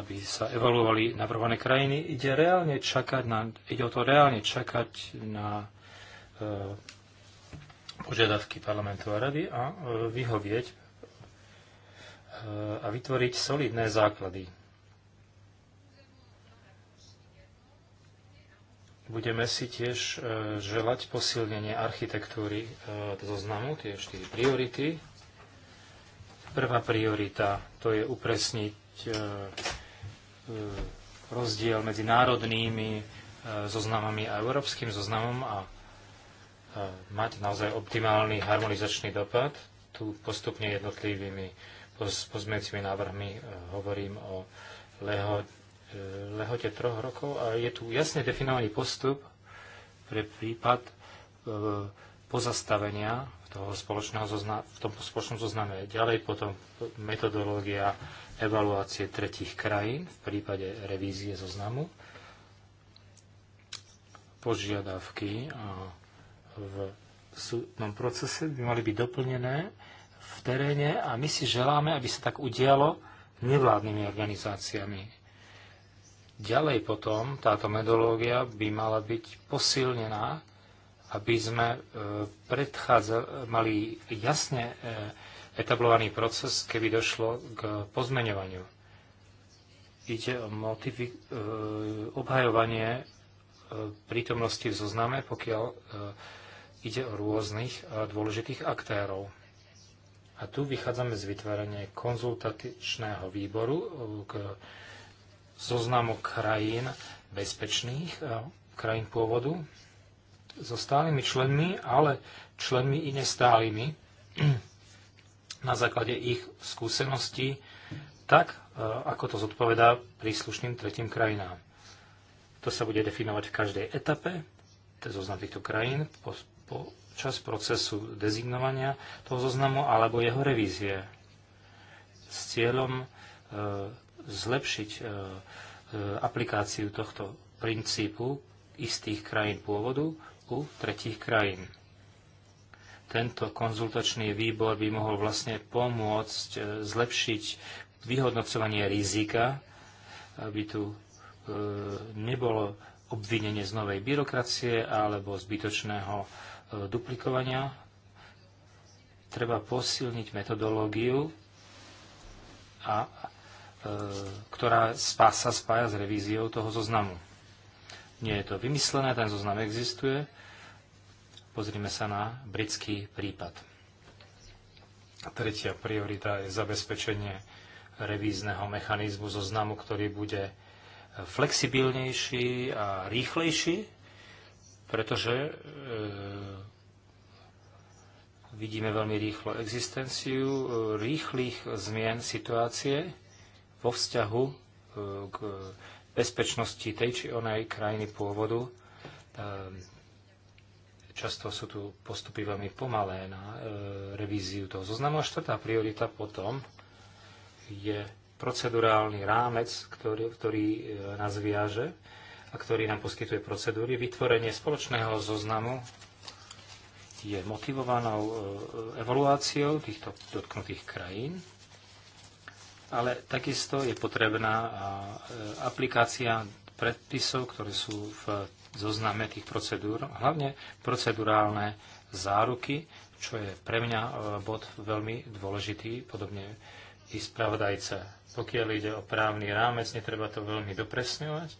aby sa evaluovali navrhované krajiny. Ide, reálne čakať na, ide o to reálne čakať na e, požiadavky parlamentu a rady a e, vyhovieť e, a vytvoriť solidné základy Budeme si tiež e, želať posilnenie architektúry e, zoznamu, tie štyri priority. Prvá priorita to je upresniť e, rozdiel medzi národnými zoznamami a európskym zoznamom a mať naozaj optimálny harmonizačný dopad. Tu postupne jednotlivými pozmeňujúcimi návrhmi hovorím o leho, lehote troch rokov a je tu jasne definovaný postup pre prípad e, pozastavenia toho spoločného zozna- v tom spoločnom zozname. Ďalej potom metodológia evaluácie tretich krajín v prípade revízie zoznamu, požiadavky v súdnom procese by mali byť doplnené v teréne a my si želáme, aby sa tak udialo nevládnymi organizáciami. Ďalej potom táto metodológia by mala byť posilnená, aby sme e, mali jasne e, etablovaný proces, keby došlo k pozmeňovaniu. Ide o motivi- e, obhajovanie prítomnosti v zozname, pokiaľ ide o rôznych dôležitých aktérov. A tu vychádzame z vytvárania konzultačného výboru k zoznamu krajín bezpečných, e, krajín pôvodu, so stálymi členmi, ale členmi i nestálymi <clears throat> na základe ich skúseností, tak e, ako to zodpovedá príslušným tretím krajinám. To sa bude definovať v každej etape, to je zoznam týchto krajín, po, počas procesu dezignovania toho zoznamu alebo jeho revízie s cieľom e, zlepšiť e, e, aplikáciu tohto princípu istých krajín pôvodu u tretích krajín. Tento konzultačný výbor by mohol vlastne pomôcť e, zlepšiť vyhodnocovanie rizika, aby tu nebolo obvinenie z novej byrokracie alebo zbytočného duplikovania. Treba posilniť metodológiu a E, ktorá sa spája s revíziou toho zoznamu. Nie je to vymyslené, ten zoznam existuje. Pozrime sa na britský prípad. Tretia priorita je zabezpečenie revízneho mechanizmu zoznamu, ktorý bude flexibilnejší a rýchlejší, pretože e, vidíme veľmi rýchlo existenciu e, rýchlych zmien situácie vo vzťahu e, k bezpečnosti tej či onej krajiny pôvodu. E, často sú tu postupy veľmi pomalé na e, revíziu toho zoznamu. A štvrtá priorita potom je procedurálny rámec, ktorý, ktorý nás viaže a ktorý nám poskytuje procedúry. Vytvorenie spoločného zoznamu je motivovanou evaluáciou týchto dotknutých krajín ale takisto je potrebná e, aplikácia predpisov, ktoré sú v zozname tých procedúr, hlavne procedurálne záruky, čo je pre mňa e, bod veľmi dôležitý, podobne i spravodajce. Pokiaľ ide o právny rámec, netreba to veľmi dopresňovať,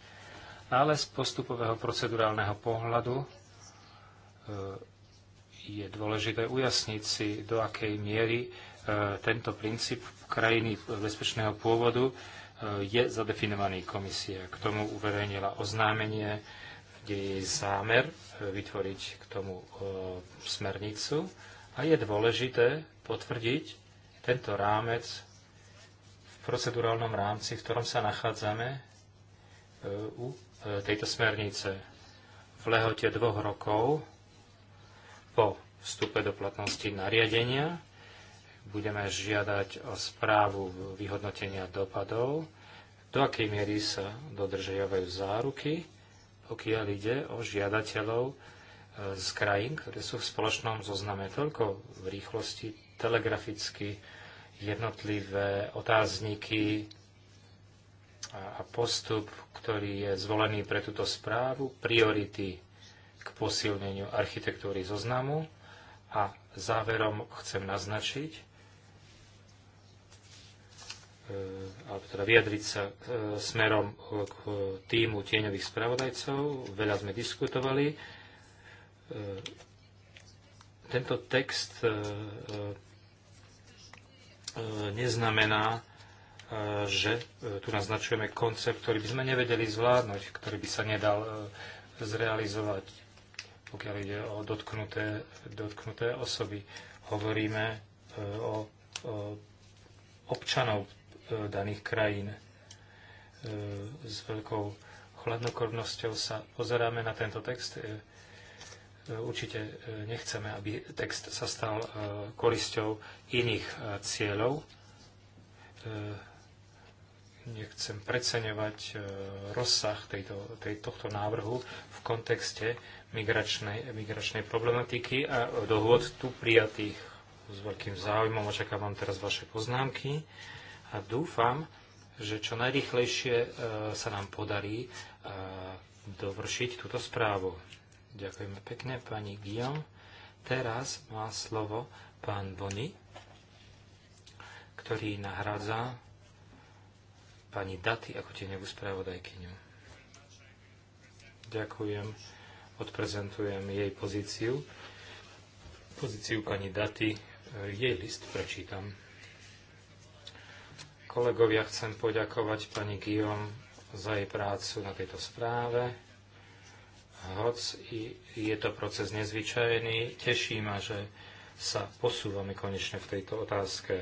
ale z postupového procedurálneho pohľadu e, je dôležité ujasniť si, do akej miery E, tento princíp krajiny bezpečného pôvodu e, je zadefinovaný komisia. K tomu uverejnila oznámenie, kde je jej zámer e, vytvoriť k tomu smernicu a je dôležité potvrdiť tento rámec v procedurálnom rámci, v ktorom sa nachádzame u tejto smernice. V lehote dvoch rokov po vstupe do platnosti nariadenia budeme žiadať o správu vyhodnotenia dopadov, do akej miery sa dodržiavajú záruky, pokiaľ ide o žiadateľov e, z krajín, ktoré sú v spoločnom zozname toľko v rýchlosti, telegraficky, jednotlivé otázniky a postup, ktorý je zvolený pre túto správu, priority k posilneniu architektúry zoznamu a záverom chcem naznačiť, E, alebo teda vyjadriť sa e, smerom e, k týmu tieňových spravodajcov. Veľa sme diskutovali. Tento text neznamená, že tu naznačujeme koncept, ktorý by sme nevedeli zvládnuť, ktorý by sa nedal zrealizovať, pokiaľ ide o dotknuté, dotknuté osoby. Hovoríme o, o občanov daných krajín. E, s veľkou chladnokornosťou sa pozeráme na tento text. E, e, určite nechceme, aby text sa stal korisťou iných cieľov. Nechcem preceňovať rozsah tejto, tej, tohto návrhu v kontexte migračnej, migračnej problematiky a dohôd tu prijatých s veľkým záujmom očakávam teraz vaše poznámky a dúfam, že čo najrychlejšie e, sa nám podarí e, dovršiť túto správu. Ďakujeme pekne, pani Guillaume. Teraz má slovo pán Bony, ktorý nahradza pani Daty ako tieňovú správodajkyňu. Ďakujem, odprezentujem jej pozíciu. Pozíciu pani Daty, e, jej list prečítam. Kolegovia, chcem poďakovať pani Guillaume za jej prácu na tejto správe. Hoc je to proces nezvyčajný, teší ma, že sa posúvame konečne v tejto otázke.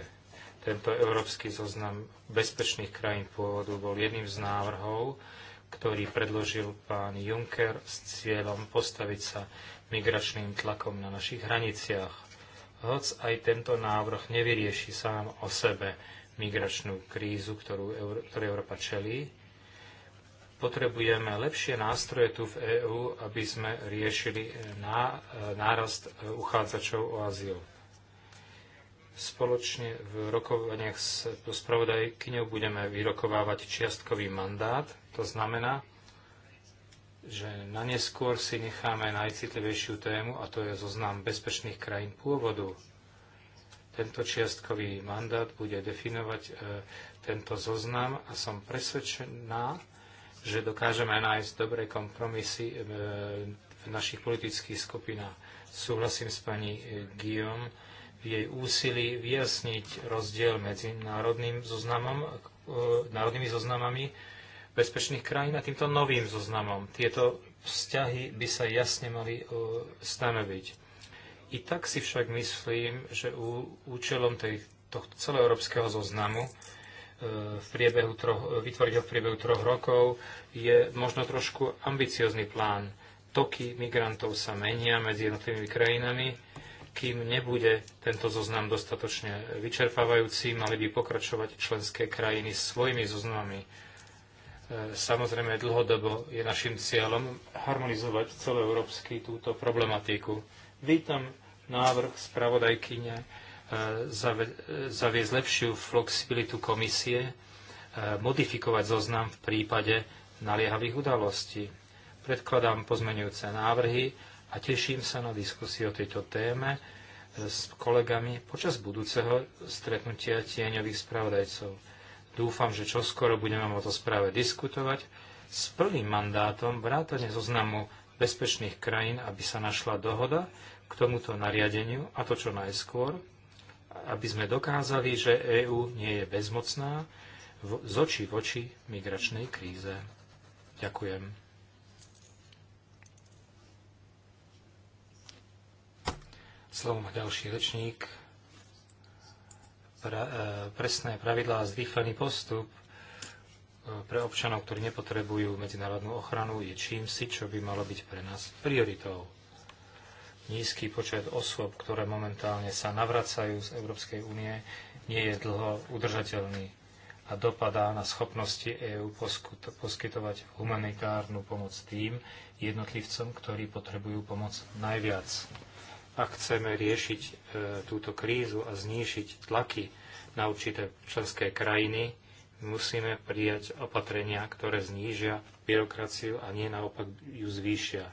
Tento európsky zoznam bezpečných krajín pôvodu bol jedným z návrhov, ktorý predložil pán Juncker s cieľom postaviť sa migračným tlakom na našich hraniciach. Hoc aj tento návrh nevyrieši sám o sebe migračnú krízu, ktorú Euró- ktoré Európa čelí. Potrebujeme lepšie nástroje tu v EÚ, aby sme riešili e, ná- e, nárast e, uchádzačov o azyl. Spoločne v rokovaniach s spravodajkyňou budeme vyrokovávať čiastkový mandát. To znamená, že na neskôr si necháme najcitlivejšiu tému, a to je zoznam bezpečných krajín pôvodu tento čiastkový mandát bude definovať e, tento zoznam a som presvedčená, že dokážeme nájsť dobré kompromisy e, v našich politických skupinách. Súhlasím s pani e, Guillaume v jej úsilí vyjasniť rozdiel medzi národným zoznamom, národnými zoznamami bezpečných krajín a týmto novým zoznamom. Tieto vzťahy by sa jasne mali stanoviť i tak si však myslím, že u, účelom tej, tohto celoeurópskeho zoznamu e, v priebehu troch, e, vytvoriť ho v priebehu troch rokov je možno trošku ambiciozný plán. Toky migrantov sa menia medzi jednotlivými krajinami. Kým nebude tento zoznam dostatočne vyčerpávajúci, mali by pokračovať členské krajiny svojimi zoznamami. E, samozrejme, dlhodobo je našim cieľom harmonizovať celoeurópsky túto problematiku Vítam návrh spravodajkyne e, zaviesť lepšiu flexibilitu komisie, e, modifikovať zoznam v prípade naliehavých udalostí. Predkladám pozmenujúce návrhy a teším sa na diskusiu o tejto téme e, s kolegami počas budúceho stretnutia tieňových spravodajcov. Dúfam, že čoskoro budeme o to správe diskutovať s plným mandátom vrátane zoznamu bezpečných krajín, aby sa našla dohoda k tomuto nariadeniu a to čo najskôr, aby sme dokázali, že EÚ nie je bezmocná v, z očí v oči migračnej kríze. Ďakujem. Slovo má ďalší rečník. Pra, e, presné pravidlá a zrýchlený postup pre občanov, ktorí nepotrebujú medzinárodnú ochranu, je čím si, čo by malo byť pre nás prioritou. Nízky počet osôb, ktoré momentálne sa navracajú z Európskej únie, nie je dlho udržateľný a dopadá na schopnosti EÚ poskytovať humanitárnu pomoc tým jednotlivcom, ktorí potrebujú pomoc najviac. Ak chceme riešiť e, túto krízu a znížiť tlaky na určité členské krajiny, musíme prijať opatrenia, ktoré znížia byrokraciu a nie naopak ju zvýšia.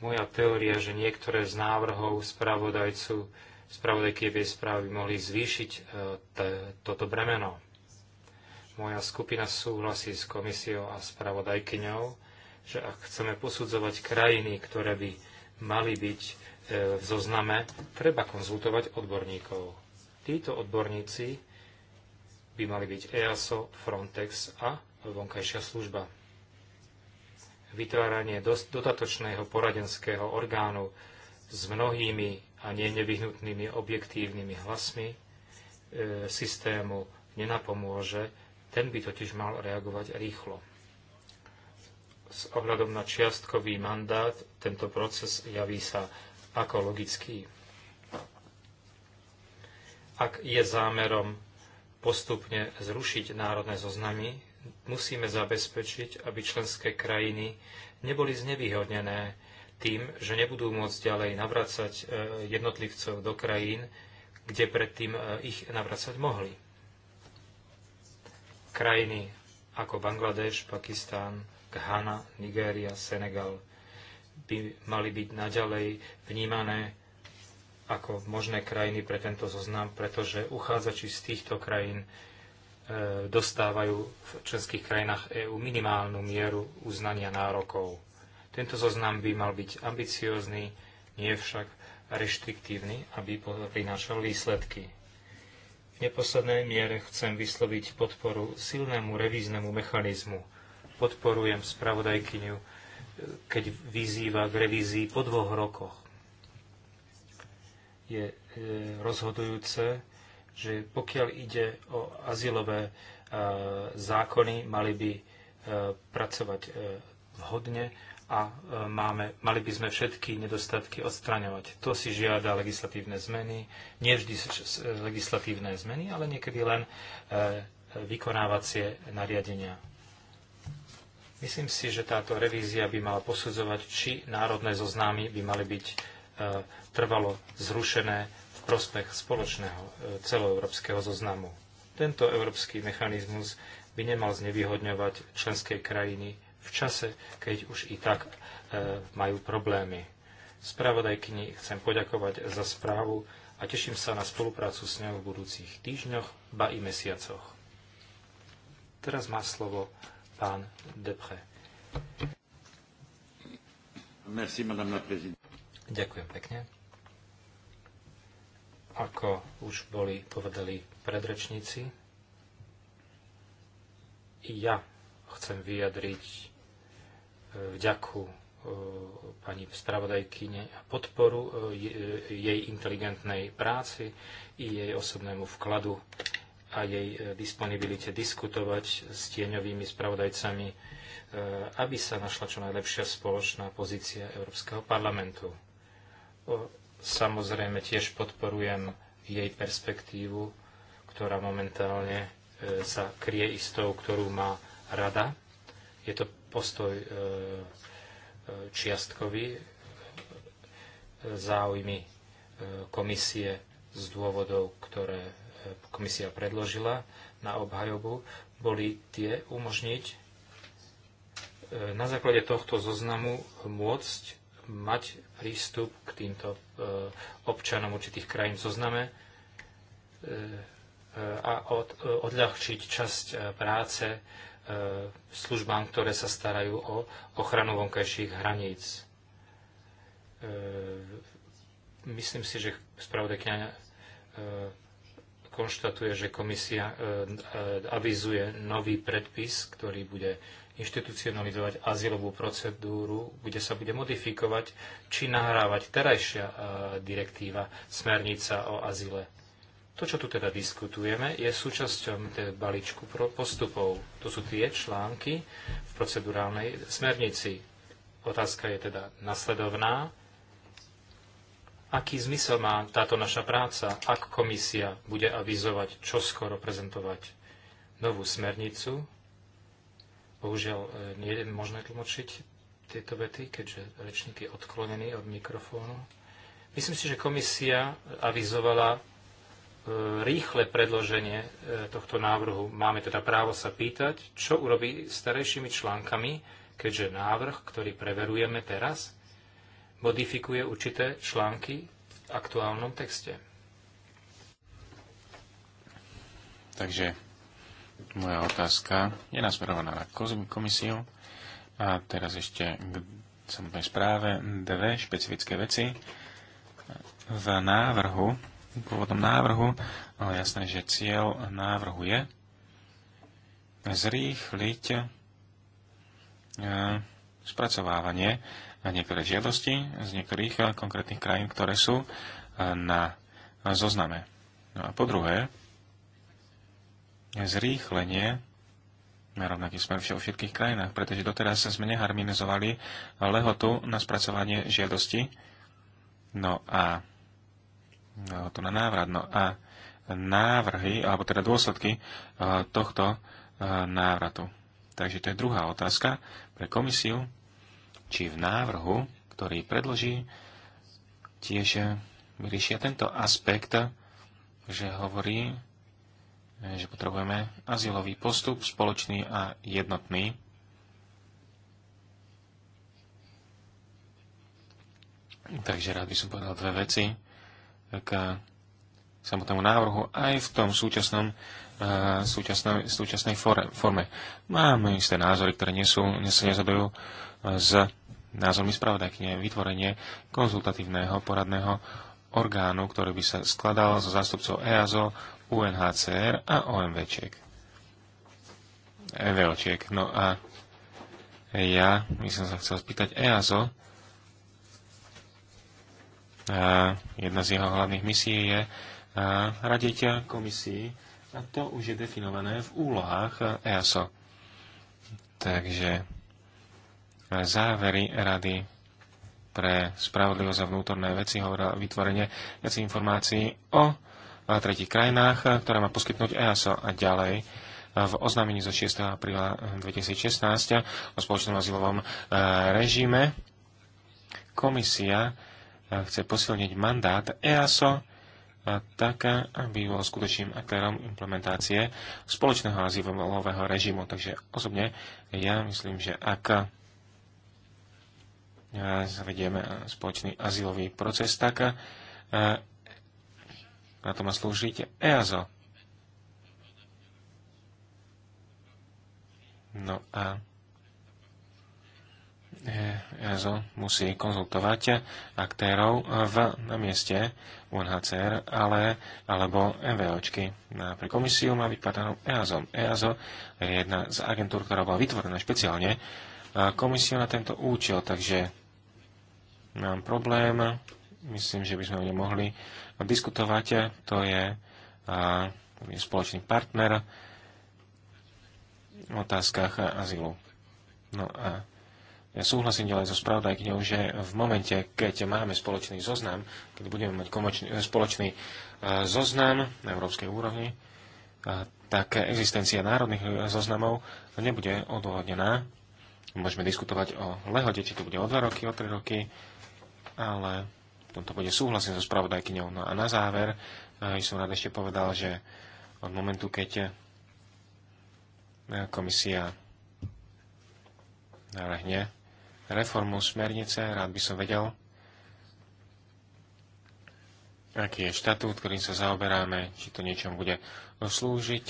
Moja teória, že niektoré z návrhov spravodajcu, spravodajky jej správy mohli zvýšiť e, toto bremeno. Moja skupina súhlasí s komisiou a spravodajkyňou, že ak chceme posudzovať krajiny, ktoré by mali byť e, v zozname, treba konzultovať odborníkov. Títo odborníci by mali byť EASO, Frontex a vonkajšia služba. Vytváranie dodatočného poradenského orgánu s mnohými a nie nevyhnutnými objektívnymi hlasmi e, systému nenapomôže, ten by totiž mal reagovať rýchlo. S ohľadom na čiastkový mandát tento proces javí sa ako logický. Ak je zámerom postupne zrušiť národné zoznamy, musíme zabezpečiť, aby členské krajiny neboli znevýhodnené tým, že nebudú môcť ďalej navracať e, jednotlivcov do krajín, kde predtým e, ich navracať mohli. Krajiny ako Bangladeš, Pakistán, Ghana, Nigéria, Senegal by mali byť naďalej vnímané ako možné krajiny pre tento zoznam, pretože uchádzači z týchto krajín e, dostávajú v členských krajinách EÚ minimálnu mieru uznania nárokov. Tento zoznam by mal byť ambiciózny, nie však reštriktívny, aby prinášal výsledky. V neposlednej miere chcem vysloviť podporu silnému revíznemu mechanizmu. Podporujem spravodajkyňu, e, keď vyzýva k revízii po dvoch rokoch je e, rozhodujúce, že pokiaľ ide o azylové e, zákony, mali by e, pracovať vhodne a máme, mali by sme všetky nedostatky odstraňovať. To si žiada legislatívne zmeny, nie vždy legislatívne zmeny, ale niekedy len vykonávacie nariadenia. Myslím si, že táto revízia by mala posudzovať, či národné zoznámy by mali byť E, trvalo zrušené v prospech spoločného e, celoeurópskeho zoznamu. Tento európsky mechanizmus by nemal znevýhodňovať členské krajiny v čase, keď už i tak e, majú problémy. Spravodajkyni chcem poďakovať za správu a teším sa na spoluprácu s ňou v budúcich týždňoch, ba i mesiacoch. Teraz má slovo pán Depre. Merci, madame la présidente. Ďakujem pekne. Ako už boli povedali predrečníci, i ja chcem vyjadriť e, vďaku e, pani spravodajkyne a podporu e, jej inteligentnej práci i jej osobnému vkladu a jej disponibilite diskutovať s tieňovými spravodajcami, aby sa našla čo najlepšia spoločná pozícia Európskeho parlamentu. Samozrejme tiež podporujem jej perspektívu, ktorá momentálne e, sa krie istou, ktorú má rada. Je to postoj e, e, čiastkový, záujmy komisie z dôvodov, ktoré komisia predložila na obhajobu, boli tie umožniť na základe tohto zoznamu môcť mať prístup k týmto e, občanom určitých krajín v zozname e, e, a odľahčiť časť práce službám, ktoré sa starajú o ochranu vonkajších hraníc. Myslím si, že spravodajkňa konštatuje, že komisia avizuje nový predpis, ktorý bude inštitucionalizovať azylovú procedúru, kde sa bude modifikovať či nahrávať terajšia e, direktíva, smernica o azyle. To, čo tu teda diskutujeme, je súčasťom balíčku postupov. To sú tie články v procedurálnej smernici. Otázka je teda nasledovná. Aký zmysel má táto naša práca, ak komisia bude avizovať čo skoro prezentovať novú smernicu, Bohužiaľ, e, nie je možné tlmočiť tieto vety, keďže rečník je odklonený od mikrofónu. Myslím si, že komisia avizovala e, rýchle predloženie e, tohto návrhu. Máme teda právo sa pýtať, čo urobí starejšími článkami, keďže návrh, ktorý preverujeme teraz, modifikuje určité články v aktuálnom texte. Takže moja otázka je nasmerovaná na komisiu. A teraz ešte k samotnej správe dve špecifické veci. V návrhu, v pôvodnom návrhu, ale jasné, že cieľ návrhu je zrýchliť e, spracovávanie niektoré žiadosti z niektorých konkrétnych krajín, ktoré sú e, na zozname. No a po druhé, zrýchlenie na rovnaký smer vo všetkých krajinách, pretože doteraz sme neharmonizovali lehotu na spracovanie žiadosti, no a lehotu na návrat, no a návrhy, alebo teda dôsledky eh, tohto eh, návratu. Takže to je druhá otázka pre komisiu, či v návrhu, ktorý predloží, tiež eh, vyriešia tento aspekt, že hovorí Eh, že potrebujeme azylový postup, spoločný a jednotný. Takže rád by som povedal dve veci k samotnému návrhu aj v tom súčasnom, eh, súčasnej, súčasnej forme. Máme isté názory, ktoré nie sú, nie sa nezhodujú eh, s názormi spravodajkne. Vytvorenie konzultatívneho poradného orgánu, ktorý by sa skladal zo zástupcov EASO, UNHCR a OMVček. EVOčiek. No a ja by som sa chcel spýtať EASO. A jedna z jeho hlavných misií je radetia komisii a to už je definované v úlohách EASO. Takže závery rady pre spravodlivosť a vnútorné veci hovorila vytvorenie viac informácií o tretich krajinách, ktoré má poskytnúť EASO a ďalej v oznámení zo 6. apríla 2016 o spoločnom azylovom e, režime. Komisia e, chce posilniť mandát EASO e, tak, aby bol skutočným aktérom implementácie spoločného azylového režimu. Takže osobne ja myslím, že ak zavedieme spoločný azylový proces, tak na to má slúžiť EASO. No a EASO musí konzultovať aktérov v, na mieste UNHCR, ale, alebo MVOčky. na no pre komisiu má byť partnerom EASO. EASO je jedna z agentúr, ktorá bola vytvorená špeciálne komisiu na tento účel, takže mám problém myslím, že by sme o ňom mohli diskutovať. To je, je spoločný partner v otázkach azylu. No a ja súhlasím ďalej so spravodajkňou, že v momente, keď máme spoločný zoznam, keď budeme mať komočný, e, spoločný e, zoznam na európskej úrovni, e, tak existencia národných zoznamov nebude odôvodnená. Môžeme diskutovať o lehote, či to bude o dva roky, o tri roky, ale v tomto bode súhlasím so spravodajkyňou. No a na záver eh, som rád ešte povedal, že od momentu, keď eh, komisia nalehne reformu smernice, rád by som vedel, aký je štatút, ktorým sa zaoberáme, či to niečom bude slúžiť,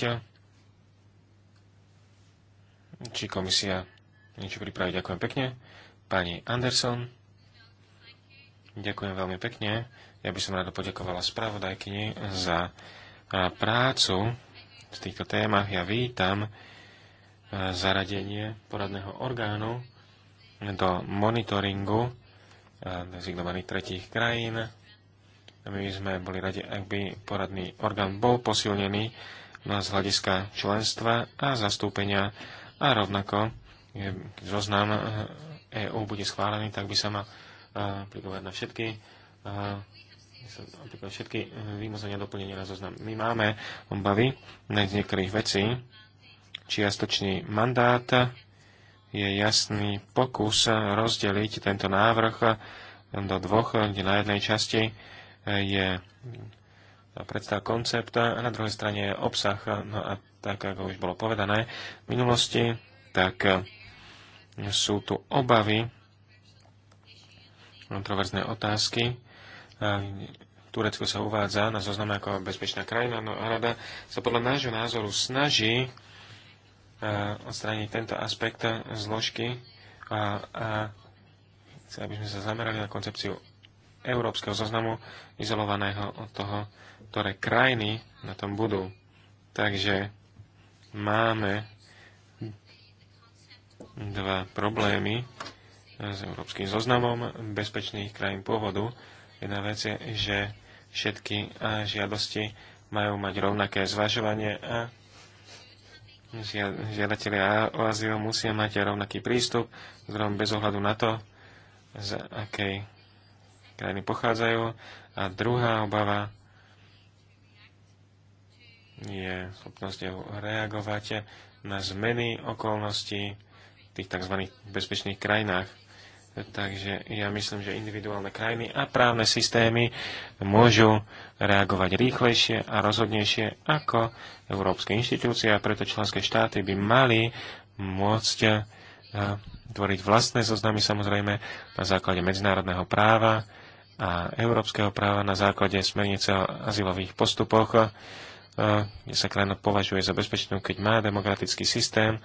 či komisia niečo pripraviť Ďakujem pekne. Pani Anderson. Ďakujem veľmi pekne. Ja by som rada poďakovala spravodajkyni za prácu v týchto témach. Ja vítam zaradenie poradného orgánu do monitoringu dezignovaných tretích krajín. My sme boli radi, ak by poradný orgán bol posilnený z hľadiska členstva a zastúpenia a rovnako, keď zoznam EÚ e bude schválený, tak by sa mal aplikovať na všetky aplikovať všetky e, výmazania doplnenia na zoznam. My máme obavy z niektorých vecí. Čiastočný mandát je jasný pokus rozdeliť tento návrh do dvoch, kde na jednej časti e, je predstava koncepta a na druhej strane je obsah. No a tak, ako už bolo povedané v minulosti, tak e, sú tu obavy kontroverzné otázky. Turecko sa uvádza na zozname ako bezpečná krajina, no a rada sa podľa nášho názoru snaží e, odstrániť tento aspekt zložky a, a chce, aby sme sa zamerali na koncepciu európskeho zoznamu izolovaného od toho, ktoré krajiny na tom budú. Takže máme dva problémy, s európskym zoznamom bezpečných krajín pôvodu. Jedna vec je, že všetky žiadosti majú mať rovnaké zvažovanie a žiadatelia o azyl musia mať rovnaký prístup, zrovna bez ohľadu na to, z akej krajiny pochádzajú. A druhá obava je schopnosť reagovať na zmeny okolností v tých tzv. bezpečných krajinách. Takže ja myslím, že individuálne krajiny a právne systémy môžu reagovať rýchlejšie a rozhodnejšie ako európske inštitúcie a preto členské štáty by mali môcť eh, tvoriť vlastné zoznamy samozrejme na základe medzinárodného práva a európskeho práva na základe smernice o azylových postupoch, eh, kde sa krajina považuje za bezpečnú, keď má demokratický systém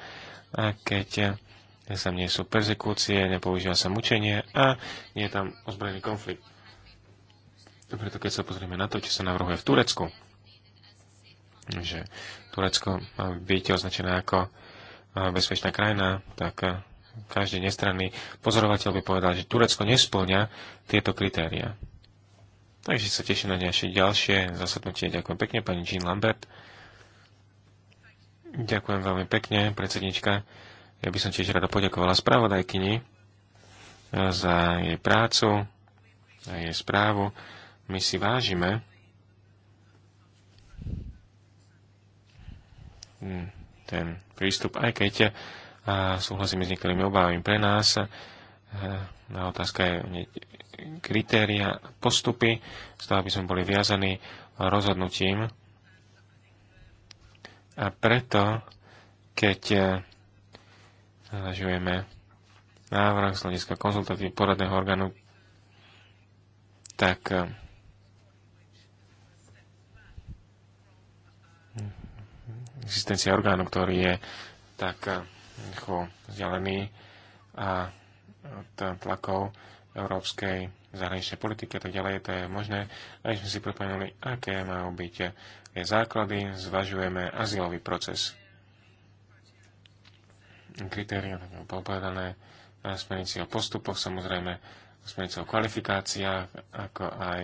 a keď eh, dnes tam nie sú persekúcie, nepoužíva sa mučenie a nie je tam ozbrojený konflikt. Preto keď sa pozrieme na to, čo sa navrhuje v Turecku, že Turecko má byť označené ako bezpečná krajina, tak každý nestranný pozorovateľ by povedal, že Turecko nesplňa tieto kritéria. Takže sa teším na ďalšie, ďalšie zasadnutie. Ďakujem pekne, pani Jean Lambert. Ďakujem veľmi pekne, predsednička. Ja by som tiež rada poďakovala spravodajkyni eh, za jej prácu a jej správu. My si vážime hm, ten prístup, aj keď a eh, súhlasíme s niektorými obávami pre nás. Na eh, otázka je kritéria, postupy, z toho by sme boli viazaní rozhodnutím. A preto, keď Zvažujeme návrh z hľadiska konzultatívy poradného orgánu, tak eh, existencia orgánu, ktorý je tak eh, rýchlo vzdialený a od tlakov európskej zahraničnej politiky a tak ďalej, to je možné. A sme si pripomenuli, aké majú byť tie eh, základy, zvažujeme azylový proces kritéria, tak bolo povedané, smernici o postupoch, samozrejme smernici o kvalifikáciách, ako aj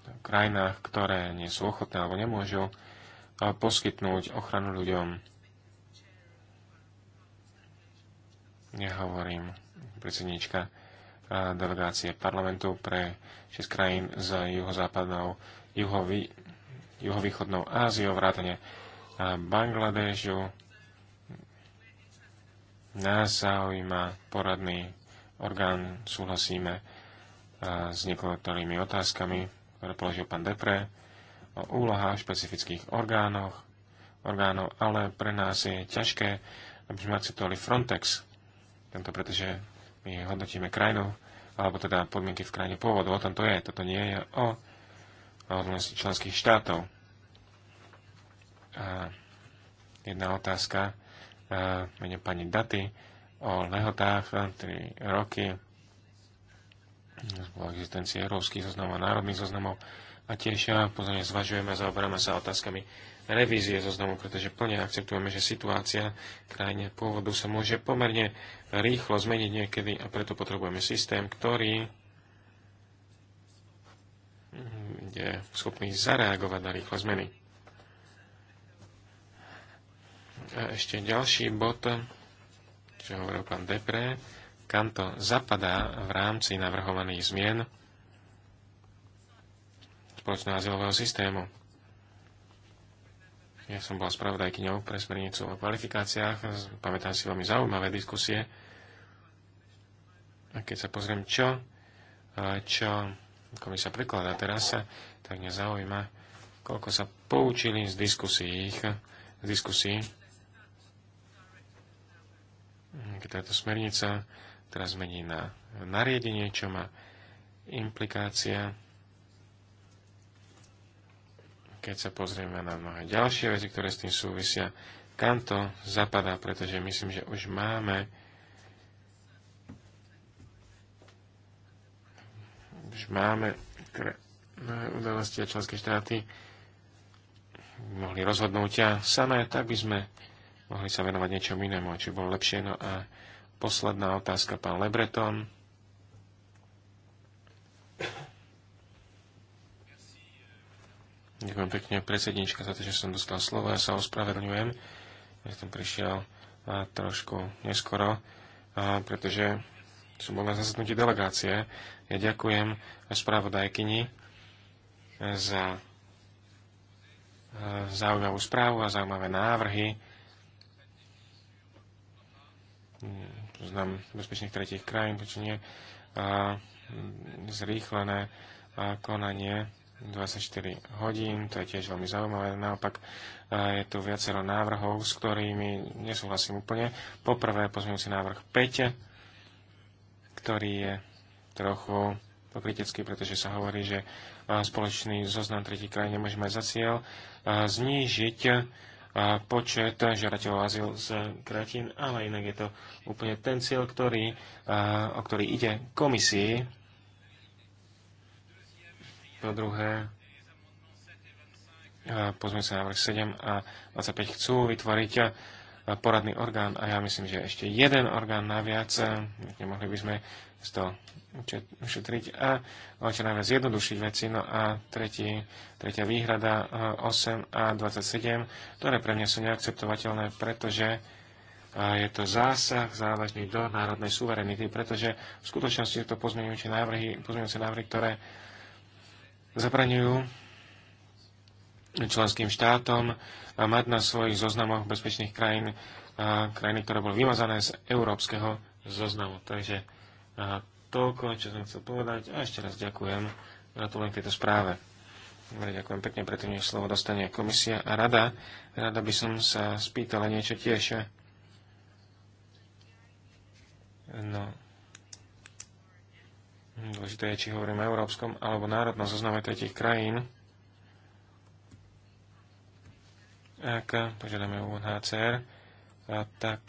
v krajinách, ktoré nie sú ochotné alebo nemôžu poskytnúť ochranu ľuďom. Nehovorím, predsednička delegácie parlamentu pre 6 krajín z juhozápadnou, juhovi, juhovýchodnou Áziou, vrátane Bangladežu, nás zaujíma poradný orgán, súhlasíme e, s niekoľkými otázkami, ktoré položil pán Depre, o úlohách špecifických orgánoch, orgánov, ale pre nás je ťažké, aby sme akceptovali Frontex, tento, pretože my hodnotíme krajinu, alebo teda podmienky v krajine pôvodu. O tom to je. Toto nie je o hodnosti členských štátov. A jedna otázka Eh, mene pani Daty o lehotách 3 eh, roky o existencii európskych zoznamov a národných zoznamov a tiež eh, pozorne zvažujeme a zaoberáme sa otázkami revízie zoznamu, pretože plne akceptujeme, že situácia krajine pôvodu sa môže pomerne rýchlo zmeniť niekedy a preto potrebujeme systém, ktorý je schopný zareagovať na rýchle zmeny. A ešte ďalší bod, čo hovoril pán Depré, kam to zapadá v rámci navrhovaných zmien spoločného azylového systému. Ja som bol spravodajkyňou pre smernicu o kvalifikáciách. Pamätám si veľmi zaujímavé diskusie. A keď sa pozriem, čo, čo komisia prekladá teraz, tak mňa zaujíma, koľko sa poučili z diskusí, z diskusí táto smernica teraz mení na nariadenie, čo má implikácia. Keď sa pozrieme na mnohé ďalšie veci, ktoré s tým súvisia, kam to zapadá, pretože myslím, že už máme už máme ktoré udalosti a členské štáty mohli rozhodnúť a samé, tak by sme mohli sa venovať niečom inému, či bolo lepšie. No a posledná otázka, pán Lebreton. Ďakujem pekne, predsednička, za to, že som dostal slovo. Ja sa ospravedlňujem, že som prišiel trošku neskoro, pretože som bol na zasadnutí delegácie. Ja ďakujem spravodajkyni za zaujímavú správu a zaujímavé návrhy znam bezpečných tretich krajín, prečo nie a, mm, zrýchlené a konanie 24 hodín, to je tiež veľmi zaujímavé. Naopak je tu viacero návrhov, s ktorými nesúhlasím úplne. Poprvé pozmeňujúci návrh 5, ktorý je trochu pokritecký, pretože sa hovorí, že spoločný zoznam tretí krajín nemôžeme za cieľ znížiť počet žiadateľov azyl z kratín, ale inak je to úplne ten cieľ, ktorý, o ktorý ide komisii. Po druhé, pozme sa návrh 7 a 25 chcú vytvoriť poradný orgán a ja myslím, že ešte jeden orgán naviac. Nemohli by sme toho ušetriť a čo najviac zjednodušiť veci. No a tretí, tretia výhrada 8 eh, a 27, ktoré pre mňa sú neakceptovateľné, pretože eh, je to zásah závažný do národnej suverenity, pretože v skutočnosti je to pozmeňujúce návrhy, pozmeňujúce návrhy, ktoré zabraňujú členským štátom a eh, mať na svojich zoznamoch bezpečných krajín krajiny, ktoré boli vymazané z európskeho zoznamu. Takže a toľko, čo som chcel povedať. A ešte raz ďakujem za to len tejto správe. Dobre, ďakujem pekne, pretože než slovo dostane komisia a rada. Rada by som sa spýtala niečo tiež. No. Dôležité je, či hovoríme o európskom alebo národnom zozname tretich krajín. Ak požiadame UNHCR, tak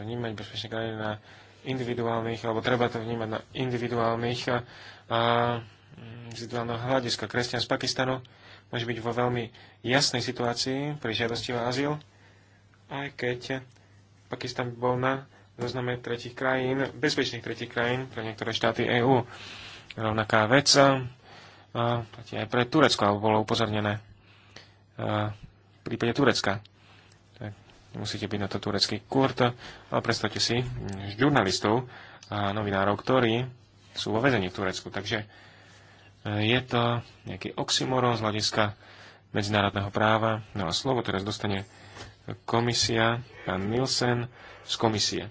vnímať bezpečné krajiny na individuálnych, alebo treba to vnímať na individuálnych a, a individuálneho hľadiska. Kresťan z Pakistanu môže byť vo veľmi jasnej situácii pri žiadosti o azyl, aj keď Pakistan bol na zozname tretich krajín, bezpečných tretich krajín pre niektoré štáty EÚ. Rovnaká vec a, platí aj pre Turecko, alebo bolo upozornené a, v prípade Turecka. Musíte byť na to turecký kurt. Ale predstavte si žurnalistov a novinárov, ktorí sú vo vezení v Turecku. Takže e, je to nejaký oxymoron z hľadiska medzinárodného práva. No a slovo teraz dostane komisia, pán Nielsen z komisie.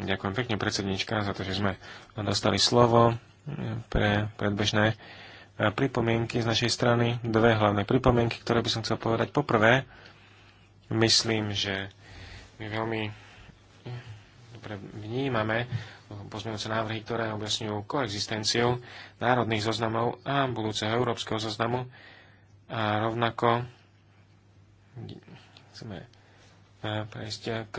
Ďakujem pekne, predsednička, za to, že sme dostali slovo e, pre predbežné pripomienky z našej strany, dve hlavné pripomienky, ktoré by som chcel povedať. Poprvé, myslím, že my veľmi dobre vnímame pozmeňujúce návrhy, ktoré objasňujú koexistenciu národných zoznamov a budúceho európskeho zoznamu. A rovnako chceme e, prejsť k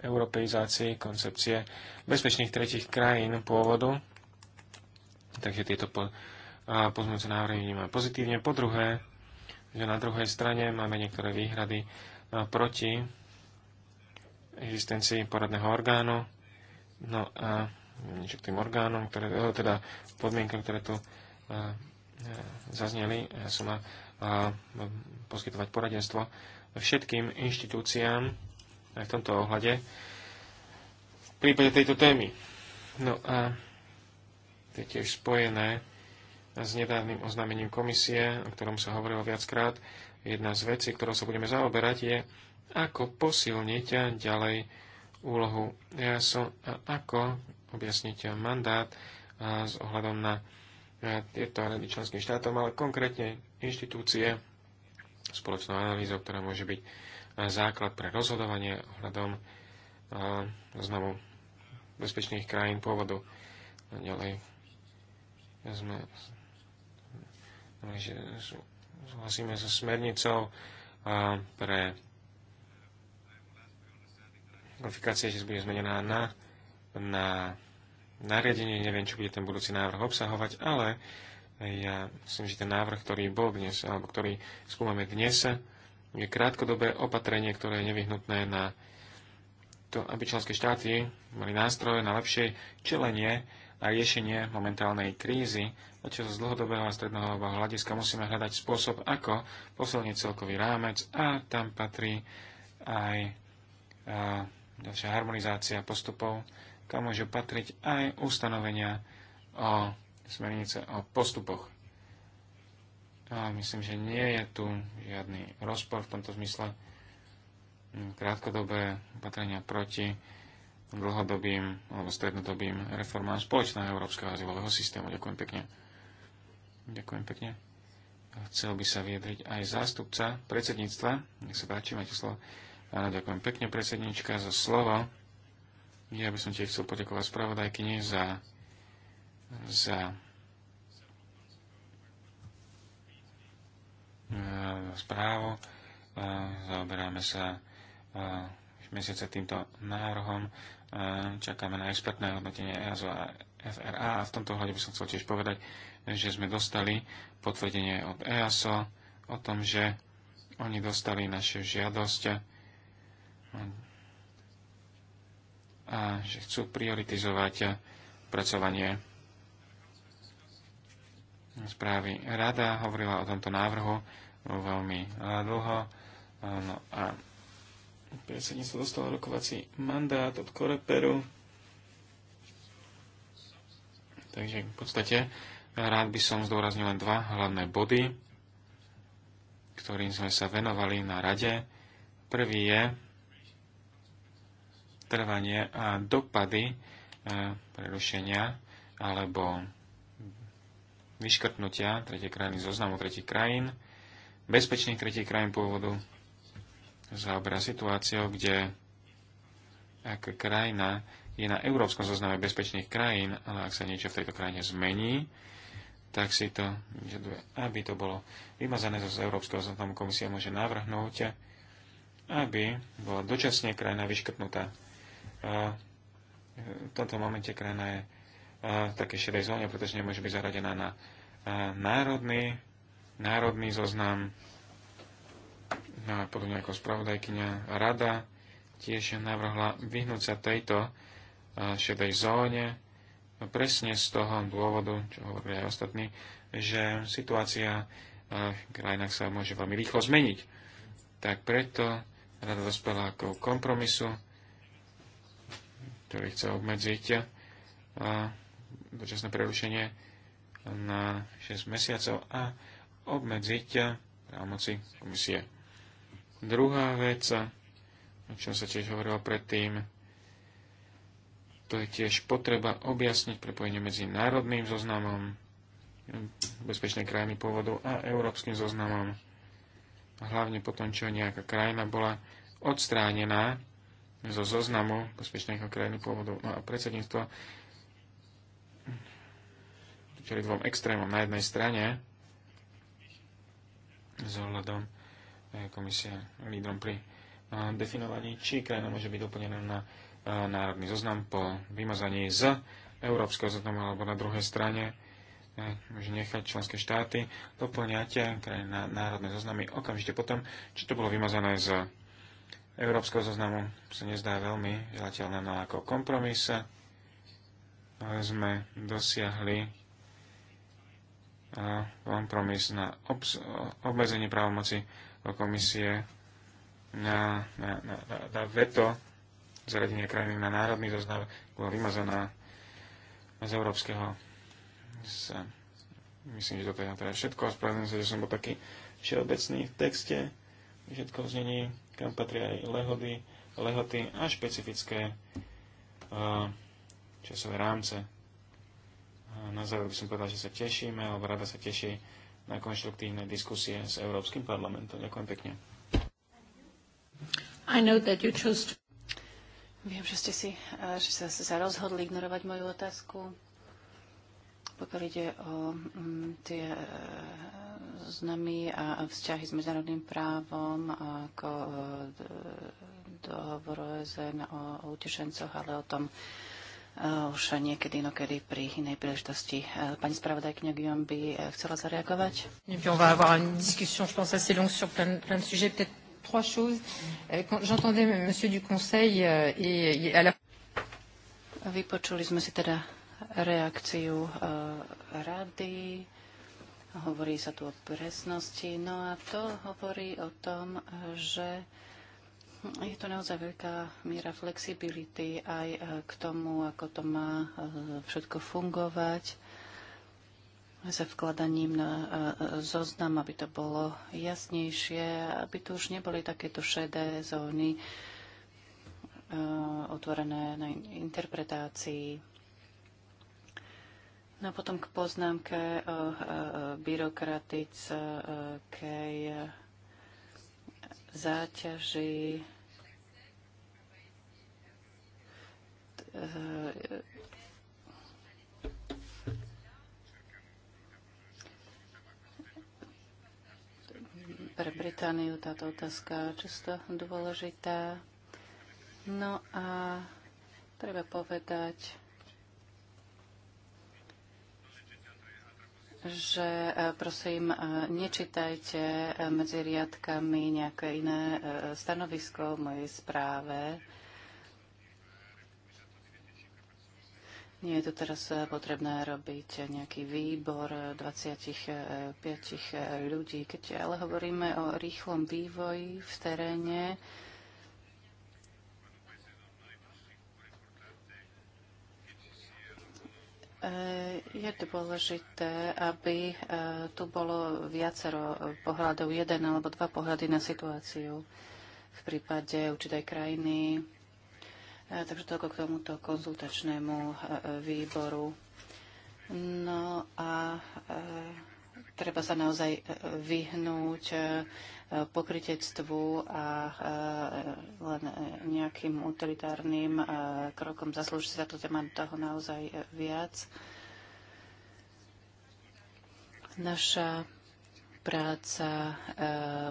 europeizácii koncepcie bezpečných tretich krajín pôvodu. Takže tieto po- a pozmeňujúce návrhy vnímame pozitívne. Po druhé, že na druhej strane máme niektoré výhrady e, proti existencii poradného orgánu. No a niečo k tým orgánom, ktoré, e, teda podmienka, ktoré tu e, zazneli, sú na poskytovať poradenstvo všetkým inštitúciám aj v tomto ohľade v prípade tejto témy. No a to je tiež spojené s nedávnym oznámením komisie, o ktorom sa hovorilo viackrát. Jedna z vecí, ktorou sa budeme zaoberať, je, ako posilniť ďalej úlohu EASO a ako objasniť mandát s ohľadom na e, tieto rady členským štátom, ale konkrétne inštitúcie spoločnou analýzou, ktorá môže byť e, základ pre rozhodovanie ohľadom e, znovu bezpečných krajín pôvodu. A ďalej sme že súhlasíme so smernicou pre kvalifikácie, že bude zmenená na, na nariadenie. Neviem, čo bude ten budúci návrh obsahovať, ale ja myslím, že ten návrh, ktorý bol dnes, alebo ktorý skúmame dnes, je krátkodobé opatrenie, ktoré je nevyhnutné na to, aby členské štáty mali nástroje na lepšie čelenie na riešenie momentálnej krízy, odtiaľ z dlhodobého a stredného hľadiska musíme hľadať spôsob, ako posilniť celkový rámec a tam patrí aj a, ďalšia harmonizácia postupov, kam môžu patriť aj ustanovenia o smernice o postupoch. A myslím, že nie je tu žiadny rozpor v tomto zmysle. Krátkodobé opatrenia proti dlhodobým alebo strednodobým reformám spoločného európskeho azylového systému. Ďakujem pekne. Ďakujem pekne. Chcel by sa vyjadriť aj zástupca predsedníctva. Nech sa páči, máte slovo. Áno, ďakujem pekne, predsednička, za slovo. Ja by som tiež chcel poďakovať spravodajkyni za, za správu. Zaoberáme sa mesiace týmto návrhom. E, čakáme na expertné hodnotenie EASO a FRA a v tomto hľade by som chcel tiež povedať, že sme dostali potvrdenie od EASO o tom, že oni dostali naše žiadosť a že chcú prioritizovať pracovanie správy. Rada hovorila o tomto návrhu veľmi dlho no a Predsedníctvo dostalo rokovací mandát od Koreperu. Takže v podstate rád by som zdôraznil len dva hlavné body, ktorým sme sa venovali na rade. Prvý je trvanie a dopady e, prerušenia alebo vyškrtnutia tretej krajiny zoznamu tretich krajín, bezpečných tretich krajín pôvodu zaoberá situáciou, kde ak krajina je na európskom zozname bezpečných krajín, ale ak sa niečo v tejto krajine zmení, tak si to vyžaduje, aby to bolo vymazané zo Európskeho zoznamu. Komisia môže navrhnúť, aby bola dočasne krajina vyškrtnutá. E, v tomto momente krajina je v takej šedej zóne, pretože nemôže byť zaradená na národný, národný zoznam No a podobne ako spravodajkynia rada tiež navrhla vyhnúť sa tejto e, šedej zóne no presne z toho dôvodu, čo hovorili aj ostatní, že situácia e, v krajinách sa môže veľmi rýchlo zmeniť. Tak preto rada dospela k kompromisu, ktorý chce obmedziť e, dočasné prerušenie na 6 mesiacov a obmedziť rámoci komisie. Druhá vec, o čom sa tiež hovorilo predtým, to je tiež potreba objasniť prepojenie medzi národným zoznamom bezpečnej krajiny pôvodu a európskym zoznamom. Hlavne po tom, čo nejaká krajina bola odstránená zo zoznamu bezpečnej krajiny pôvodu. No a predsedníctvo čeli dvom extrémom. Na jednej strane z ohľadom E, komisie lídrom pri e, definovaní, či krajina môže byť doplnená na e, národný zoznam po vymazaní z európskeho zoznamu alebo na druhej strane môže nechať členské štáty doplňať krajina na národné zoznamy okamžite potom, či to bolo vymazané z európskeho zoznamu, sa nezdá veľmi želateľné, no ako kompromis sme dosiahli kompromis na obmedzenie právomoci komisie na, na, na, na veto zaradenie krajiny na národný zoznam bola vymazaná z európskeho. Myslím, že toto je teda všetko. Spravedlňujem sa, že som bol taký všeobecný v texte. Všetko v znení, kam patria aj lehody, lehoty a špecifické uh, časové rámce. na záver by som povedal, že sa tešíme, alebo rada sa teší na konštruktívne diskusie s Európskym parlamentom. Ďakujem pekne. I know that you chose to... Viem, že ste si, eh, že sa, sa rozhodli ignorovať moju otázku, pokiaľ ide o m, mm, tie eh, znamy a vzťahy s medzinárodným právom, ako eh, dohovor OSN o, o utešencoch, ale o tom, Eh, už niekedy, inokedy pri inej príležitosti. Eh, pani spravodajkňa Guillaume by eh, chcela zareagovať. Vypočuli sme si teda reakciu rady, hovorí sa tu o presnosti, no a to hovorí o tom, že je to naozaj veľká miera flexibility aj e, k tomu, ako to má e, všetko fungovať za vkladaním na e, zoznam, aby to bolo jasnejšie, aby tu už neboli takéto šedé zóny otvorené na interpretácii. No a potom k poznámke o byrokratickej záťaži, pre Britániu táto otázka často dôležitá. No a treba povedať, že e, prosím, e, nečítajte e, medzi riadkami nejaké iné stanovisko v mojej správe. Nie je tu teraz potrebné robiť nejaký výbor 25 ľudí. Keď ale hovoríme o rýchlom vývoji v teréne, E, je dôležité, aby e, tu bolo viacero pohľadov, jeden alebo dva pohľady na situáciu v prípade určitej krajiny. E, takže toľko k tomuto konzultačnému výboru. No a treba sa naozaj e, vyhnúť e, pokritectvu a e, len nejakým utilitárnym krokom. zaslúžiť sa to že mám toho naozaj viac. Naša práca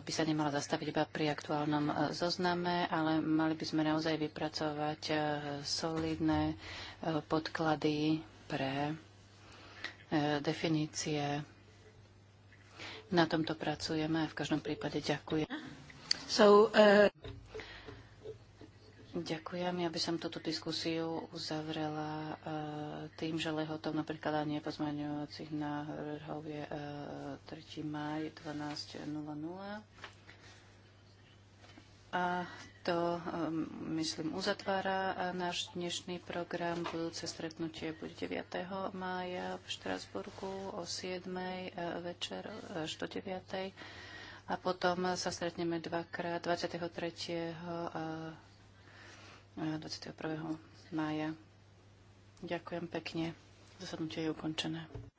by sa nemala zastaviť iba pri aktuálnom zozname, ale mali by sme naozaj vypracovať solidné podklady pre definície na tomto pracujeme a v každom prípade ďakujem. So, uh... Ďakujem. Ja by som túto diskusiu uzavrela uh, tým, že lehotom na prikladanie pozmaňujúcich návrhov je uh, 3. maj 12.00. A to, um, myslím, uzatvára náš dnešný program. Budúce stretnutie bude 9. mája v Štrasburgu o 7. E, večer, e, až do 9. A potom sa stretneme dvakrát 23. a 21. E, mája. Ďakujem pekne. Zasadnutie je ukončené.